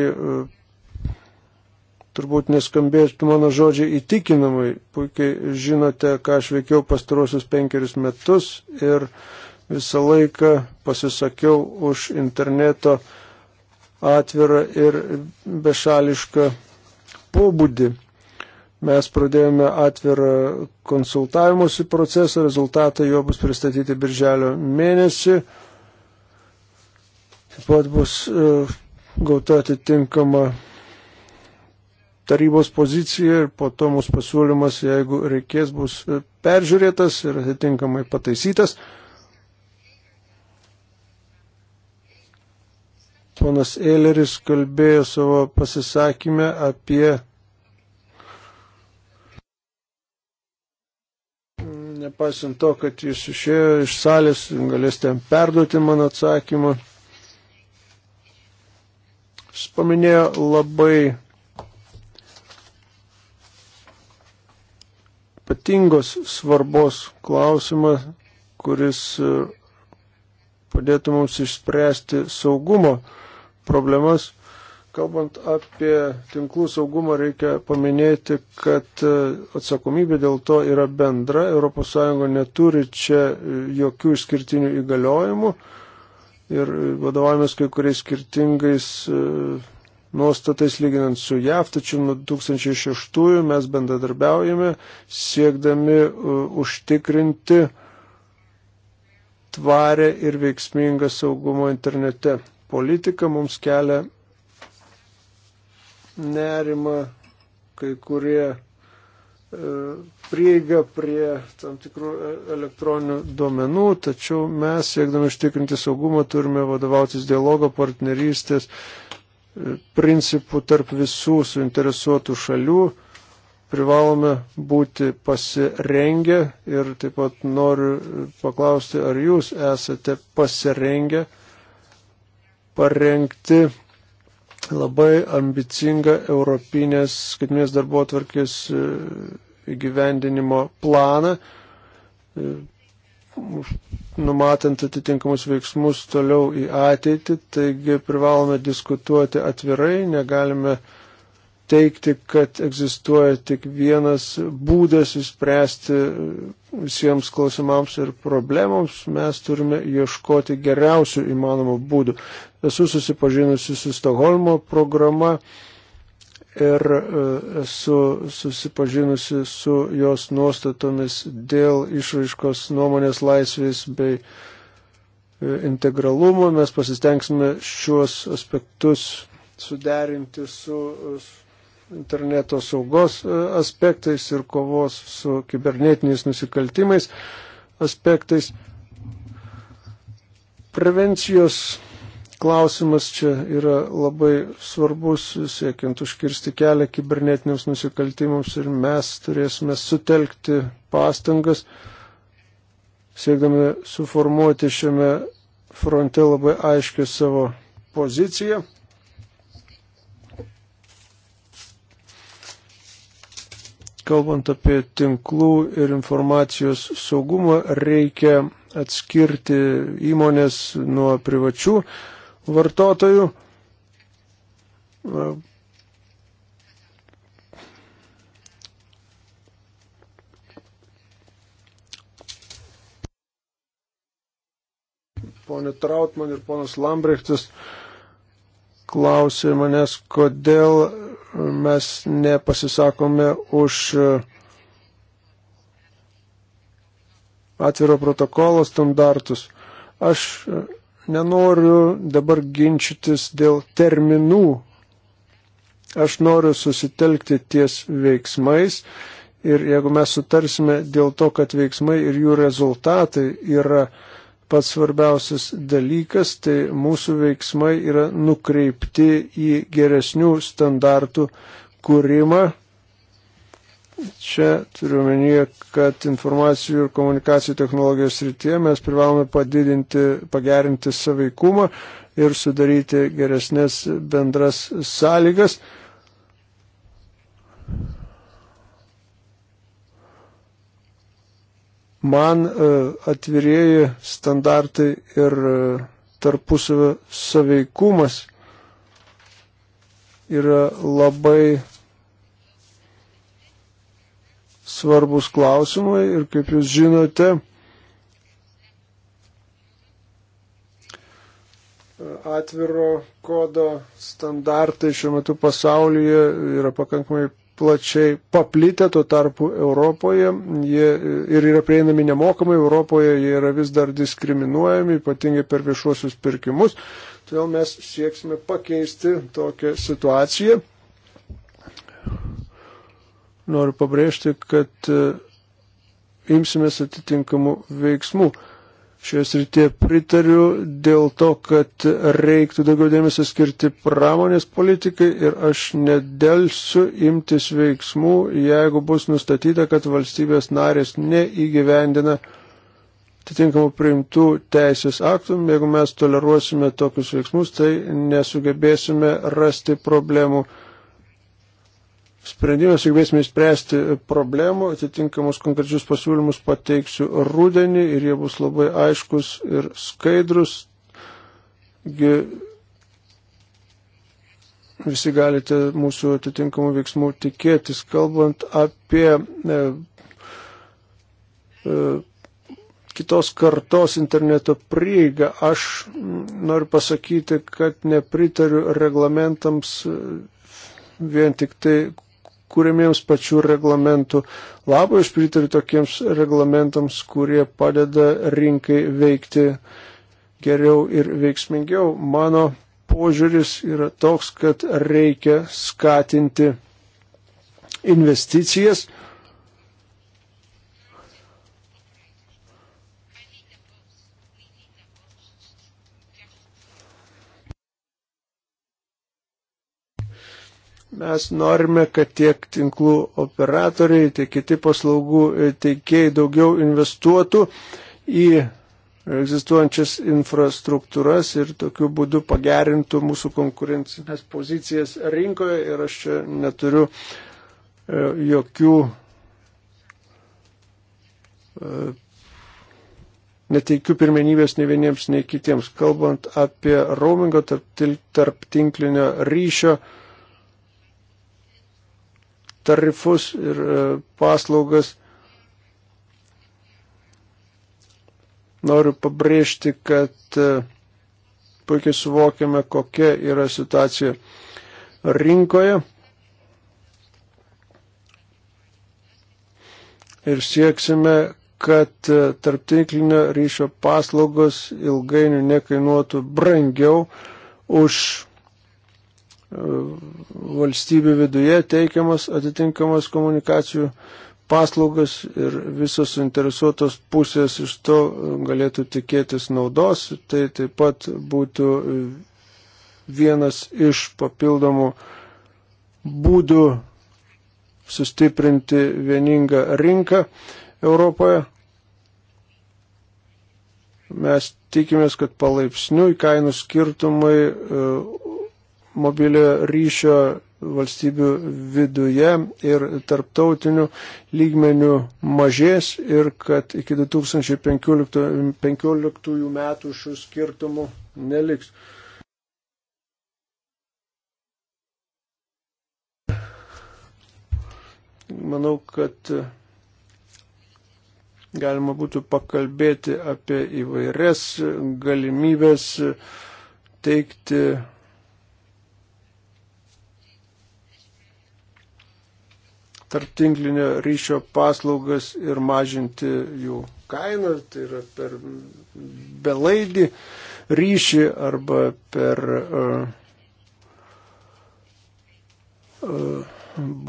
turbūt neskambėtų mano žodžiai įtikinamai. Puikiai žinote, ką aš veikiau pastarosius penkerius metus ir visą laiką pasisakiau už interneto atvirą ir bešališką pobūdį. Mes pradėjome atvirą konsultavimuose procesą, rezultatai jo bus pristatyti birželio mėnesį. Taip pat bus e, gauta atitinkama tarybos pozicija ir po to mūsų pasiūlymas, jeigu reikės, bus e, peržiūrėtas ir atitinkamai pataisytas. Ponas Eileris kalbėjo savo pasisakymę apie nepaisant to, kad jis išėjo iš salės, galėsite perduoti mano atsakymą. Jis paminėjo labai ypatingos svarbos klausimą, kuris e, padėtų mums išspręsti saugumo problemas. Kalbant apie tinklų saugumą, reikia paminėti, kad e, atsakomybė dėl to yra bendra. ES neturi čia e, jokių išskirtinių įgaliojimų ir vadovavimės kai kuriais skirtingais nuostatais lyginant su JAV, tačiau nuo 2006 mes bendradarbiaujame siekdami užtikrinti tvarę ir veiksmingą saugumo internete. Politika mums kelia nerima kai kurie e, prieiga prie tam tikrų e, elektroninių duomenų, tačiau mes, siekdami ištikrinti saugumą, turime vadovautis dialogo partnerystės principų tarp visų suinteresuotų šalių privalome būti pasirengę ir taip pat noriu paklausti, ar jūs esate pasirengę parengti labai ambicingą Europinės skaitmės darbo atvarkės e, įgyvendinimo planą, e, numatant atitinkamus veiksmus toliau į ateitį, taigi privalome diskutuoti atvirai, negalime teikti, kad egzistuoja tik vienas būdas įspręsti visiems klausimams ir problemams, mes turime ieškoti geriausių įmanomų būdų. Esu susipažinusi su Stokholmo programa, ir e, esu susipažinusi su jos nuostatomis dėl išraiškos nuomonės laisvės bei e, integralumo. Mes pasistengsime šiuos aspektus suderinti su e, interneto saugos aspektais ir kovos su kibernetiniais nusikaltimais aspektais. Prevencijos klausimas čia yra labai svarbus, siekiant užkirsti kelią kibernetiniams nusikaltimams ir mes turėsime sutelkti pastangas, siekdami suformuoti šiame fronte labai aiškę savo poziciją. Kalbant apie tinklų ir informacijos saugumą, reikia atskirti įmonės nuo privačių vartotojų. Pone Trautman ir ponas Lambrechtis klausė manęs, kodėl mes nepasisakome už atviro protokolo standartus. Aš nenoriu dabar ginčytis dėl terminų. Aš noriu susitelkti ties veiksmais ir jeigu mes sutarsime dėl to, kad veiksmai ir jų rezultatai yra pats svarbiausias dalykas, tai mūsų veiksmai yra nukreipti į geresnių standartų kūrimą Čia turiu menyje, kad informacijų ir komunikacijų technologijos srityje mes privalome padidinti, pagerinti saveikumą ir sudaryti geresnės bendras sąlygas. Man e, atvirieji standartai ir e, tarpusavio saveikumas yra labai svarbus klausimai ir kaip jūs žinote, atviro kodo standartai šiuo metu pasaulyje yra pakankamai plačiai paplitę, tuo tarpu Europoje jie ir yra prieinami nemokamai, Europoje jie yra vis dar diskriminuojami, ypatingai per viešuosius pirkimus. Todėl mes sieksime pakeisti tokią situaciją. Noriu pabrėžti, kad e, imsimės atitinkamų veiksmų. Šioje srityje pritariu dėl to, kad reiktų daugiau dėmesio skirti pramonės politikai ir aš nedelsiu imtis veiksmų, jeigu bus nustatyta, kad valstybės narės neįgyvendina atitinkamų priimtų teisės aktų. Jeigu mes toleruosime tokius veiksmus, tai nesugebėsime rasti problemų sprendimus, jeigu vėsime spręsti problemų, atitinkamus konkrečius pasiūlymus pateiksiu rudenį ir jie bus labai aiškus ir skaidrus. Gi visi galite mūsų atitinkamų veiksmų tikėtis. Kalbant apie e, e, kitos kartos interneto prieigą, aš noriu pasakyti, kad nepritariu reglamentams e, vien tik tai, kūrėmiems pačių reglamentų labai. Aš pritariu tokiems reglamentams, kurie padeda rinkai veikti geriau ir veiksmingiau. Mano požiūris yra toks, kad reikia skatinti investicijas Mes norime, kad tiek tinklų operatoriai, tiek kiti paslaugų teikėjai daugiau investuotų į egzistuojančias infrastruktūras ir tokiu būdu pagerintų mūsų konkurencinės pozicijas rinkoje ir aš čia neturiu e, jokių e, neteikiu pirmenybės ne vieniems, nei kitiems. Kalbant apie roamingą tarp, tarp tinklinio ryšio, uh, tarifus ir e, paslaugas. Noriu pabrėžti, kad e, puikiai suvokiame, kokia yra situacija rinkoje. Ir sieksime, kad e, tarptinklinio ryšio paslaugos ilgainių nekainuotų brangiau už valstybių viduje teikiamas atitinkamas komunikacijų paslaugas ir visos suinteresuotos pusės iš to galėtų tikėtis naudos. Tai taip pat būtų vienas iš papildomų būdų sustiprinti vieningą rinką Europoje. Mes tikimės, kad palaipsniui kainų skirtumai e, mobiliojo ryšio valstybių viduje ir tarptautinių lygmenių mažės ir kad iki 2015, 2015 metų šių skirtumų neliks. Manau, kad galima būtų pakalbėti apie įvairias galimybės teikti tarptinklinio ryšio paslaugas ir mažinti jų kainą, tai yra per belaidį ryšį arba per uh, uh,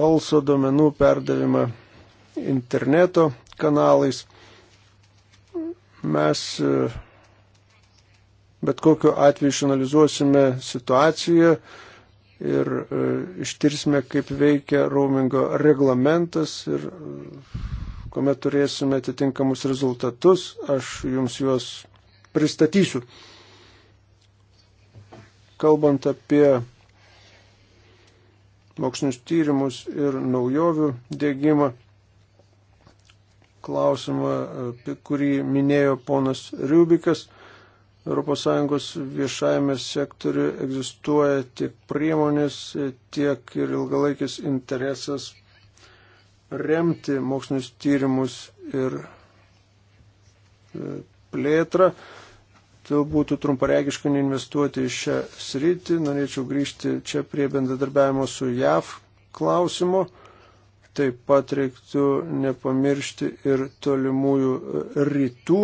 balso domenų perdavimą interneto kanalais. Mes uh, bet kokiu atveju išanalizuosime situaciją, uh, ir e, ištirsime, kaip veikia roamingo reglamentas ir e, kuomet turėsime atitinkamus rezultatus, aš jums juos pristatysiu. Kalbant apie mokslinius tyrimus ir naujovių dėgymą, klausimą, apie kurį minėjo ponas Riubikas, ES viešajame sektoriu egzistuoja tiek priemonės, tiek ir ilgalaikis interesas remti mokslinius tyrimus ir e, plėtrą. Tai būtų trumparegiškai neinvestuoti į šią sritį. Norėčiau grįžti čia prie bendradarbiavimo su JAV klausimo. Taip pat reiktų nepamiršti ir tolimųjų e, rytų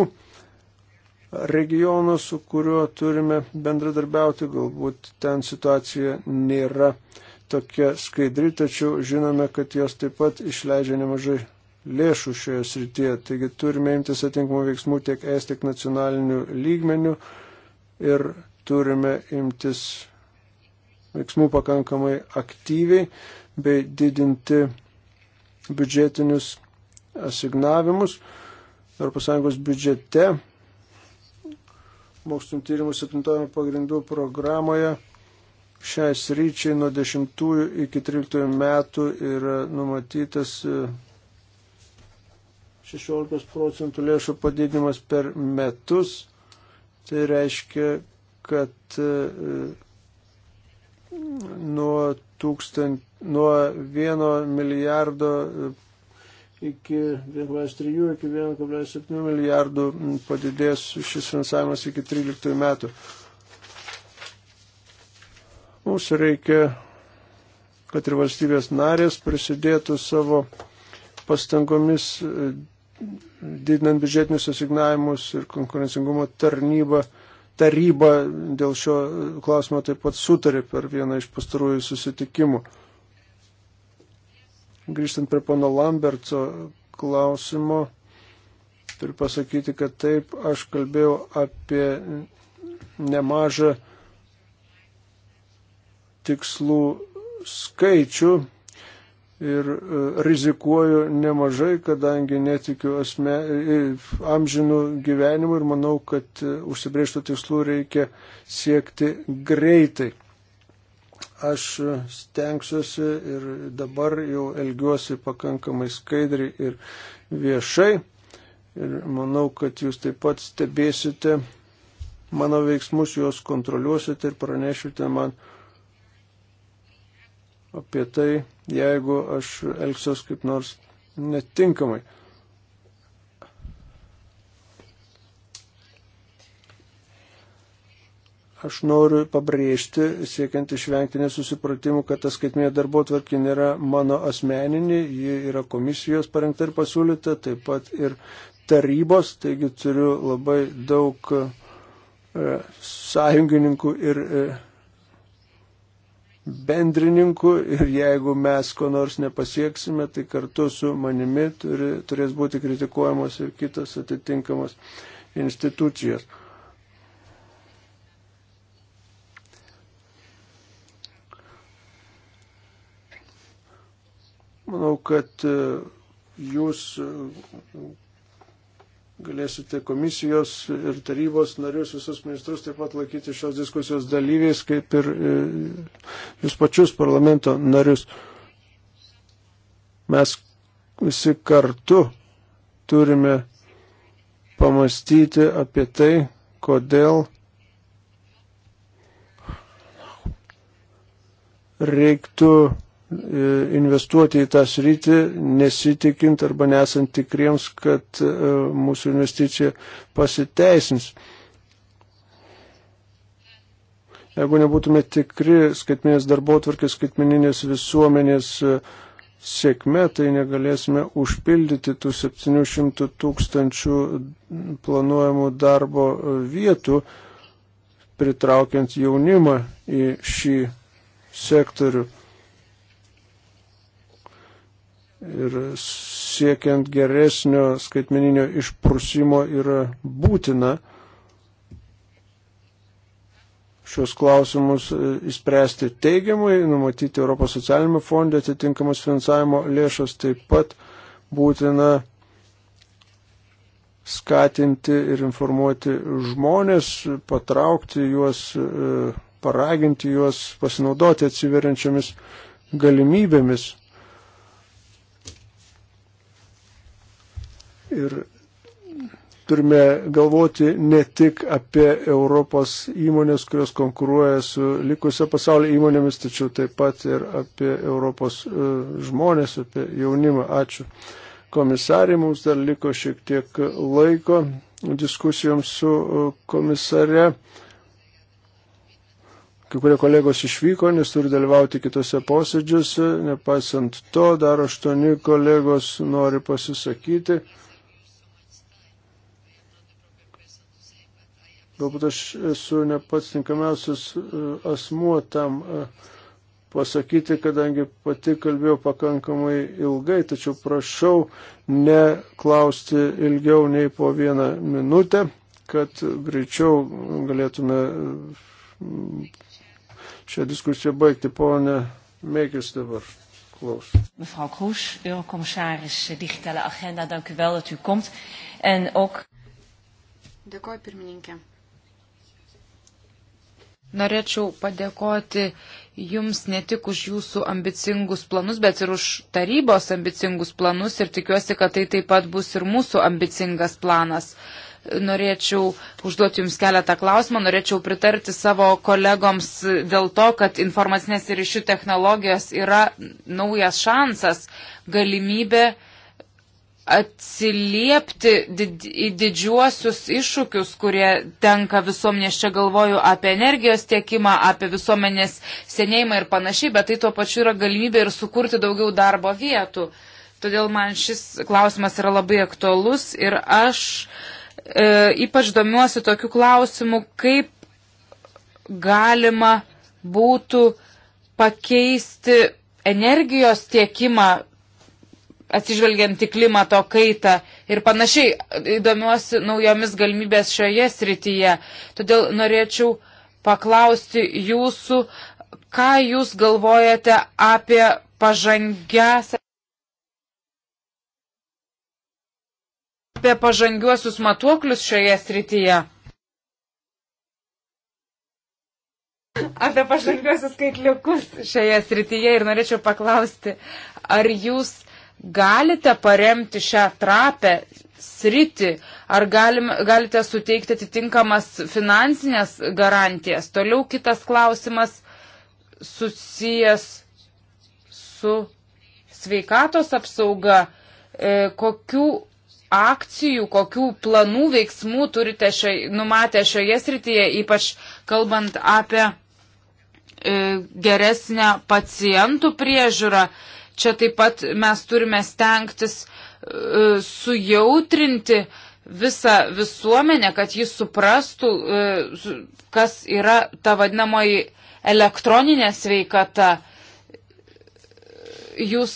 regiono, su kuriuo turime bendradarbiauti. Galbūt ten situacija nėra tokia skaidri, tačiau žinome, kad jos taip pat išleidžia nemažai lėšų šioje srityje. Taigi turime imtis atinkamų veiksmų tiek es, tiek nacionalinių lygmenių ir turime imtis veiksmų pakankamai aktyviai bei didinti biudžetinius asignavimus. ES biudžete mokslinio tyrimų 7 pagrindų programoje šiai sryčiai nuo 10 iki 13 metų yra numatytas 16 e, procentų lėšų padidinimas per metus. Tai reiškia, kad e, e, nuo, tūkstant, nuo 1 milijardo iki 1,3 iki 1,7 milijardų padidės šis finansavimas iki 13 metų. Mums reikia, kad ir valstybės narės prisidėtų savo pastangomis e, didinant biudžetinius asignavimus ir konkurencingumo tarnybą. Taryba dėl šio klausimo taip pat sutarė per vieną iš pastarųjų susitikimų. Grįžtant prie pono Lamberto klausimo, turiu pasakyti, kad taip, aš kalbėjau apie nemažą tikslų skaičių ir e, rizikuoju nemažai, kadangi netikiu asme, e, amžinų gyvenimų ir manau, kad e, užsibriežtų tikslų reikia siekti greitai. Aš stengsiuosi ir dabar jau elgiuosi pakankamai skaidriai ir viešai. Ir manau, kad jūs taip pat stebėsite mano veiksmus, juos kontroliuosite ir pranešite man apie tai, jeigu aš elgsiuos kaip nors netinkamai. Aš noriu pabrėžti, siekiant išvengti nesusipratimų, kad ta skaitminė darbo tvarkė nėra mano asmeninė, ji yra komisijos parengta ir pasiūlyta, taip pat ir tarybos, taigi turiu labai daug e, sąjungininkų ir e, bendrininkų ir jeigu mes ko nors nepasieksime, tai kartu su manimi turi, turės būti kritikuojamos ir kitos atitinkamos institucijos. Manau, kad e, jūs e, galėsite komisijos ir tarybos narius, visus ministrus taip pat laikyti šios diskusijos dalyviais, kaip ir e, jūs pačius parlamento narius. Mes visi kartu turime pamastyti apie tai, kodėl reiktų E, investuoti į tą sritį, nesitikint arba nesant tikriems, kad e, mūsų investicija pasiteisins. Jeigu nebūtume tikri skaitminės darbotvarkės, skaitmininės visuomenės e, sėkme, tai negalėsime užpildyti tų 700 tūkstančių planuojamų darbo vietų, pritraukiant jaunimą į šį sektorių ir siekiant geresnio skaitmeninio išprusimo yra būtina šios klausimus e, įspręsti teigiamai, numatyti Europos socialinėme fonde atitinkamas finansavimo lėšas, taip pat būtina skatinti ir informuoti žmonės, patraukti juos, e, paraginti juos pasinaudoti atsiveriančiamis galimybėmis Ir turime galvoti ne tik apie Europos įmonės, kurios konkuruoja su likusio pasaulio įmonėmis, tačiau taip pat ir apie Europos e, žmonės, apie jaunimą. Ačiū. Komisarė, mums dar liko šiek tiek laiko diskusijoms su e, komisare. Kai kurie kolegos išvyko, nes turi dalyvauti kitose posėdžiuose. Nepaisant to, dar aštuoni kolegos nori pasisakyti. Galbūt aš esu ne pats tinkamiausias e, asmuo tam e, pasakyti, kadangi pati kalbėjau pakankamai ilgai, tačiau prašau neklausti ilgiau nei po vieną minutę, kad greičiau galėtume e, šią diskusiją baigti. Pone Mekis dabar. Kloos. Mevrouw Kroes, Eurocommissaris eh, Digitale Agenda, dank u wel dat u komt. En ook. Dėkoju pirmininkė. Norėčiau padėkoti Jums ne tik už Jūsų ambicingus planus, bet ir už tarybos ambicingus planus ir tikiuosi, kad tai taip pat bus ir mūsų ambicingas planas. Norėčiau užduoti Jums keletą klausimą, norėčiau pritarti savo kolegoms dėl to, kad informacinės ryšių technologijos yra naujas šansas, galimybė atsiliepti did, į didžiuosius iššūkius, kurie tenka visuomenės. Čia galvoju apie energijos tiekimą, apie visuomenės senėjimą ir panašiai, bet tai tuo pačiu yra galimybė ir sukurti daugiau darbo vietų. Todėl man šis klausimas yra labai aktualus ir aš e, ypač domiuosi tokiu klausimu, kaip galima būtų pakeisti energijos tiekimą atsižvelgiant į klimato kaitą ir panašiai. Įdomiuosi naujomis galimybės šioje srityje. Todėl norėčiau paklausti jūsų, ką jūs galvojate apie pažangęs. apie pažangiuosius matuoklius šioje srityje. Apie pažangiuosius skaitliukus šioje srityje ir norėčiau paklausti, ar jūs galite paremti šią trapę sritį, ar galim, galite suteikti atitinkamas finansinės garantijas. Toliau kitas klausimas susijęs su sveikatos apsauga. E, kokių akcijų, kokių planų veiksmų turite šio, numatę šioje srityje, ypač kalbant apie e, geresnę pacientų priežiūrą. E, čia taip pat mes turime stengtis e, sujautrinti visą visuomenę, kad jis suprastų, e, kas yra ta vadinamoji elektroninė sveikata. Jūs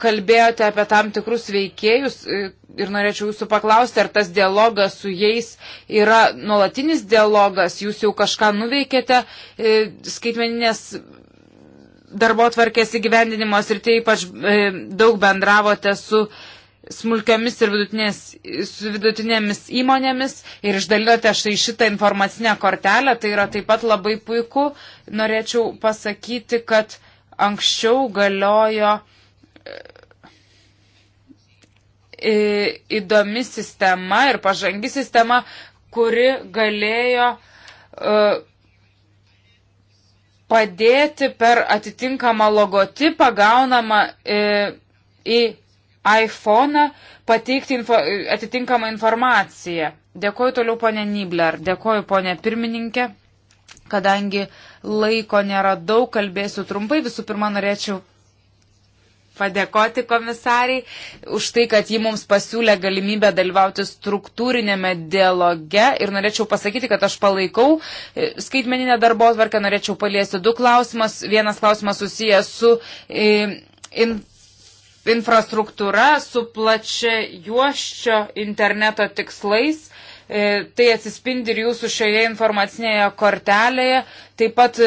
kalbėjote apie tam tikrus veikėjus e, ir norėčiau jūsų paklausti, ar tas dialogas su jais yra nuolatinis dialogas, jūs jau kažką nuveikėte e, skaitmeninės darbo tvarkės įgyvendinimo srityje tai ypač e, daug bendravote su smulkiomis ir su vidutinėmis įmonėmis ir išdalinote štai šitą informacinę kortelę, tai yra taip pat labai puiku. Norėčiau pasakyti, kad anksčiau galiojo e, įdomi sistema ir pažangi sistema, kuri galėjo uh, padėti per atitinkamą logotipą gaunamą e, į iPhone pateikti info, e, atitinkamą informaciją. Dėkoju toliau ponė Nibler, dėkoju ponė pirmininkė, kadangi laiko nėra daug, kalbėsiu trumpai. Visų pirma, norėčiau padėkoti komisariai už tai, kad ji mums pasiūlė galimybę dalyvauti struktūrinėme dialoge. Ir norėčiau pasakyti, kad aš palaikau e, skaitmeninę darbo atvarkę, norėčiau paliesti du klausimas. Vienas klausimas susijęs su. E, in, infrastruktūra su plačia juoščio interneto tikslais e, tai atsispindi ir jūsų šioje informacinėje kortelėje. Taip pat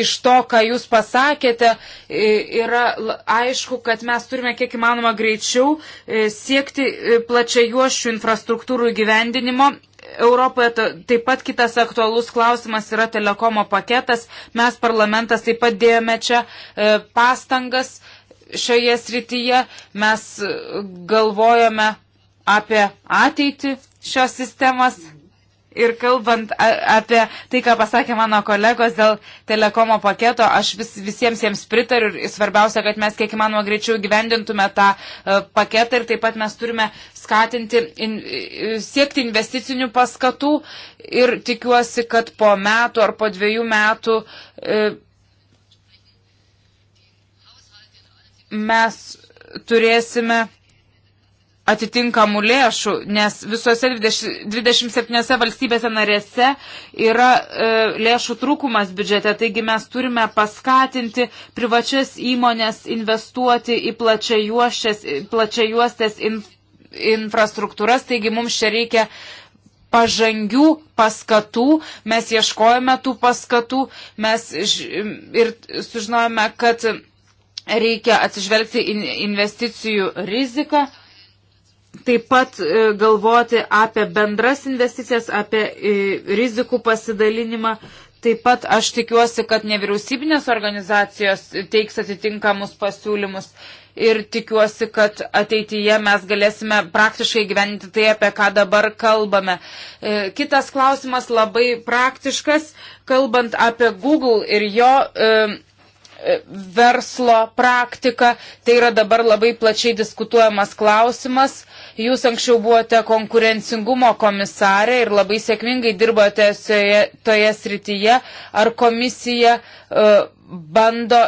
iš to, ką jūs pasakėte, yra aišku, kad mes turime kiek įmanoma greičiau siekti plačiai juošių infrastruktūrų įgyvendinimo. Europoje taip pat kitas aktualus klausimas yra telekomo paketas. Mes parlamentas taip pat dėjome čia pastangas šioje srityje. Mes galvojame apie ateitį šios sistemas. Mhm. Ir kalbant apie tai, ką pasakė mano kolegos dėl telekomo paketo, aš vis, visiems jiems pritariu ir svarbiausia, kad mes kiek įmanoma greičiau gyvendintume tą e, paketą ir taip pat mes turime skatinti, in, e, e, siekti investicinių paskatų ir tikiuosi, kad po metų ar po dviejų metų e, mes turėsime atitinkamų lėšų, nes visose 20, 27 valstybėse narėse yra e, lėšų trūkumas biudžete, taigi mes turime paskatinti privačias įmonės investuoti į plačiajuostės in, infrastruktūras, taigi mums čia reikia pažangių paskatų, mes ieškojame tų paskatų, mes ž, ir sužinojame, kad reikia atsižvelgti in investicijų riziką taip pat e, galvoti apie bendras investicijas, apie e, rizikų pasidalinimą. Taip pat aš tikiuosi, kad nevyriausybinės organizacijos teiks atitinkamus pasiūlymus ir tikiuosi, kad ateityje mes galėsime praktiškai gyventi tai, apie ką dabar kalbame. E, kitas klausimas labai praktiškas, kalbant apie Google ir jo verslo praktika. Tai yra dabar labai plačiai diskutuojamas klausimas. Jūs anksčiau buvote konkurencingumo komisarė ir labai sėkmingai dirbote toje srityje. Ar komisija e, bando,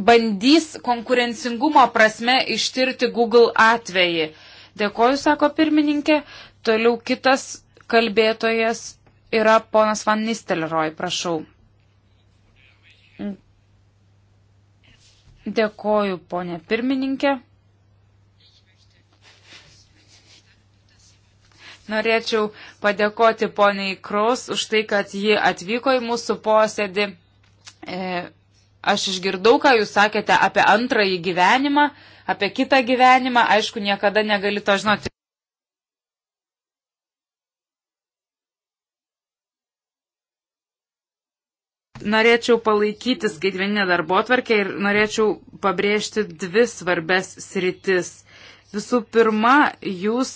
bandys konkurencingumo prasme ištirti Google atvejį? Dėkoju, sako pirmininkė. Toliau kitas kalbėtojas yra ponas Van Nistelrooy, prašau. Dėkoju, ponė pirmininkė. Norėčiau padėkoti poniai Kraus už tai, kad ji atvyko į mūsų posėdį. E, aš išgirdau, ką jūs sakėte apie antrąjį gyvenimą, apie kitą gyvenimą. Aišku, niekada negali to žinoti. norėčiau palaikyti skaitmeninę darbo atvarkę ir norėčiau pabrėžti dvi svarbes sritis. Visų pirma, jūs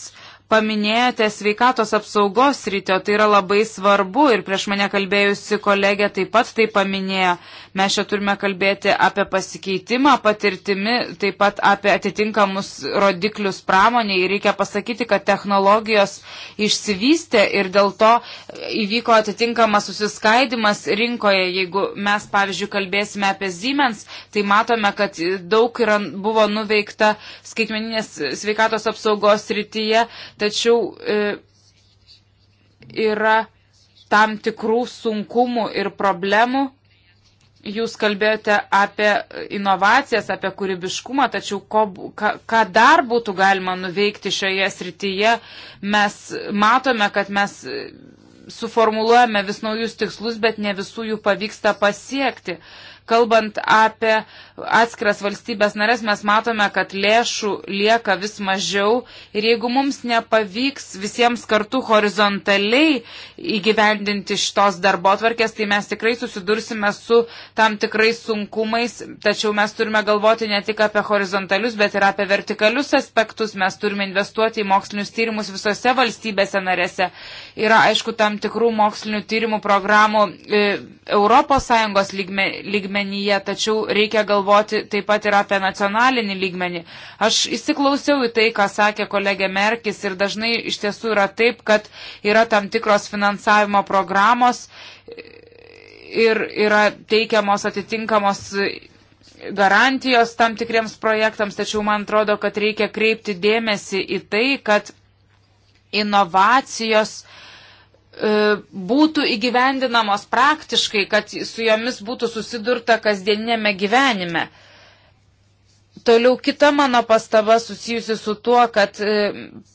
paminėjote sveikatos apsaugos rytio, tai yra labai svarbu ir prieš mane kalbėjusi kolegė taip pat tai paminėjo. Mes čia turime kalbėti apie pasikeitimą patirtimi, taip pat apie atitinkamus rodiklius pramoniai. Ir reikia pasakyti, kad technologijos išsivystė ir dėl to įvyko atitinkamas susiskaidimas rinkoje. Jeigu mes, pavyzdžiui, kalbėsime apie Siemens, tai matome, kad daug yra, buvo nuveikta skaitmeninės sveikatos apsaugos rytyje tačiau e, yra tam tikrų sunkumų ir problemų. Jūs kalbėjote apie inovacijas, apie kūrybiškumą, tačiau ko, ka, ką dar būtų galima nuveikti šioje srityje, mes matome, kad mes suformuluojame vis naujus tikslus, bet ne visų jų pavyksta pasiekti. Uh, Kalbant apie atskiras valstybės narės, mes matome, kad lėšų lieka vis mažiau ir jeigu mums nepavyks visiems kartu horizontaliai įgyvendinti šitos darbo atvarkės, tai mes tikrai susidursime su tam tikrais sunkumais, tačiau mes turime galvoti ne tik apie horizontalius, bet ir apie vertikalius aspektus, mes turime investuoti į mokslinius tyrimus visose valstybėse narėse. Yra, aišku, tam tikrų mokslinių tyrimų programų e, Europos Sąjungos lygme, lygme lygmenyje, tačiau reikia galvoti taip pat ir apie nacionalinį lygmenį. Aš įsiklausiau į tai, ką sakė kolegė Merkis ir dažnai iš tiesų yra taip, kad yra tam tikros finansavimo programos ir yra teikiamos atitinkamos garantijos tam tikriems projektams, tačiau man atrodo, kad reikia kreipti dėmesį į tai, kad inovacijos uh, E, būtų įgyvendinamos praktiškai, kad su jomis būtų susidurta kasdieninėme gyvenime. Toliau kita mano pastaba susijusi su tuo, kad e,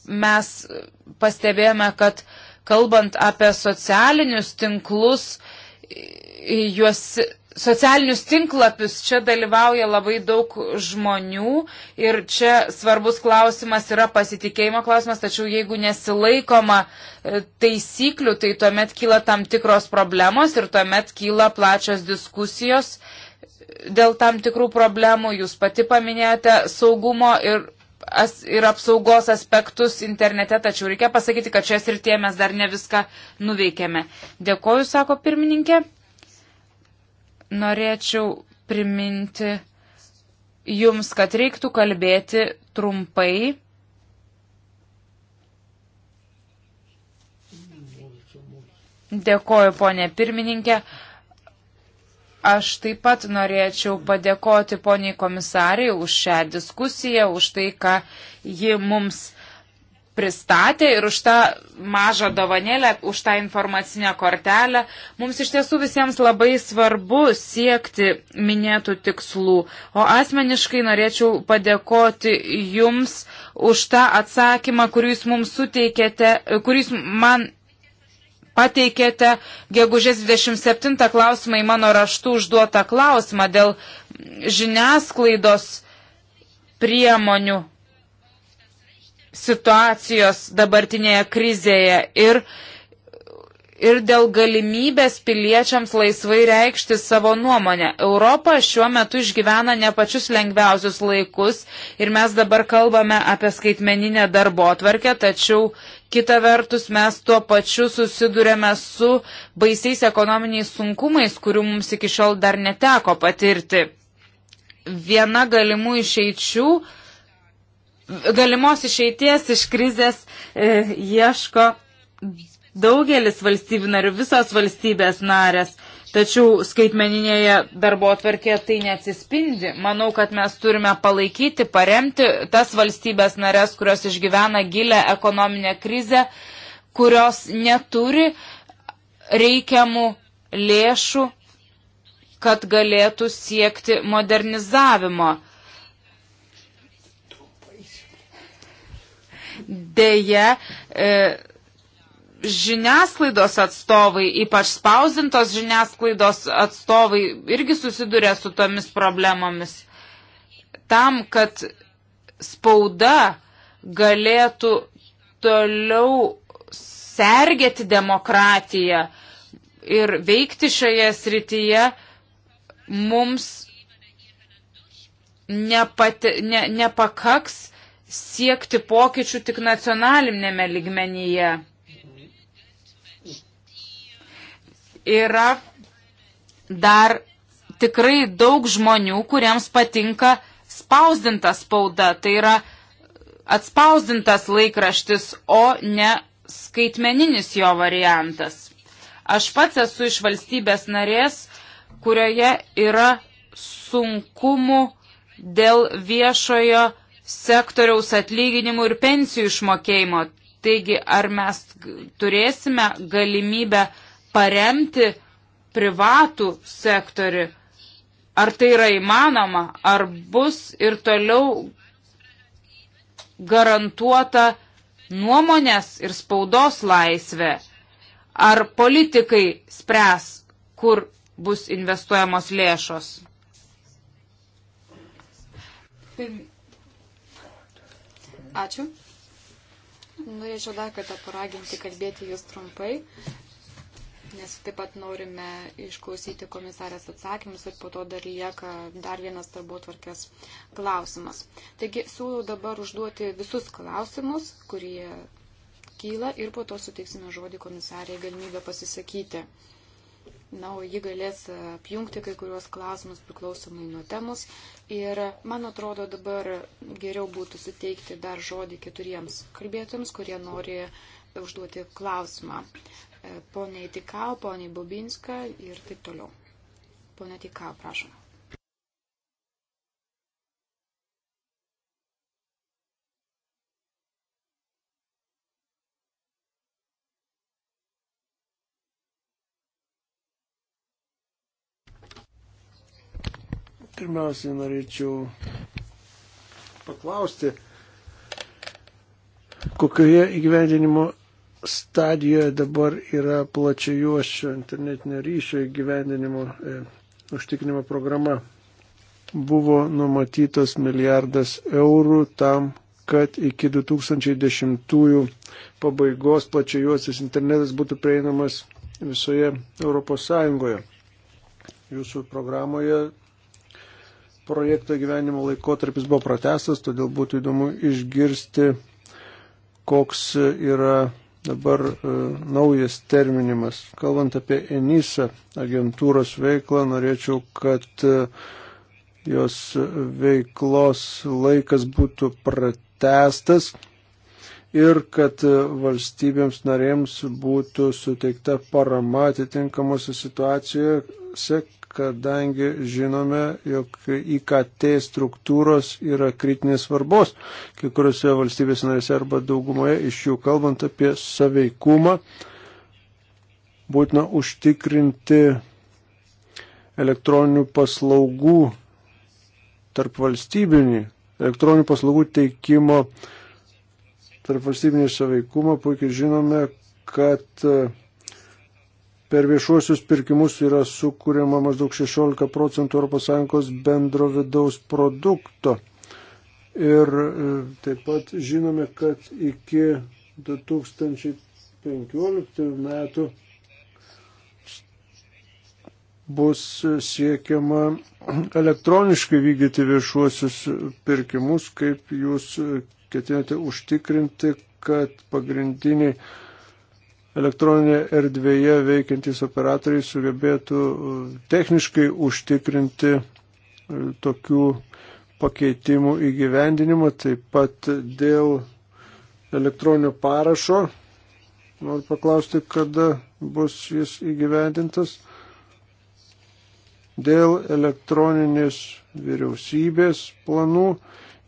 mes pastebėjome, kad kalbant apie socialinius tinklus, e, juos socialinius tinklapius čia dalyvauja labai daug žmonių ir čia svarbus klausimas yra pasitikėjimo klausimas, tačiau jeigu nesilaikoma e, taisyklių, tai tuomet kyla tam tikros problemos ir tuomet kyla plačios diskusijos dėl tam tikrų problemų. Jūs pati paminėjote saugumo ir, as, ir apsaugos aspektus internete, tačiau reikia pasakyti, kad šioje srityje mes dar ne viską nuveikėme. Dėkoju, sako pirmininkė norėčiau priminti jums, kad reiktų kalbėti trumpai. Dėkoju, ponė pirmininkė. Aš taip pat norėčiau padėkoti poniai komisariai už šią diskusiją, už tai, ką ji mums pristatė ir už tą mažą dovanėlę, už tą informacinę kortelę. Mums iš tiesų visiems labai svarbu siekti minėtų tikslų. O asmeniškai norėčiau padėkoti Jums už tą atsakymą, kurį Jūs mums suteikėte, kurį Jūs man pateikėte gegužės 27 klausimą į mano raštų užduotą klausimą dėl žiniasklaidos priemonių situacijos dabartinėje krizėje ir, ir dėl galimybės piliečiams laisvai reikšti savo nuomonę. Europa šiuo metu išgyvena ne pačius lengviausius laikus ir mes dabar kalbame apie skaitmeninę darbo atvarkę, tačiau kita vertus mes tuo pačiu susidurėme su baisiais ekonominiais sunkumais, kurių mums iki šiol dar neteko patirti. Viena galimų išeičių galimos išeities iš krizės e, ieško daugelis valstybių narių, visos valstybės narės. Tačiau skaitmeninėje darbo atvarkėje tai neatsispindi. Manau, kad mes turime palaikyti, paremti tas valstybės narės, kurios išgyvena gilę ekonominę krizę, kurios neturi reikiamų lėšų, kad galėtų siekti modernizavimo. Deja, e, žiniasklaidos atstovai, ypač spausdintos žiniasklaidos atstovai, irgi susiduria su tomis problemomis. Tam, kad spauda galėtų toliau sergėti demokratiją ir veikti šioje srityje, mums nepati, ne, nepakaks siekti pokyčių tik nacionalinėme ligmenyje. Yra dar tikrai daug žmonių, kuriems patinka spausdinta spauda, tai yra atspausdintas laikraštis, o ne skaitmeninis jo variantas. Aš pats esu iš valstybės narės, kurioje yra sunkumų dėl viešojo sektoriaus atlyginimų ir pensijų išmokėjimo. Taigi, ar mes turėsime galimybę paremti privatų sektorių? Ar tai yra įmanoma? Ar bus ir toliau garantuota nuomonės ir spaudos laisvė? Ar politikai spręs, kur bus investuojamos lėšos? Pirmi. Ačiū. Norėčiau dar kartą paraginti kalbėti jūs trumpai, nes taip pat norime išklausyti komisarės atsakymus ir po to dar lieka dar vienas darbotvarkės klausimas. Taigi siūlau dabar užduoti visus klausimus, kurie kyla ir po to suteiksime žodį komisariai galimybę pasisakyti. Na, o ji galės apjungti kai kuriuos klausimus priklausomai nuo temos. Ir man atrodo dabar geriau būtų suteikti dar žodį keturiems kalbėtams, kurie nori užduoti klausimą. E, pone Tikau, pone Bubinska ir taip toliau. Pone Tikau, prašom. Pirmiausiai norėčiau paklausti, kokioje įgyvendinimo stadijoje dabar yra plačiajuoščio internetinio ryšio įgyvendinimo e, užtikrinimo programa. Buvo numatytas milijardas eurų tam, kad iki 2010 pabaigos plačiajuosis internetas būtų prieinamas visoje Europos Sąjungoje. Jūsų programoje projekto gyvenimo laikotarpis buvo pratestas, todėl būtų įdomu išgirsti, koks yra dabar e, naujas terminimas. Kalbant apie ENISA agentūros veiklą, norėčiau, kad e, jos veiklos laikas būtų pratestas ir kad valstybėms narėms būtų suteikta parama atitinkamose situacijose, kadangi žinome, jog IKT struktūros yra kritinės svarbos, kai kuriuose valstybės narėse arba daugumoje iš jų kalbant apie saveikumą, būtina užtikrinti elektroninių paslaugų tarp valstybinį, elektroninių paslaugų teikimo tarp valstybinį saveikumą. Puikiai žinome, kad uh, per viešuosius pirkimus yra sukūriama maždaug 16 procentų ES bendro vidaus produkto. Ir e, taip pat žinome, kad iki 2015 metų bus siekiama elektroniškai vykdyti viešuosius pirkimus, kaip jūs ketinate užtikrinti, kad pagrindiniai elektroninėje erdvėje veikiantys operatoriai sugebėtų e, techniškai užtikrinti e, tokių pakeitimų įgyvendinimą, taip pat dėl elektroninio parašo. Noriu paklausti, kada bus jis įgyvendintas. Dėl elektroninės vyriausybės planų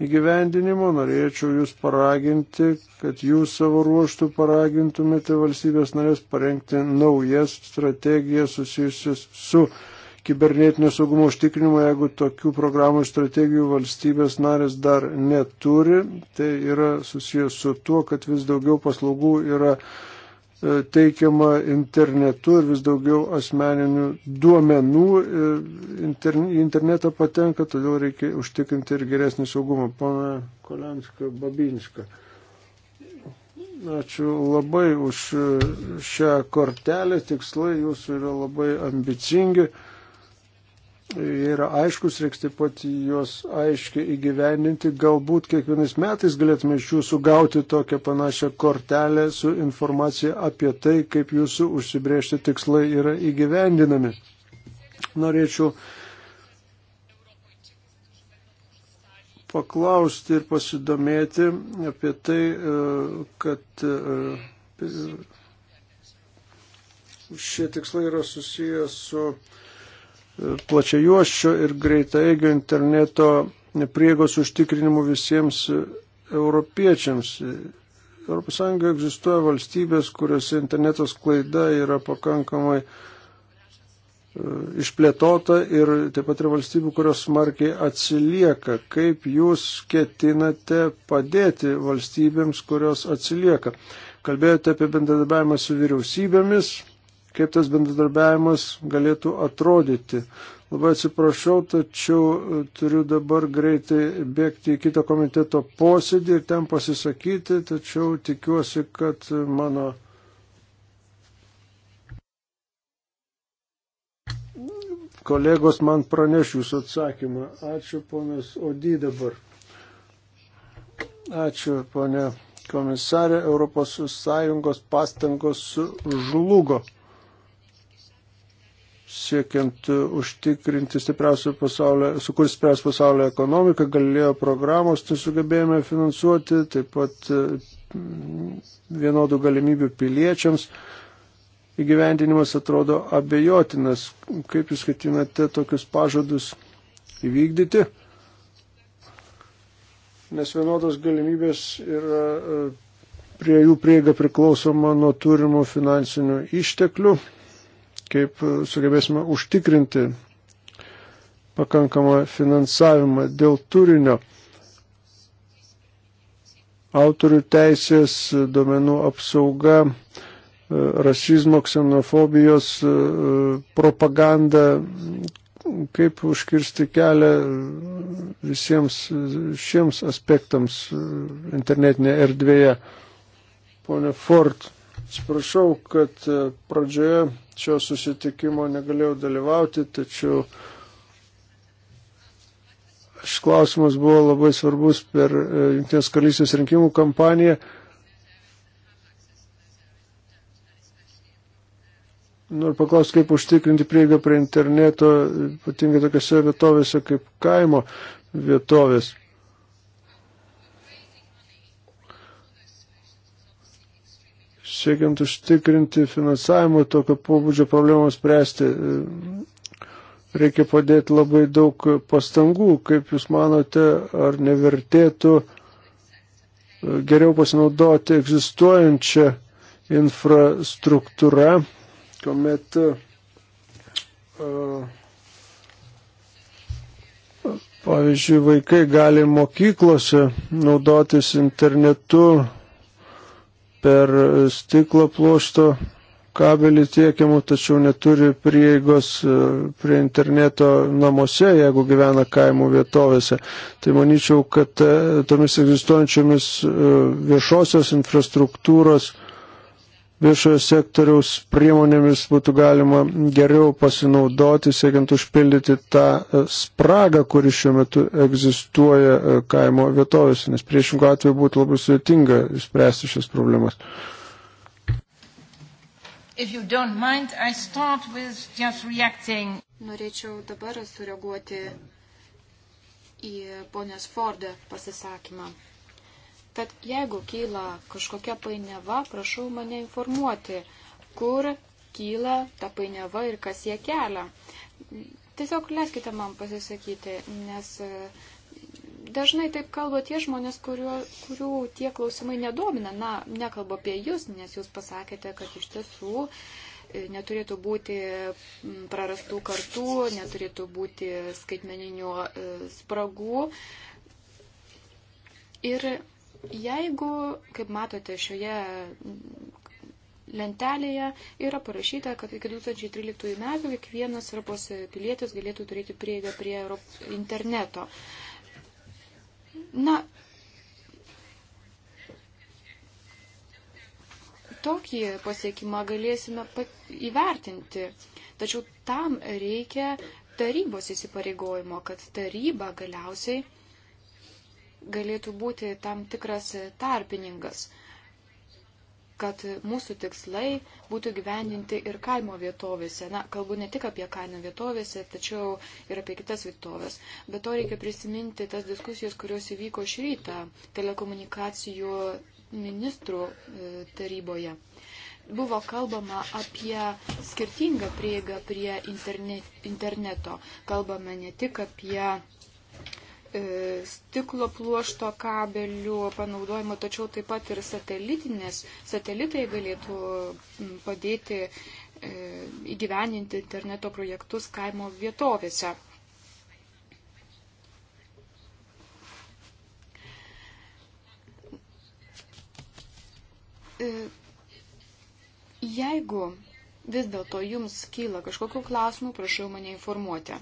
įgyvendinimo. Norėčiau Jūs paraginti, kad Jūs savo ruoštų paragintumėte valstybės narės parengti naujas strategijas susijusias su kibernetinio saugumo užtikrinimo, jeigu tokių programų ir strategijų valstybės narės dar neturi. Tai yra susijęs su tuo, kad vis daugiau paslaugų yra E, teikiama internetu ir vis daugiau asmeninių duomenų e, internetą patenka, todėl reikia užtikrinti ir geresnį saugumą. Pana Kolenska Babinska. Ačiū labai už e, šią kortelę. Tikslai jūsų yra labai ambicingi jie yra aiškus, reiks taip pat juos aiškiai įgyveninti. Galbūt kiekvienais metais galėtume iš jūsų gauti tokią panašią kortelę su informacija apie tai, kaip jūsų užsibriežti tikslai yra įgyvendinami. Norėčiau paklausti ir pasidomėti apie tai, e, kad e, šie tikslai yra susijęs su plačiajuoščio ir greitaeigio interneto priegos užtikrinimu visiems europiečiams. ES egzistuoja valstybės, kuriuose interneto sklaida yra pakankamai e, išplėtota ir taip pat yra valstybių, kurios smarkiai atsilieka. Kaip jūs ketinate padėti valstybėms, kurios atsilieka? Kalbėjote apie bendradarbiavimą su vyriausybėmis, kaip tas bendradarbiavimas galėtų atrodyti. Labai atsiprašau, tačiau e, turiu dabar greitai bėgti į kitą komiteto posėdį ir ten pasisakyti, tačiau tikiuosi, kad mano. Kolegos man praneš jūsų atsakymą. Ačiū, ponas Odi dabar. Ačiū, ponė komisarė. Europos Sąjungos pastangos žlugo siekiant e, užtikrinti stipriausią pasaulio, sukurti stipriausią pasaulio ekonomiką, galėjo programos nesugebėjome tai finansuoti, taip pat e, vienodų galimybių piliečiams įgyvendinimas atrodo abejotinas. Kaip jūs ketinate tokius pažadus įvykdyti? Nes vienodos galimybės yra e, prie jų prieiga priklausoma nuo turimų finansinių išteklių kaip e, sugebėsime užtikrinti pakankamą finansavimą dėl turinio. Autorių teisės, duomenų apsauga, e, rasizmo, ksenofobijos e, propaganda, kaip užkirsti kelią visiems šiems aspektams internetinėje erdvėje. Pone Ford. Atsiprašau, kad e, pradžioje šio susitikimo negalėjau dalyvauti, tačiau šis klausimas buvo labai svarbus per e, Junktinės karalystės rinkimų kampaniją. Noriu paklausti, kaip užtikrinti prieigą prie interneto, ypatingai tokiose vietovėse kaip kaimo vietovės. siekiant užtikrinti finansavimą tokio pobūdžio problemams spręsti, e, reikia padėti labai daug pastangų. Kaip Jūs manote, ar nevertėtų e, geriau pasinaudoti egzistuojančią infrastruktūrą, kuomet e, pavyzdžiui vaikai gali mokyklose naudotis internetu per stiklo pluošto kabelį tiekiamų, tačiau neturi prieigos e, prie interneto namuose, jeigu gyvena kaimų vietovėse. Tai manyčiau, kad e, tomis egzistuojančiomis e, viešosios infrastruktūros viešojo sektoriaus priemonėmis būtų galima geriau pasinaudoti, siekiant užpildyti tą e, spragą, kuri šiuo metu egzistuoja e, kaimo vietovėse, nes priešingų atveju būtų labai sudėtinga spręsti šias problemas. Mind, Norėčiau dabar sureaguoti į ponios Fordą pasisakymą. Tad jeigu kyla kažkokia painiava, prašau mane informuoti, kur kyla ta painiava ir kas jie kelia. Tiesiog leiskite man pasisakyti, nes e, dažnai taip kalba tie žmonės, kurio, kurių tie klausimai nedomina. Na, nekalbu apie jūs, nes jūs pasakėte, kad iš tiesų e, neturėtų būti prarastų kartų, neturėtų būti skaitmeninių e, spragų. Ir Jeigu, kaip matote, šioje lentelėje yra parašyta, kad iki 2013 metų kiekvienas Europos pilietis galėtų turėti prieigą prie interneto. Na, tokį pasiekimą galėsime įvertinti, tačiau tam reikia tarybos įsipareigojimo, kad taryba galiausiai galėtų būti tam tikras tarpininkas, kad mūsų tikslai būtų gyvendinti ir kaimo vietovėse. Na, kalbu ne tik apie kaimo vietovėse, tačiau ir apie kitas vietovės. Bet to reikia prisiminti tas diskusijos, kurios įvyko šį rytą telekomunikacijų ministrų e, taryboje. Buvo kalbama apie skirtingą prieigą prie interneto. Kalbame ne tik apie E, stiklo pluošto kabelių panaudojimo, tačiau taip pat ir satelitinės. Satelitai galėtų padėti e, įgyveninti interneto projektus kaimo vietovėse. E, jeigu vis dėlto jums kyla kažkokiu klausimu, prašau mane informuoti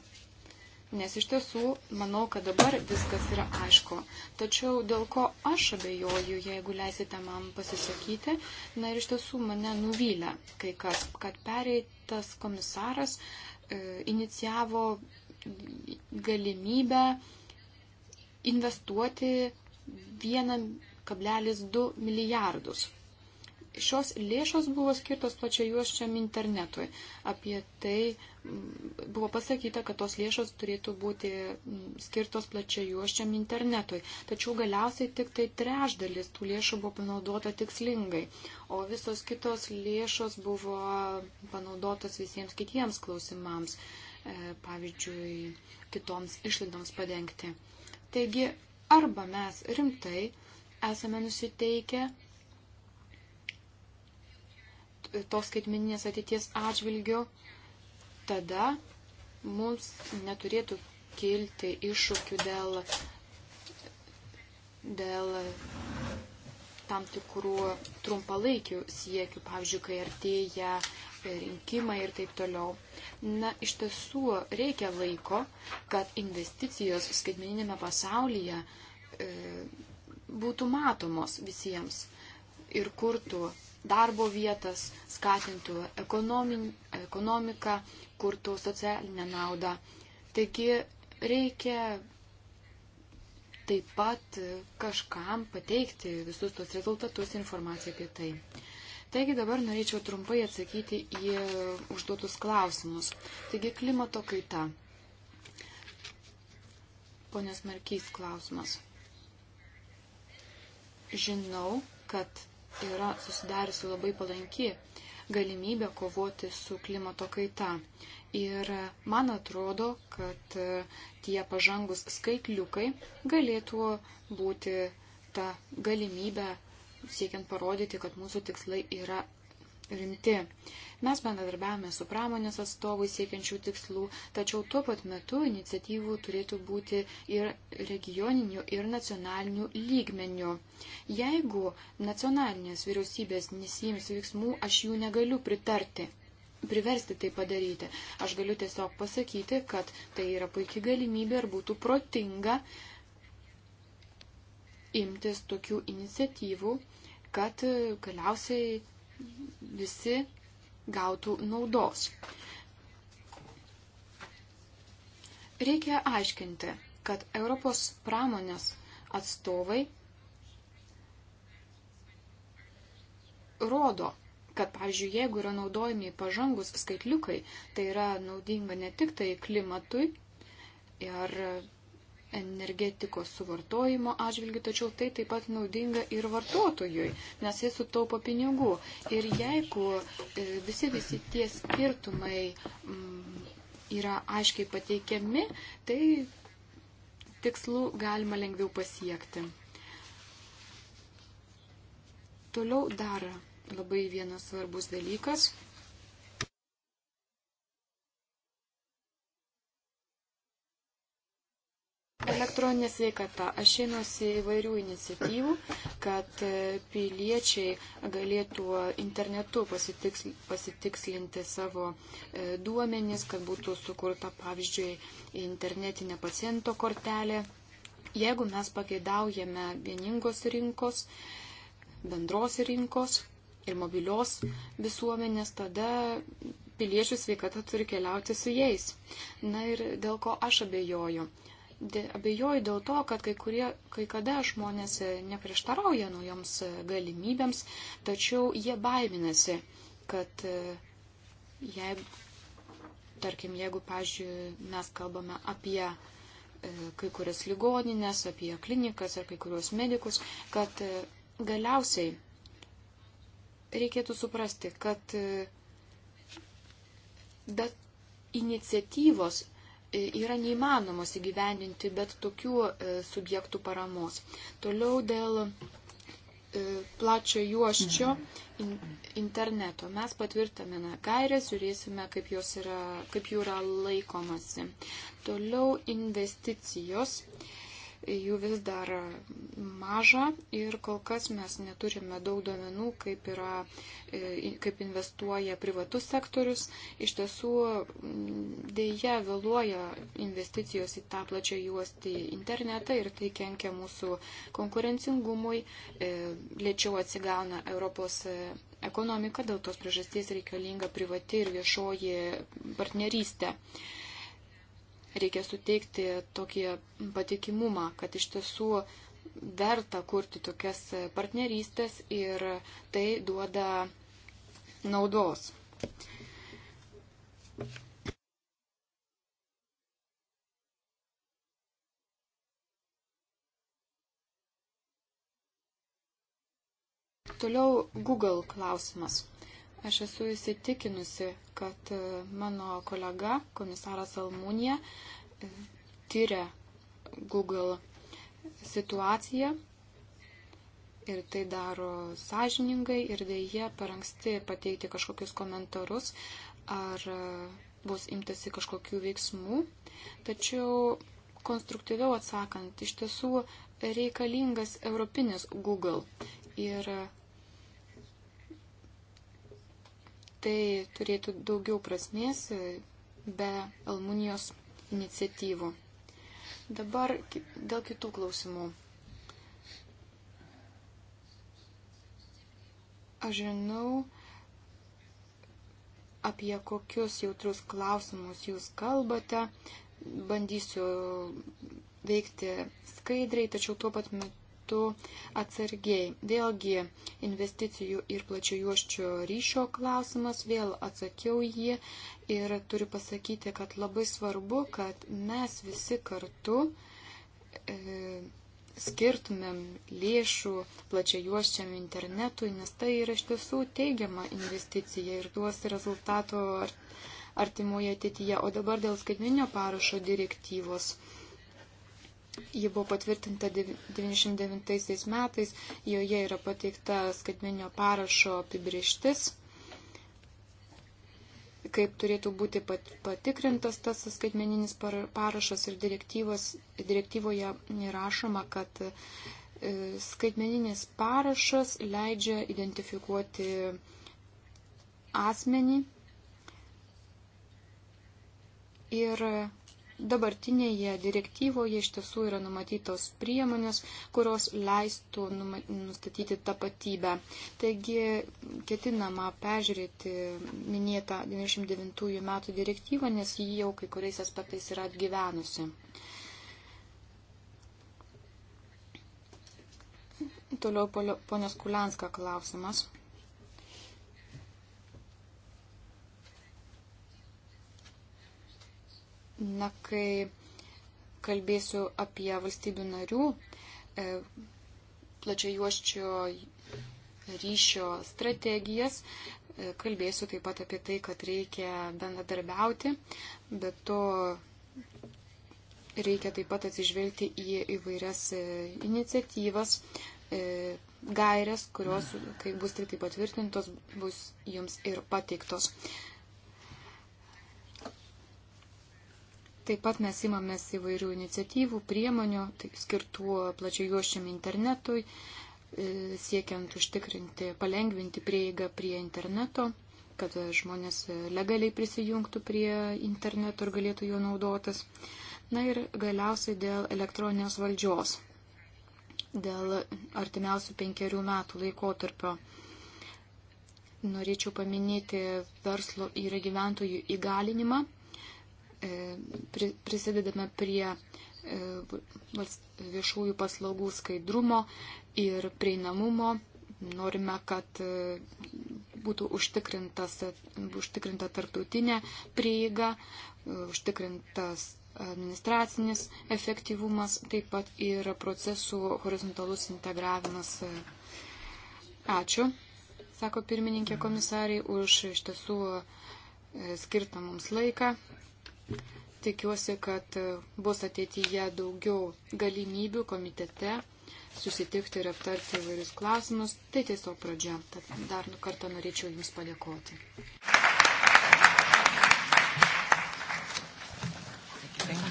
nes iš tiesų manau, kad dabar viskas yra aišku. Tačiau dėl ko aš abejoju, jeigu leisite man pasisakyti, na ir iš tiesų mane nuvylė kai kas, kad pereitas komisaras e, inicijavo galimybę investuoti 1,2 milijardus Šios lėšos buvo skirtos plačiajuoščiam internetui. Apie tai mm, buvo pasakyta, kad tos lėšos turėtų būti mm, skirtos plačiajuoščiam internetui. Tačiau galiausiai tik tai trešdalis tų lėšų buvo panaudota tikslingai, o visos kitos lėšos buvo panaudotos visiems kitiems klausimams, e, pavyzdžiui, kitoms išlaidoms padengti. Taigi, arba mes rimtai esame nusiteikę tos skaitmeninės ateities atžvilgių, tada mums neturėtų kilti iššūkių dėl, dėl tam tikrų trumpalaikių siekių, pavyzdžiui, kai artėja rinkimai ir taip toliau. Na, iš tiesų reikia laiko, kad investicijos skaitmeninėme pasaulyje e, būtų matomos visiems ir kurtų darbo vietas, skatintų ekonomiką, kurtų socialinę naudą. Taigi reikia taip pat kažkam pateikti visus tos rezultatus informaciją apie tai. Taigi dabar norėčiau trumpai atsakyti į užduotus klausimus. Taigi klimato kaita. Ponės Markys klausimas. Žinau, kad yra susidariusi labai palanki galimybė kovoti su klimato kaita. Ir man atrodo, kad e, tie pažangus skaitliukai galėtų būti ta galimybė siekiant parodyti, kad mūsų tikslai yra rimti. Mes bendradarbiavame su pramonės atstovai siekiančių tikslų, tačiau tuo pat metu iniciatyvų turėtų būti ir regioninių, ir nacionalinių lygmenių. Jeigu nacionalinės vyriausybės nesijims veiksmų, aš jų negaliu pritarti. Priversti tai padaryti. Aš galiu tiesiog pasakyti, kad tai yra puikia galimybė ir būtų protinga imtis tokių iniciatyvų, kad galiausiai visi gautų naudos. Reikia aiškinti, kad Europos pramonės atstovai rodo, kad, pavyzdžiui, jeigu yra naudojami pažangus skaitliukai, tai yra naudinga ne tik tai klimatui ir energetikos suvartojimo atžvilgių, tačiau tai taip pat naudinga ir vartotojui, nes jis sutaupo pinigų. Ir jeigu e, visi visi tie skirtumai m, mm, yra aiškiai pateikiami, tai tikslų galima lengviau pasiekti. Toliau dar labai vienas svarbus dalykas Elektroninė sveikata. Aš einuosi įvairių iniciatyvų, kad e, piliečiai galėtų internetu pasitikslinti savo e, duomenis, kad būtų sukurta, pavyzdžiui, internetinė paciento kortelė. Jeigu mes pageidaujame vieningos rinkos, bendros rinkos ir mobilios visuomenės, tada piliečių sveikata turi keliauti su jais. Na ir dėl ko aš abejoju abejoju dėl to, kad kai, kurie, kai kada žmonės e, neprieštarauja naujoms e, galimybėms, tačiau jie baiminasi, kad e, jeigu, tarkim, jeigu, pažiūrėjau, mes kalbame apie kai kurias ligoninės, apie klinikas ar kai kuriuos medikus, kad galiausiai reikėtų suprasti, kad bet iniciatyvos E, yra neįmanomos įgyvendinti bet tokių e, subjektų paramos. Toliau dėl e, plačio juoščio interneto. Mes patvirtiname gairės, žiūrėsime, kaip, yra, kaip jų yra laikomasi. Toliau investicijos. E, jų vis dar maža ir kol kas mes neturime daug duomenų, kaip, yra, e, kaip investuoja privatus sektorius. Iš tiesų dėja vėluoja investicijos į tą plačią juostį internetą ir tai kenkia mūsų konkurencingumui, e, lėčiau atsigauna Europos e, ekonomika, dėl tos priežasties reikalinga privati ir viešoji partnerystė reikia suteikti tokį patikimumą, kad iš tiesų verta kurti tokias partnerystės ir tai duoda naudos. Toliau Google klausimas. Aš esu įsitikinusi, kad e, mano kolega, komisaras Almūnija, e, tyria Google situaciją ir tai daro sąžiningai ir dėje per anksti pateikti kažkokius komentarus ar e, bus imtasi kažkokių veiksmų. Tačiau konstruktyviau atsakant, iš tiesų reikalingas europinis Google ir tai turėtų daugiau prasmės e, be Almunijos iniciatyvų. Dabar dėl kitų klausimų. Aš žinau, apie kokius jautrus klausimus jūs kalbate. Bandysiu veikti skaidriai, tačiau tuo pat metu reikėtų atsargiai. Vėlgi investicijų ir plačiojuoščio ryšio klausimas, vėl atsakiau jį ir turiu pasakyti, kad labai svarbu, kad mes visi kartu e, skirtumėm lėšų plačiajuoščiam internetui, nes tai yra iš tiesų teigiama investicija ir duos rezultato artimoje ateityje. O dabar dėl skaitminio parašo direktyvos. E, Ji buvo patvirtinta 1999 metais, joje yra pateikta skaitmeninio parašo apibrieštis, kaip turėtų būti pat, patikrintas tas skaitmeninis parašas ir direktyvoje rašoma, kad e, skaitmeninis parašas leidžia identifikuoti asmenį ir Dabartinėje direktyvoje iš tiesų yra numatytos priemonės, kurios leistų nustatyti tapatybę. Taigi ketinama peržiūrėti minėtą 99 metų direktyvą, nes ji jau kai kuriais aspektais yra atgyvenusi. Toliau ponios Kulianska klausimas. Na, kai kalbėsiu apie valstybių narių e, plačiajuoščio ryšio strategijas, e, kalbėsiu taip pat apie tai, kad reikia bendradarbiauti, bet to reikia taip pat atsižvelgti į įvairias e, iniciatyvas, gairias, kurios, kai bus tik tai patvirtintos, bus jums ir pateiktos. Taip pat mes imamės įvairių iniciatyvų, priemonių, tai skirtų plačiajuošiam internetui, e, siekiant užtikrinti, palengvinti prieigą prie interneto, kad žmonės legaliai prisijungtų prie interneto ir galėtų juo naudotis. Na ir galiausiai dėl elektroninės valdžios, dėl artimiausių penkerių metų laikotarpio. Norėčiau paminėti verslo ir gyventojų įgalinimą E, prisidedame prie e, viešųjų paslaugų skaidrumo ir prieinamumo. Norime, kad e, būtų užtikrinta tarptautinė prieiga, užtikrintas administracinis efektyvumas, taip pat ir procesų horizontalus integravimas. Ačiū, sako pirmininkė komisariai, už iš tiesų skirtą mums laiką. Tikiuosi, kad e, bus ateityje daugiau galimybių komitete susitikti ir aptarti įvairius klausimus. Tai tiesiog pradžia. Tad dar kartą norėčiau Jums padėkoti.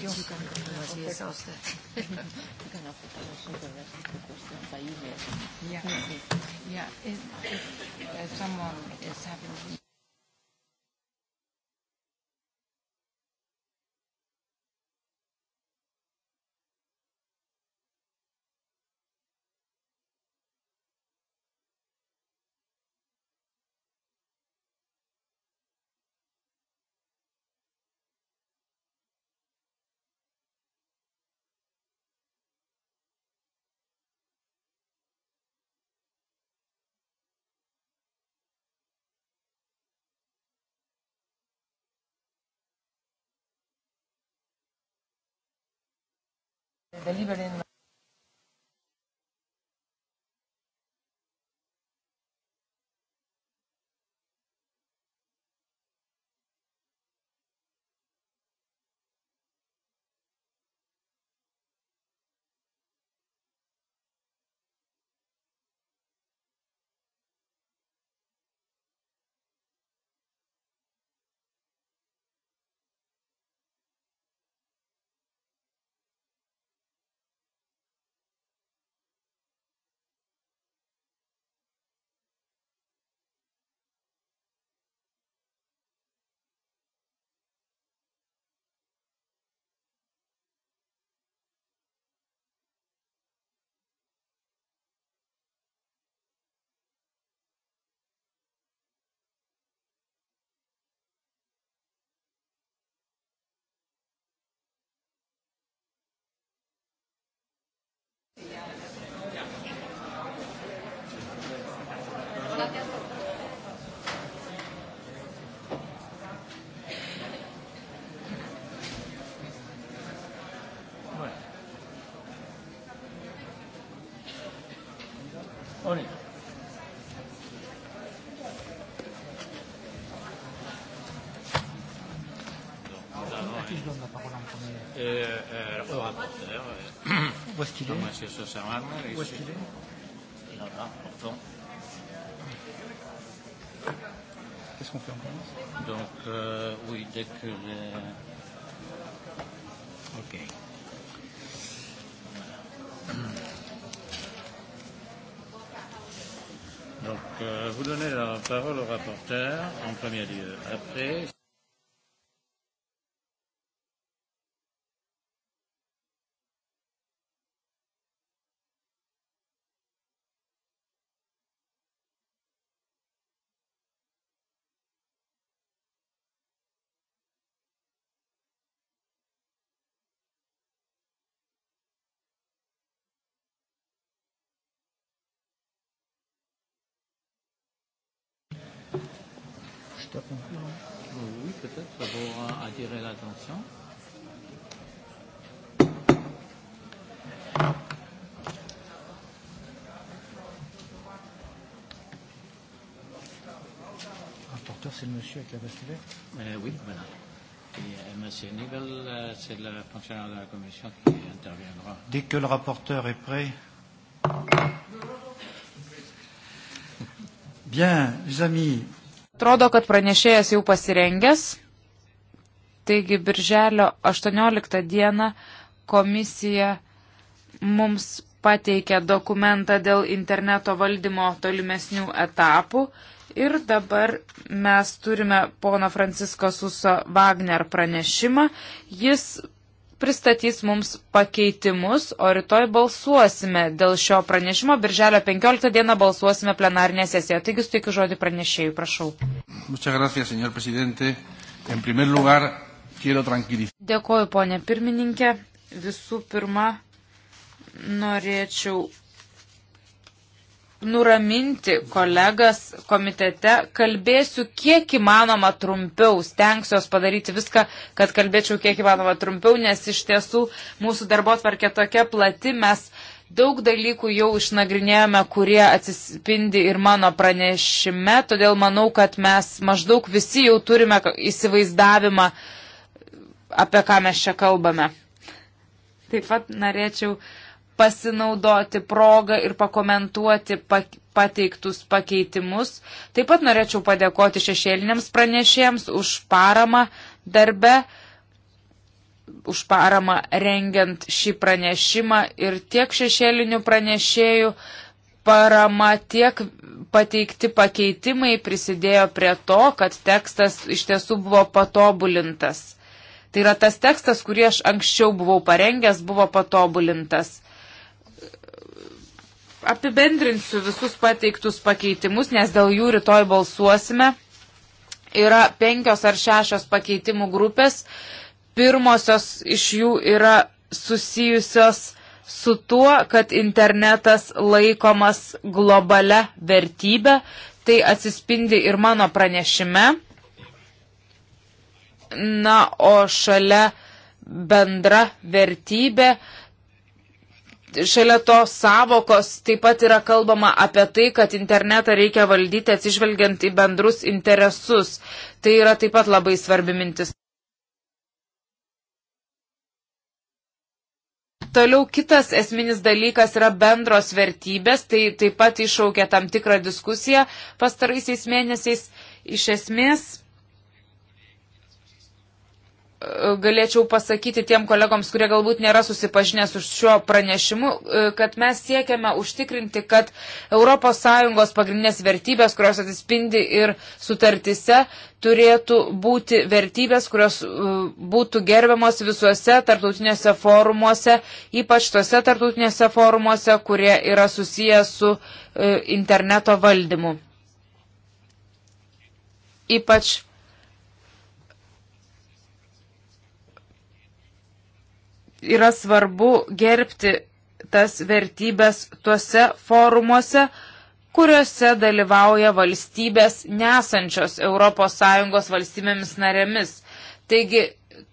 Yeah. Yeah. Yeah. If, if, if someone is having dalyvering est-ce qu'il est Où est-ce qu'il est, Où est, qu'il est Il en a, pourtant. Qu'est-ce qu'on fait en France Donc, euh, oui, dès que les... Ok. Donc, euh, vous donnez la parole au rapporteur en premier lieu. Après. d'abord attirer l'attention. Rapporteur, c'est le monsieur avec la veste verte euh, Oui, voilà. Et euh, monsieur Nibel, euh, c'est le fonctionnaire de la commission qui interviendra. Dès que le rapporteur est prêt. Bien, les amis. Atrodo, kad pranešėjas jau pasirengęs. Taigi, birželio 18 dieną komisija mums pateikė dokumentą dėl interneto valdymo tolimesnių etapų. Ir dabar mes turime pono Francisko Suso Wagner pranešimą. Jis pristatys mums pakeitimus, o rytoj balsuosime dėl šio pranešimo. Birželio 15 dieną balsuosime plenarinė sesija. Taigi, suteikiu žodį pranešėjui, prašau. Muchas gracias, señor presidente. En primer lugar, Dėkoju, ponė pirmininkė. Visų pirma, norėčiau nuraminti kolegas komitete, kalbėsiu kiek įmanoma trumpiau, stengsiuos padaryti viską, kad kalbėčiau kiek įmanoma trumpiau, nes iš tiesų mūsų darbo tvarkė tokia plati, mes daug dalykų jau išnagrinėjome, kurie atsispindi ir mano pranešime, todėl manau, kad mes maždaug visi jau turime įsivaizdavimą, uh, apie ką mes čia kalbame. Taip pat norėčiau pasinaudoti progą ir pakomentuoti pateiktus pakeitimus. Taip pat norėčiau padėkoti šešėliniams pranešėjams už paramą darbe, už paramą rengiant šį pranešimą ir tiek šešėlinių pranešėjų parama, tiek pateikti pakeitimai prisidėjo prie to, kad tekstas iš tiesų buvo patobulintas. Tai yra tas tekstas, kurį aš anksčiau buvau parengęs, buvo patobulintas. Apibendrinsiu visus pateiktus pakeitimus, nes dėl jų rytoj balsuosime. Yra penkios ar šešios pakeitimų grupės. Pirmosios iš jų yra susijusios su tuo, kad internetas laikomas globale vertybe. Tai atsispindi ir mano pranešime. Na, o šalia bendra vertybė, šalia tos savokos taip pat yra kalbama apie tai, kad internetą reikia valdyti atsižvelgiant į bendrus interesus. Tai yra taip pat labai svarbi mintis. Toliau kitas esminis dalykas yra bendros vertybės, tai taip pat iššaukia tam tikrą diskusiją pastaraisiais mėnesiais. Iš esmės, galėčiau pasakyti tiem kolegoms, kurie galbūt nėra susipažinę su šiuo pranešimu, e, kad mes siekiame užtikrinti, kad ES pagrindinės vertybės, kurios atsispindi ir sutartise, turėtų būti vertybės, kurios e, būtų gerbiamos visuose tartautinėse forumuose, ypač tose tartautinėse forumuose, kurie yra susiję su e, interneto valdymu. Ypač yra svarbu gerbti tas vertybės tuose forumuose, kuriuose dalyvauja valstybės nesančios ES valstybėmis narėmis. Taigi,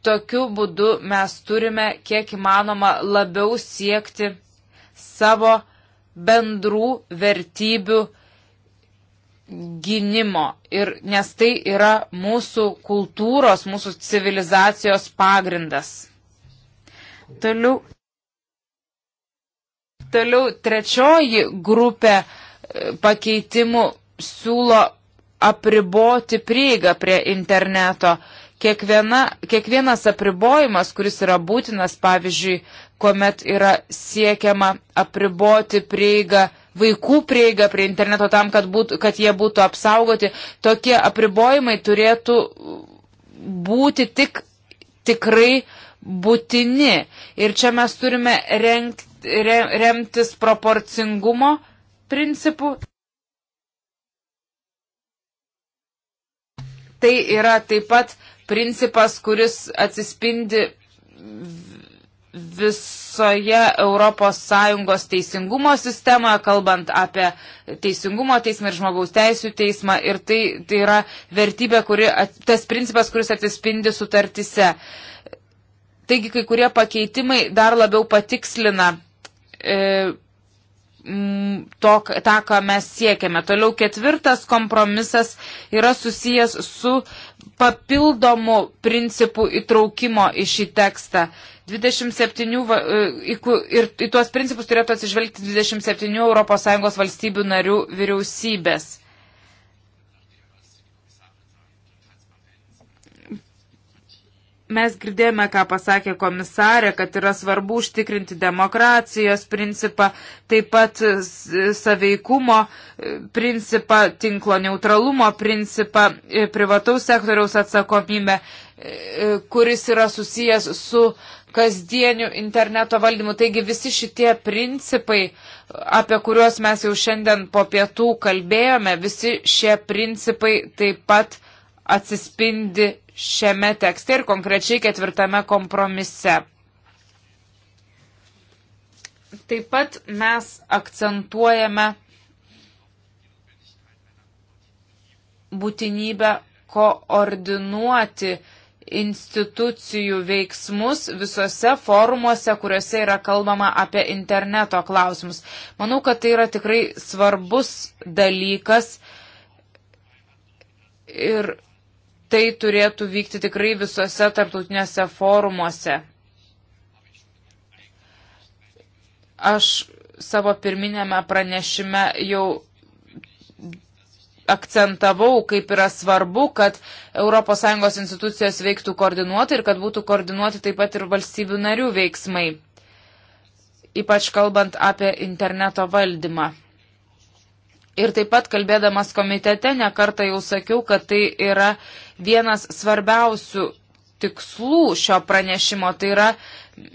tokiu būdu mes turime kiek įmanoma labiau siekti savo bendrų vertybių gynimo. Ir, nes tai yra mūsų kultūros, mūsų civilizacijos pagrindas. Toliau, toliau trečioji grupė e, pakeitimų siūlo apriboti prieigą prie interneto. Kiekviena, kiekvienas apribojimas, kuris yra būtinas, pavyzdžiui, kuomet yra siekiama apriboti prieigą, vaikų prieigą prie interneto tam, kad, būt, kad jie būtų apsaugoti, tokie apribojimai turėtų būti tik tikrai uh, būtini. Ir čia mes turime renkt, rem, remtis proporcingumo principų. Tai yra taip pat principas, kuris atsispindi visoje ES teisingumo sistemoje, kalbant apie teisingumo teismą ir žmogaus teisų teismą. Ir tai, tai yra vertybė, kuri, tas principas, kuris atsispindi sutartise. Uh, Taigi kai kurie pakeitimai dar labiau patikslina e, to, tą, ką mes siekiame. Toliau ketvirtas kompromisas yra susijęs su papildomu principu įtraukimo į šį tekstą. 27 e, ir į tuos principus turėtų atsižvelgti 27 ES valstybių narių vyriausybės. Mes girdėjome, ką pasakė komisarė, kad yra svarbu užtikrinti demokracijos principą, taip pat saveikumo e, principą, tinklo neutralumo principą, e, privataus sektoriaus atsakomybę, e, kuris yra susijęs su kasdieniu interneto valdymu. Taigi visi šitie principai, apie kuriuos mes jau šiandien po pietų kalbėjome, visi šie principai taip pat atsispindi šiame tekste ir konkrečiai ketvirtame kompromise. Taip pat mes akcentuojame būtinybę koordinuoti institucijų veiksmus visose forumuose, kuriuose yra kalbama apie interneto klausimus. Manau, kad tai yra tikrai svarbus dalykas ir tai turėtų vykti tikrai visose tarptautinėse forumuose. Aš savo pirminėme pranešime jau akcentavau, kaip yra svarbu, kad ES institucijos veiktų koordinuotai ir kad būtų koordinuoti taip pat ir valstybių narių veiksmai, ypač kalbant apie interneto valdymą. Ir taip pat kalbėdamas komitete nekartą jau sakiau, kad tai yra vienas svarbiausių tikslų šio pranešimo. Tai yra,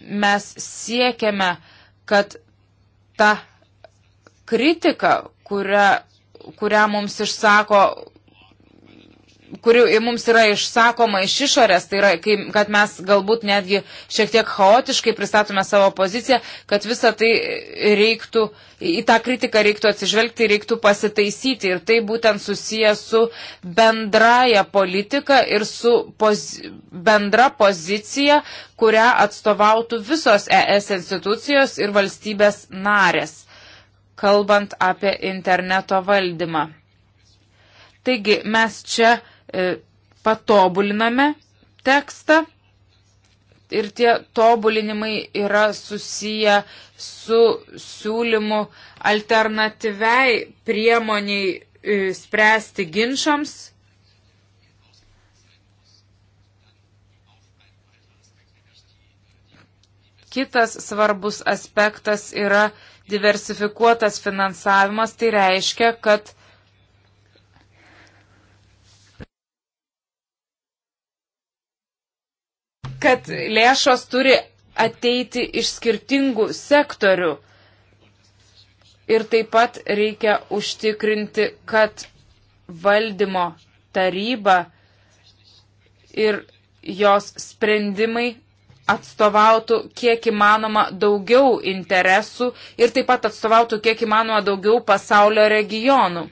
mes siekiame, kad ta kritika, kurią, kurią mums išsako kuri mums yra išsakoma iš išorės, tai yra, kai, kad mes galbūt netgi šiek tiek chaotiškai pristatome savo poziciją, kad visą tai reiktų, į tą kritiką reiktų atsižvelgti, reiktų pasitaisyti. Ir tai būtent susiję su bendraja politika ir su poz, bendra pozicija, kurią atstovautų visos ES institucijos ir valstybės narės, kalbant apie interneto valdymą. Taigi mes čia E, patobuliname tekstą ir tie tobulinimai yra susiję su siūlymu alternatyviai priemoniai e, spręsti ginčiams. Kitas svarbus aspektas yra diversifikuotas finansavimas, tai reiškia, kad kad lėšos turi ateiti iš skirtingų sektorių. Ir taip pat reikia užtikrinti, kad valdymo taryba ir jos sprendimai atstovautų kiek įmanoma daugiau interesų ir taip pat atstovautų kiek įmanoma daugiau pasaulio regionų.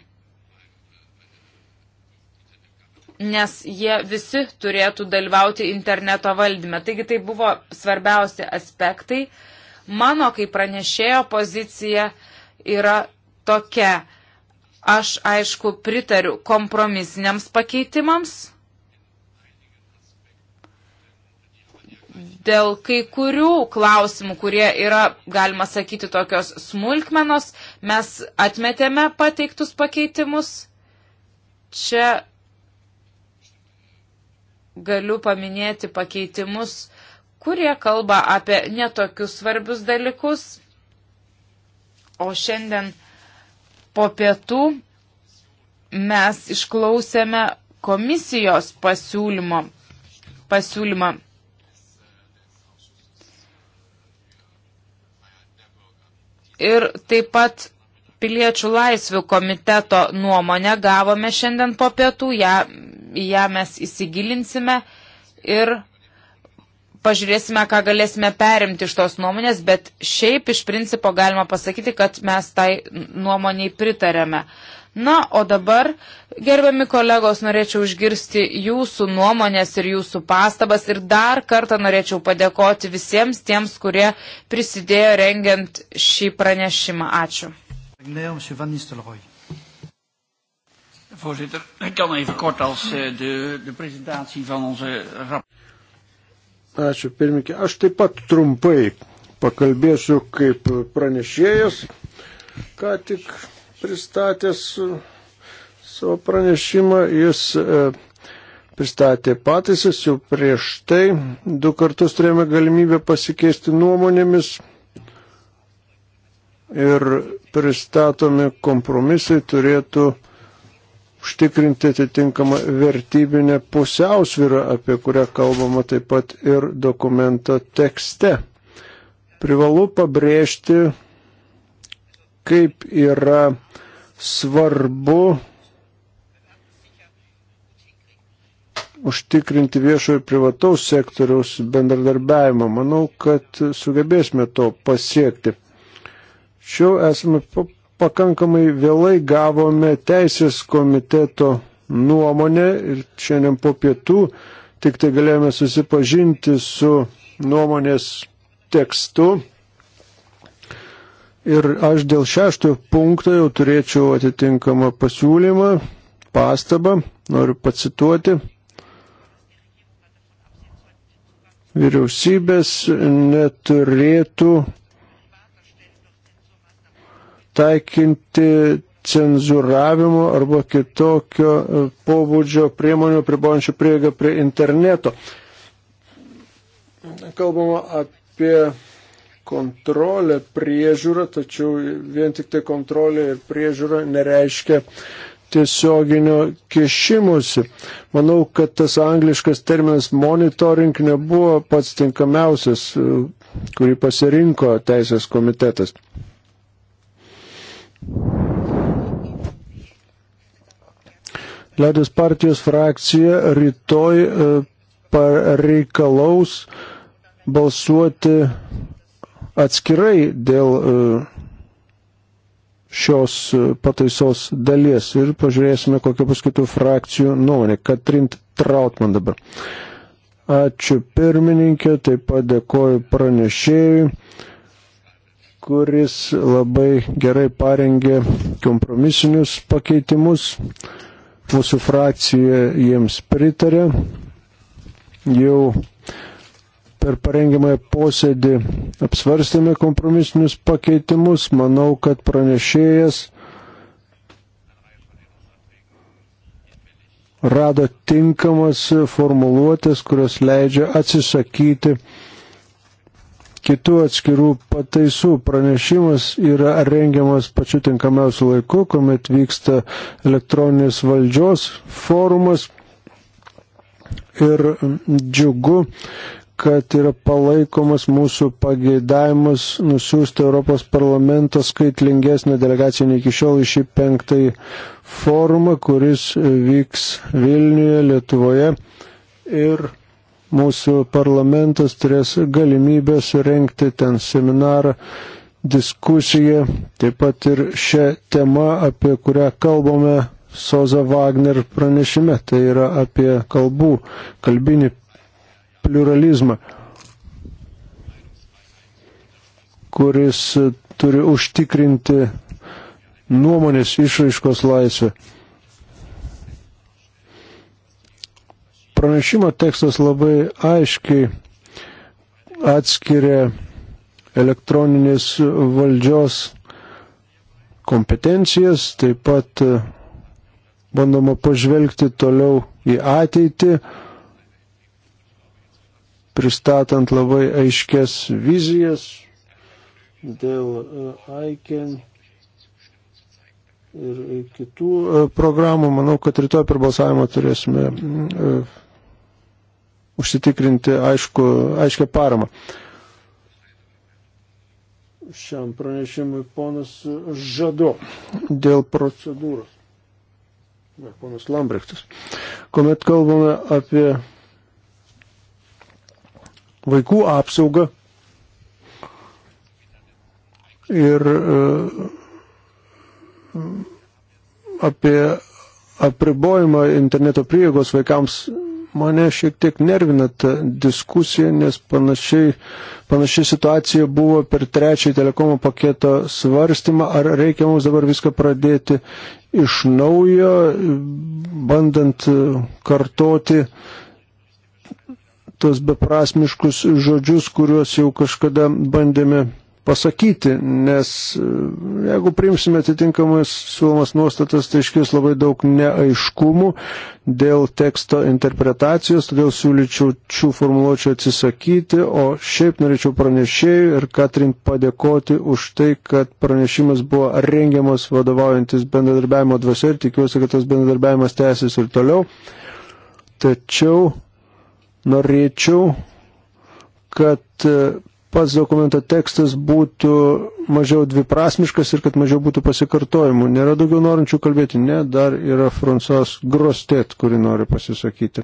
nes jie visi turėtų dalyvauti interneto valdyme. Taigi tai buvo svarbiausi aspektai. Mano kaip pranešėjo pozicija yra tokia. Aš aišku pritariu kompromisiniams pakeitimams. Dėl kai kurių klausimų, kurie yra, galima sakyti, tokios smulkmenos, mes atmetėme pateiktus pakeitimus. Čia galiu paminėti pakeitimus, kurie kalba apie netokius svarbius dalykus. O šiandien po pietų mes išklausėme komisijos pasiūlymo, pasiūlymą. Ir taip pat piliečių laisvių komiteto nuomonę gavome šiandien po pietų, ją ja, į ją mes įsigilinsime ir pažiūrėsime, ką galėsime perimti iš tos nuomonės, bet šiaip iš principo galima pasakyti, kad mes tai nuomoniai pritarėme. Na, o dabar, gerbiami kolegos, norėčiau išgirsti jūsų nuomonės ir jūsų pastabas ir dar kartą norėčiau padėkoti visiems tiems, kurie prisidėjo rengiant šį pranešimą. Ačiū. Agnėjom, Voorzitter, ik kan even kort als eh, de, de presentatie van onze rapport. Ačiū pirmininkė. Aš taip pat trumpai pakalbėsiu kaip pranešėjas, ką tik pristatęs savo pranešimą. Jis e, pristatė pataisis, jau prieš tai du kartus turėjome galimybę pasikeisti nuomonėmis ir pristatomi kompromisai turėtų uh, užtikrinti atitinkamą vertybinę pusiausvyrą, apie kurią kalbama taip pat ir dokumento tekste. Privalu pabrėžti, kaip yra svarbu užtikrinti viešo ir privataus sektoriaus bendradarbiavimą. Manau, kad sugebėsime to pasiekti. Šiuo esame pakankamai vėlai gavome teisės komiteto nuomonę ir šiandien po pietų tik tai galėjome susipažinti su nuomonės tekstu. Ir aš dėl šeštojo punkto jau turėčiau atitinkamą pasiūlymą, pastabą, noriu pacituoti. Vyriausybės neturėtų taikinti cenzuravimo arba kitokio e, pobūdžio priemonių pribojančių prieigą prie interneto. Kalbama apie kontrolę, priežiūrą, tačiau vien tik tai kontrolė ir priežiūra nereiškia tiesioginio kišimusi. Manau, kad tas angliškas terminas monitoring nebuvo pats tinkamiausias, e, kurį pasirinko Teisės komitetas. Liaudės partijos frakcija rytoj e, pareikalaus balsuoti atskirai dėl e, šios e, pataisos dalies ir pažiūrėsime, kokia bus kitų frakcijų nuomonė. Katrin Trautman dabar. Ačiū pirmininkė, taip pat dėkoju pranešėjui kuris labai gerai parengė kompromisinius pakeitimus. Mūsų frakcija jiems pritarė. Jau per parengimąją posėdį apsvarstėme kompromisinius pakeitimus. Manau, kad pranešėjas rado tinkamas formuluotės, kurios leidžia atsisakyti kitų atskirų pataisų. Pranešimas yra rengiamas pačiu tinkamiausiu laiku, kuomet vyksta elektroninės valdžios forumas. Ir džiugu, kad yra palaikomas mūsų pageidavimas nusiųsti Europos parlamento skaitlingesnę delegaciją nei iki šiol į šį penktąjį forumą, kuris vyks Vilniuje, Lietuvoje ir mūsų parlamentas turės galimybę surenkti ten seminarą, diskusiją, taip pat ir šią temą, apie kurią kalbame Soza Wagner pranešime, tai yra apie kalbų, kalbinį pluralizmą, kuris turi užtikrinti nuomonės išraiškos laisvę. pranešimo tekstas labai aiškiai atskiria elektroninės valdžios kompetencijas, taip pat e, bandoma pažvelgti toliau į ateitį, pristatant labai aiškes vizijas dėl e, ICANN ir kitų e, programų. Manau, kad rytoj per balsavimą turėsime užsitikrinti aišku, aiškę paramą. Šiam pranešimui ponas Žado dėl procedūros. Ne, ponas Lambrechtas. Komet kalbame apie vaikų apsaugą ir e, apie apribojimą interneto prieigos vaikams mane šiek tiek nervina ta diskusija, nes panašiai, panaši situacija buvo per trečiąjį telekomo paketo svarstymą. Ar reikia mums dabar viską pradėti iš naujo, bandant e, kartoti tos beprasmiškus žodžius, kuriuos jau kažkada bandėme pasakyti, nes e, jeigu priimsime atitinkamas siūlomas nuostatas, tai iškils labai daug neaiškumų dėl teksto interpretacijos, todėl siūlyčiau šių formuluočių atsisakyti, o šiaip norėčiau pranešėjų ir Katrin padėkoti už tai, kad pranešimas buvo rengiamas vadovaujantis bendradarbiavimo dvasia ir tikiuosi, kad tas bendradarbiavimas tęsis ir toliau. Tačiau norėčiau, kad e, pats dokumento tekstas būtų mažiau dviprasmiškas ir kad mažiau būtų pasikartojimų. Nėra daugiau norinčių kalbėti, ne, dar yra Fransos Grostet, kuri nori pasisakyti.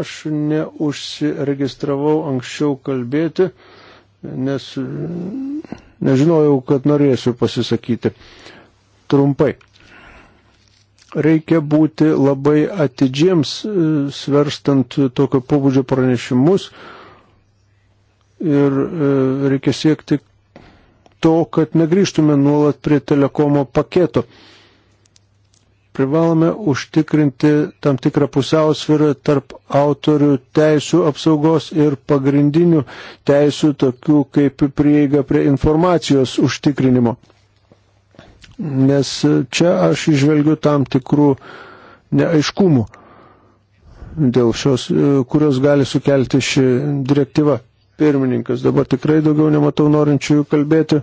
Aš neužsiregistravau anksčiau kalbėti, nes nežinojau, kad norėsiu pasisakyti. Trumpai reikia būti labai atidžiems, e, svarstant tokio pobūdžio pranešimus, ir e, reikia siekti to, kad negrįžtume nuolat prie telekomo paketo. Privalome užtikrinti tam tikrą pusiausvyrą tarp autorių teisų apsaugos ir pagrindinių teisų, tokių kaip prieiga prie informacijos užtikrinimo. Nes čia aš išvelgiu tam tikrų neaiškumų, dėl šios, e, kurios gali sukelti ši direktyva pirmininkas. Dabar tikrai daugiau nematau norinčiųjų kalbėti.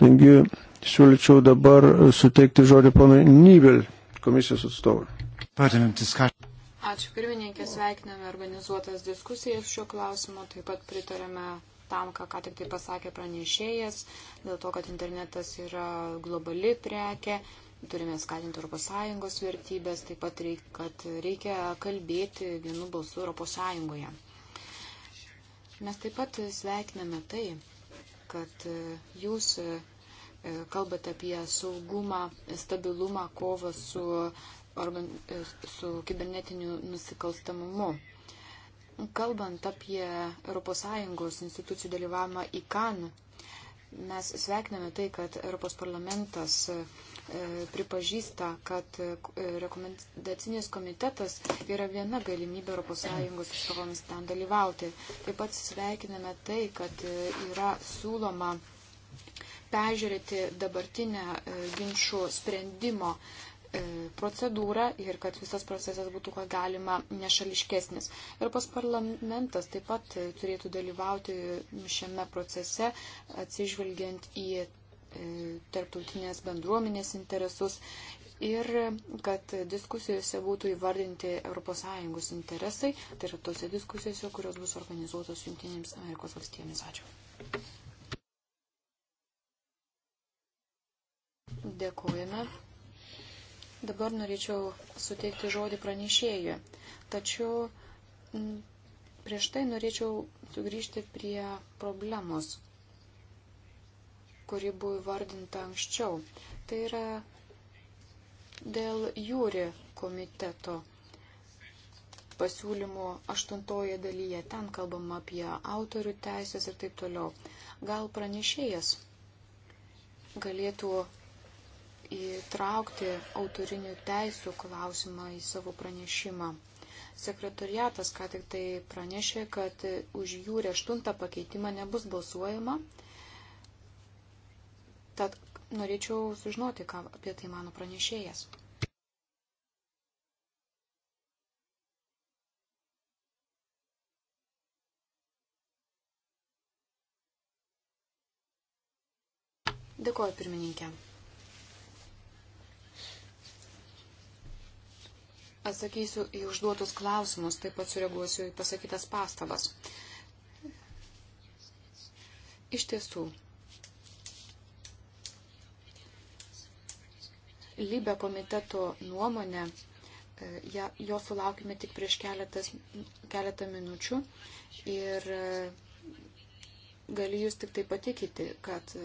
Taigi siūlyčiau dabar suteikti žodį ponui Nybel, komisijos atstovui. Ačiū pirmininkė, sveikiname organizuotas diskusijas šiuo klausimu, taip pat pritarėme tam, ką ką tik tai pasakė pranešėjas, dėl to, kad internetas yra globali prekė, turime skatinti ES vertybės, taip pat reikia, kad reikia kalbėti vienu balsu ES. Mes taip pat sveikiname tai, kad e, jūs e, e, kalbate apie saugumą, stabilumą, kovą su, organ, su kibernetiniu nusikalstamumu. Kalbant apie ES institucijų dalyvavimą į KAN, mes sveikiname tai, kad ES parlamentas E, pripažįsta, kad e, e, rekomendacinis komitetas yra viena galimybė ES atstovams ten dalyvauti. Taip pat sveikiname tai, kad yra siūloma peržiūrėti dabartinę ginčių sprendimo procedūrą ir kad visas procesas būtų kuo galima nešališkesnis. Europos parlamentas taip pat turėtų dalyvauti šiame procese atsižvelgiant į E, tarptautinės bendruomenės interesus ir kad diskusijose būtų įvardinti ES interesai, tai yra tose diskusijose, kurios bus organizuotos Junktinėms Amerikos valstybėmis. Ačiū. Dėkojame. Dabar norėčiau suteikti žodį pranešėjui. Tačiau prieš tai norėčiau sugrįžti prie problemos, kuri buvo įvardinta anksčiau. Tai yra dėl jūri komiteto pasiūlymų aštuntoje dalyje. Ten kalbam apie autorių teisės ir taip toliau. Gal pranešėjas galėtų įtraukti autorinių teisų klausimą į savo pranešimą. Sekretariatas ką tik tai pranešė, kad už jų aštuntą pakeitimą nebus balsuojama, Tad norėčiau sužinoti, ką apie tai mano pranešėjas. Dėkuoju, pirmininkė. Atsakysiu į užduotus klausimus, taip pat sureaguosiu į pasakytas pastabas. Iš tiesų, Libe komiteto nuomonę, e, ja, jo sulaukime tik prieš keletas, keletą minučių ir e, galiu jūs tik tai patikyti, kad e,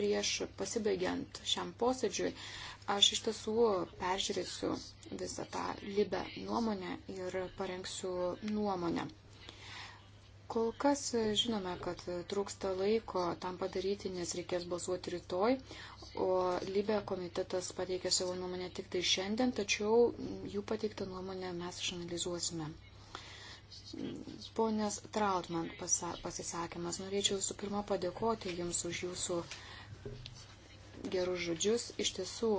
prieš pasibaigiant šiam posėdžiui aš iš tiesų peržiūrėsiu visą tą Libe nuomonę ir parengsiu nuomonę. Kol kas e, žinome, kad e, trūksta laiko tam padaryti, nes reikės balsuoti rytoj, o Libė komitetas pateikė savo nuomonę tik tai šiandien, tačiau jų pateiktą nuomonę mes išanalizuosime. Ponės Trautman pasisakymas. Norėčiau su pirma padėkoti Jums už Jūsų gerus žodžius. Iš tiesų,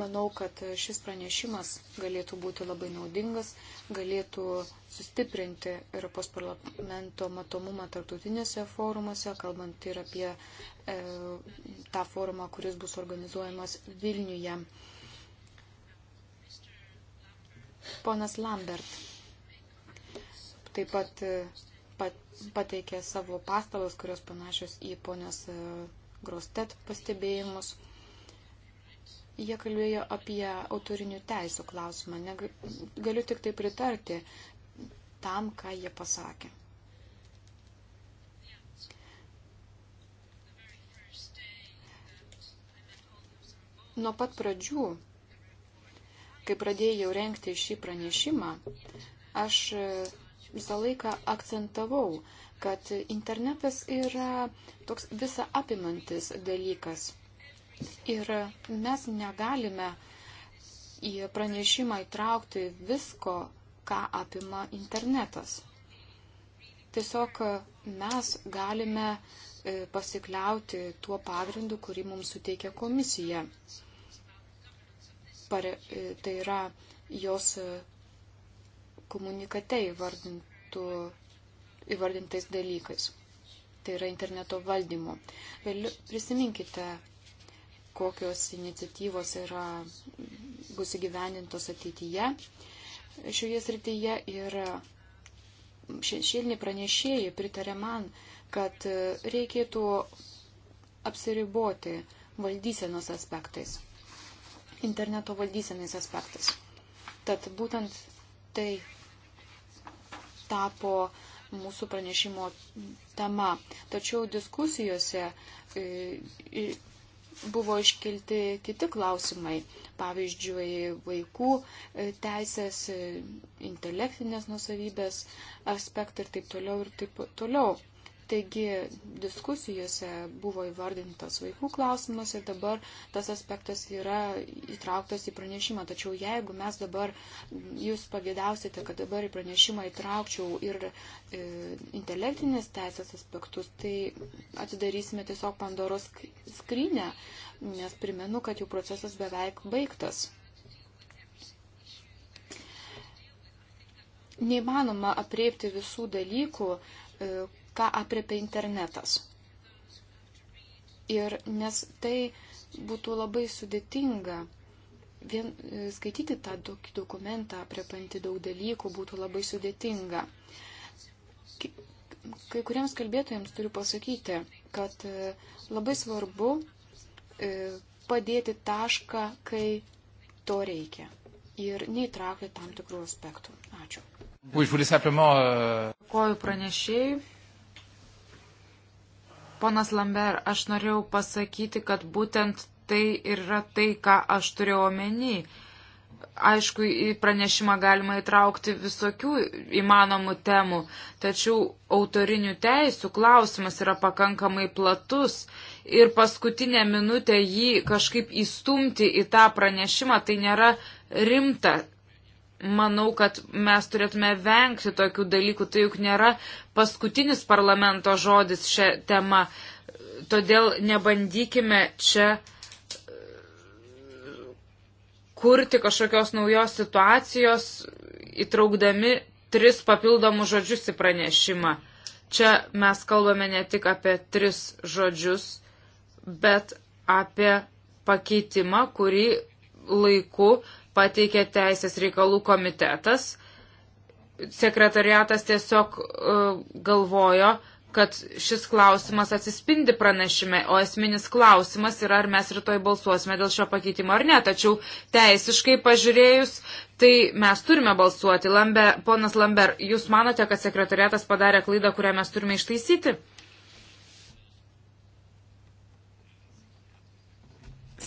Manau, kad šis pranešimas galėtų būti labai naudingas, galėtų sustiprinti Europos parlamento matomumą tarptautinėse forumuose, kalbant ir apie e, tą forumą, kuris bus organizuojamas Vilniuje. Ponas Lambert taip pat e, pateikė savo pastabas, kurios panašios į ponios e, Grostet pastebėjimus. Jie kalbėjo apie autorinių teisų klausimą. Galiu tik tai pritarti tam, ką jie pasakė. Nuo pat pradžių, kai pradėjau renkti šį pranešimą, aš visą laiką akcentavau, kad internetas yra toks visa apimantis dalykas – Ir mes negalime į pranešimą įtraukti visko, ką apima internetas. Tiesiog mes galime e, pasikliauti tuo pagrindu, kurį mums suteikia komisija. Pare, e, tai yra jos e, komunikate įvardintais dalykais. Tai yra interneto valdymo. Vėl prisiminkite kokios iniciatyvos yra bus įgyvendintos ateityje šioje srityje ir šešėliniai pranešėjai pritarė man, kad reikėtų apsiriboti valdysenos aspektais, interneto valdysenais aspektais. Tad būtent tai tapo mūsų pranešimo tema. Tačiau diskusijose e, buvo iškilti kiti klausimai, pavyzdžiui, vaikų e, teisės, e, intelektinės nusavybės aspektai ir taip toliau ir taip toliau. Taigi diskusijose buvo įvardintas vaikų klausimas ir dabar tas aspektas yra įtrauktas į pranešimą. Tačiau jeigu mes dabar, jūs pagėdausite, kad dabar į pranešimą įtraukčiau ir e, intelektinės teisės aspektus, tai atidarysime tiesiog Pandoros skrynę, nes primenu, kad jų procesas beveik baigtas. Neįmanoma apriepti visų dalykų, e, ką apriepia internetas. Ir nes tai būtų labai sudėtinga vien e, skaityti tą tokį dokumentą, apriepantį daug dalykų, būtų labai sudėtinga. Kai kuriems kalbėtojams turiu pasakyti, kad e, labai svarbu e, padėti tašką, kai to reikia ir neįtraukti tam tikrų aspektų. Ačiū. Euh, Dėkoju pranešėjai. Ponas Lambert, aš norėjau pasakyti, kad būtent tai yra tai, ką aš turėjau omeny. Aišku, į pranešimą galima įtraukti visokių įmanomų temų, tačiau autorinių teisų klausimas yra pakankamai platus ir paskutinę minutę jį kažkaip įstumti į tą pranešimą, tai nėra rimta manau, kad mes turėtume vengti tokių dalykų, tai juk nėra paskutinis parlamento žodis šią temą. Todėl nebandykime čia uh, kurti kažkokios naujos situacijos, įtraukdami tris papildomus žodžius į pranešimą. Čia mes kalbame ne tik apie tris žodžius, bet apie pakeitimą, kurį laiku pateikė Teisės reikalų komitetas. Sekretariatas tiesiog uh, galvojo, kad šis klausimas atsispindi pranešime, o esminis klausimas yra, ar mes rytoj balsuosime dėl šio pakeitimo ar ne. Tačiau teisiškai pažiūrėjus, tai mes turime balsuoti. Lambe, ponas Lamber, jūs manote, kad sekretariatas padarė klaidą, kurią mes turime ištaisyti?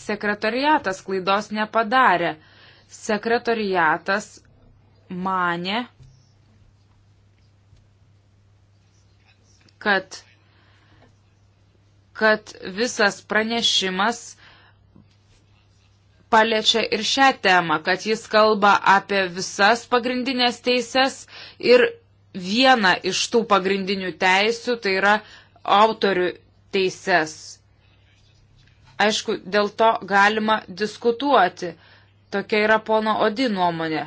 sekretariatas klaidos nepadarė sekretariatas mane, kad, kad visas pranešimas paliečia ir šią temą, kad jis kalba apie visas pagrindinės teises ir vieną iš tų pagrindinių teisių, tai yra autorių teises. Aišku, dėl to galima diskutuoti, Tokia yra pono Odi nuomonė.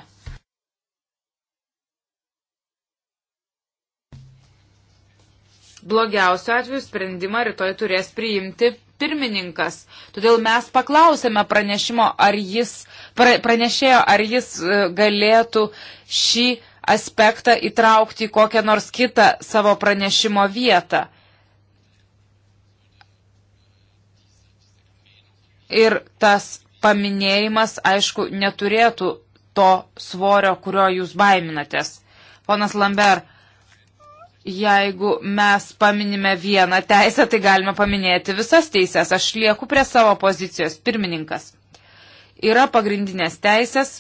Blogiausio atveju sprendimą rytoj turės priimti pirmininkas. Todėl mes paklausėme pranešimo, ar jis, pra, pranešėjo, ar jis e, galėtų šį aspektą įtraukti į kokią nors kitą savo pranešimo vietą. Ir tas paminėjimas, aišku, neturėtų to svorio, kurio jūs baiminatės. Ponas Lambert, jeigu mes paminime vieną teisę, tai galime paminėti visas teisės. Aš lieku prie savo pozicijos pirmininkas. Yra pagrindinės teisės.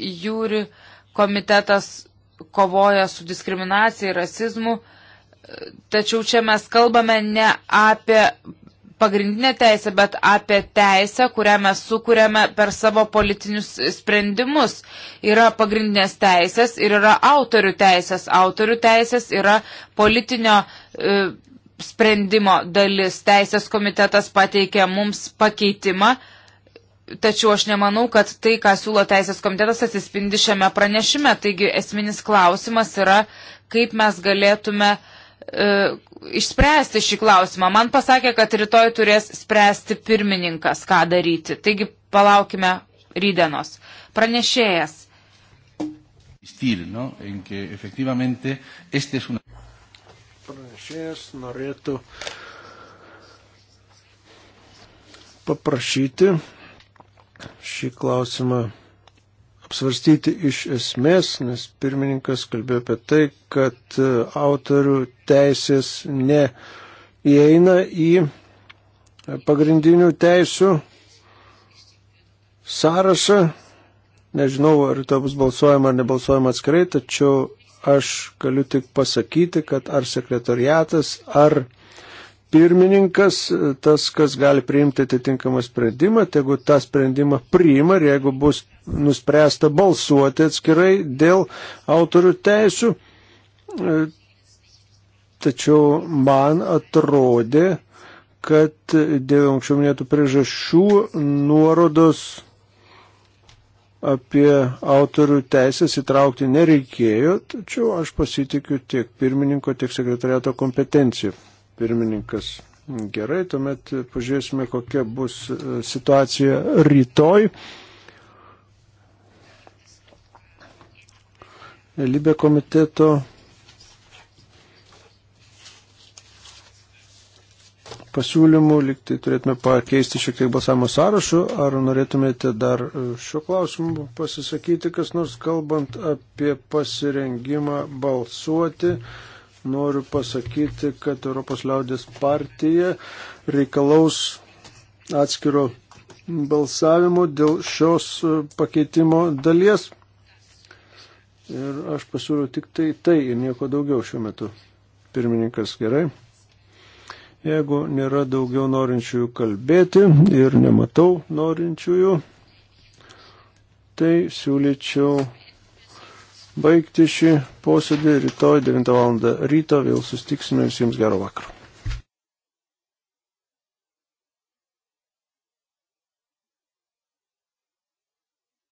Jūri komitetas kovoja su diskriminacija ir rasizmu. Tačiau čia mes kalbame ne apie pagrindinę teisę, bet apie teisę, kurią mes sukūrėme per savo politinius sprendimus. Yra pagrindinės teisės ir yra autorių teisės. Autorių teisės yra politinio e, sprendimo dalis. Teisės komitetas pateikė mums pakeitimą. Tačiau aš nemanau, kad tai, ką siūlo Teisės komitetas, atsispindi šiame pranešime. Taigi esminis klausimas yra, kaip mes galėtume uh, E, išspręsti šį klausimą. Man pasakė, kad rytoj turės spręsti pirmininkas, ką daryti. Taigi palaukime rydenos. Pranešėjas. Pranešėjas norėtų paprašyti šį klausimą apsvarstyti iš esmės, nes pirmininkas kalbėjo apie tai, kad e, autorių teisės neįeina į pagrindinių teisių sąrašą. Nežinau, ar to bus balsuojama ar nebalsuojama atskirai, tačiau aš galiu tik pasakyti, kad ar sekretariatas, ar pirmininkas, e, tas, kas gali priimti atitinkamą sprendimą, tegu tą sprendimą priima ir jeigu bus nuspręsta balsuoti atskirai dėl autorių teisių. E, tačiau man atrodė, kad dėl anksčiau minėtų priežasčių nuorodos apie autorių teisės įtraukti nereikėjo, tačiau aš pasitikiu tiek pirmininko, tiek sekretariato kompetencijų. Pirmininkas. Gerai, tuomet pažiūrėsime, kokia bus e, situacija rytoj. Libė komiteto pasiūlymų, liktai turėtume pakeisti šiek tiek balsavimo sąrašų, ar norėtumėte dar e, šiuo klausimu pasisakyti, kas nors kalbant apie pasirengimą balsuoti. Noriu pasakyti, kad Europos liaudės partija reikalaus atskiro balsavimo dėl šios e, pakeitimo dalies. Ir aš pasiūliau tik tai tai ir nieko daugiau šiuo metu. Pirmininkas gerai. Jeigu nėra daugiau norinčiųjų kalbėti ir nematau norinčiųjų, tai siūlyčiau baigti šį posėdį rytoj 9 val. ryto. Vėl sustiksime visiems gero vakaro.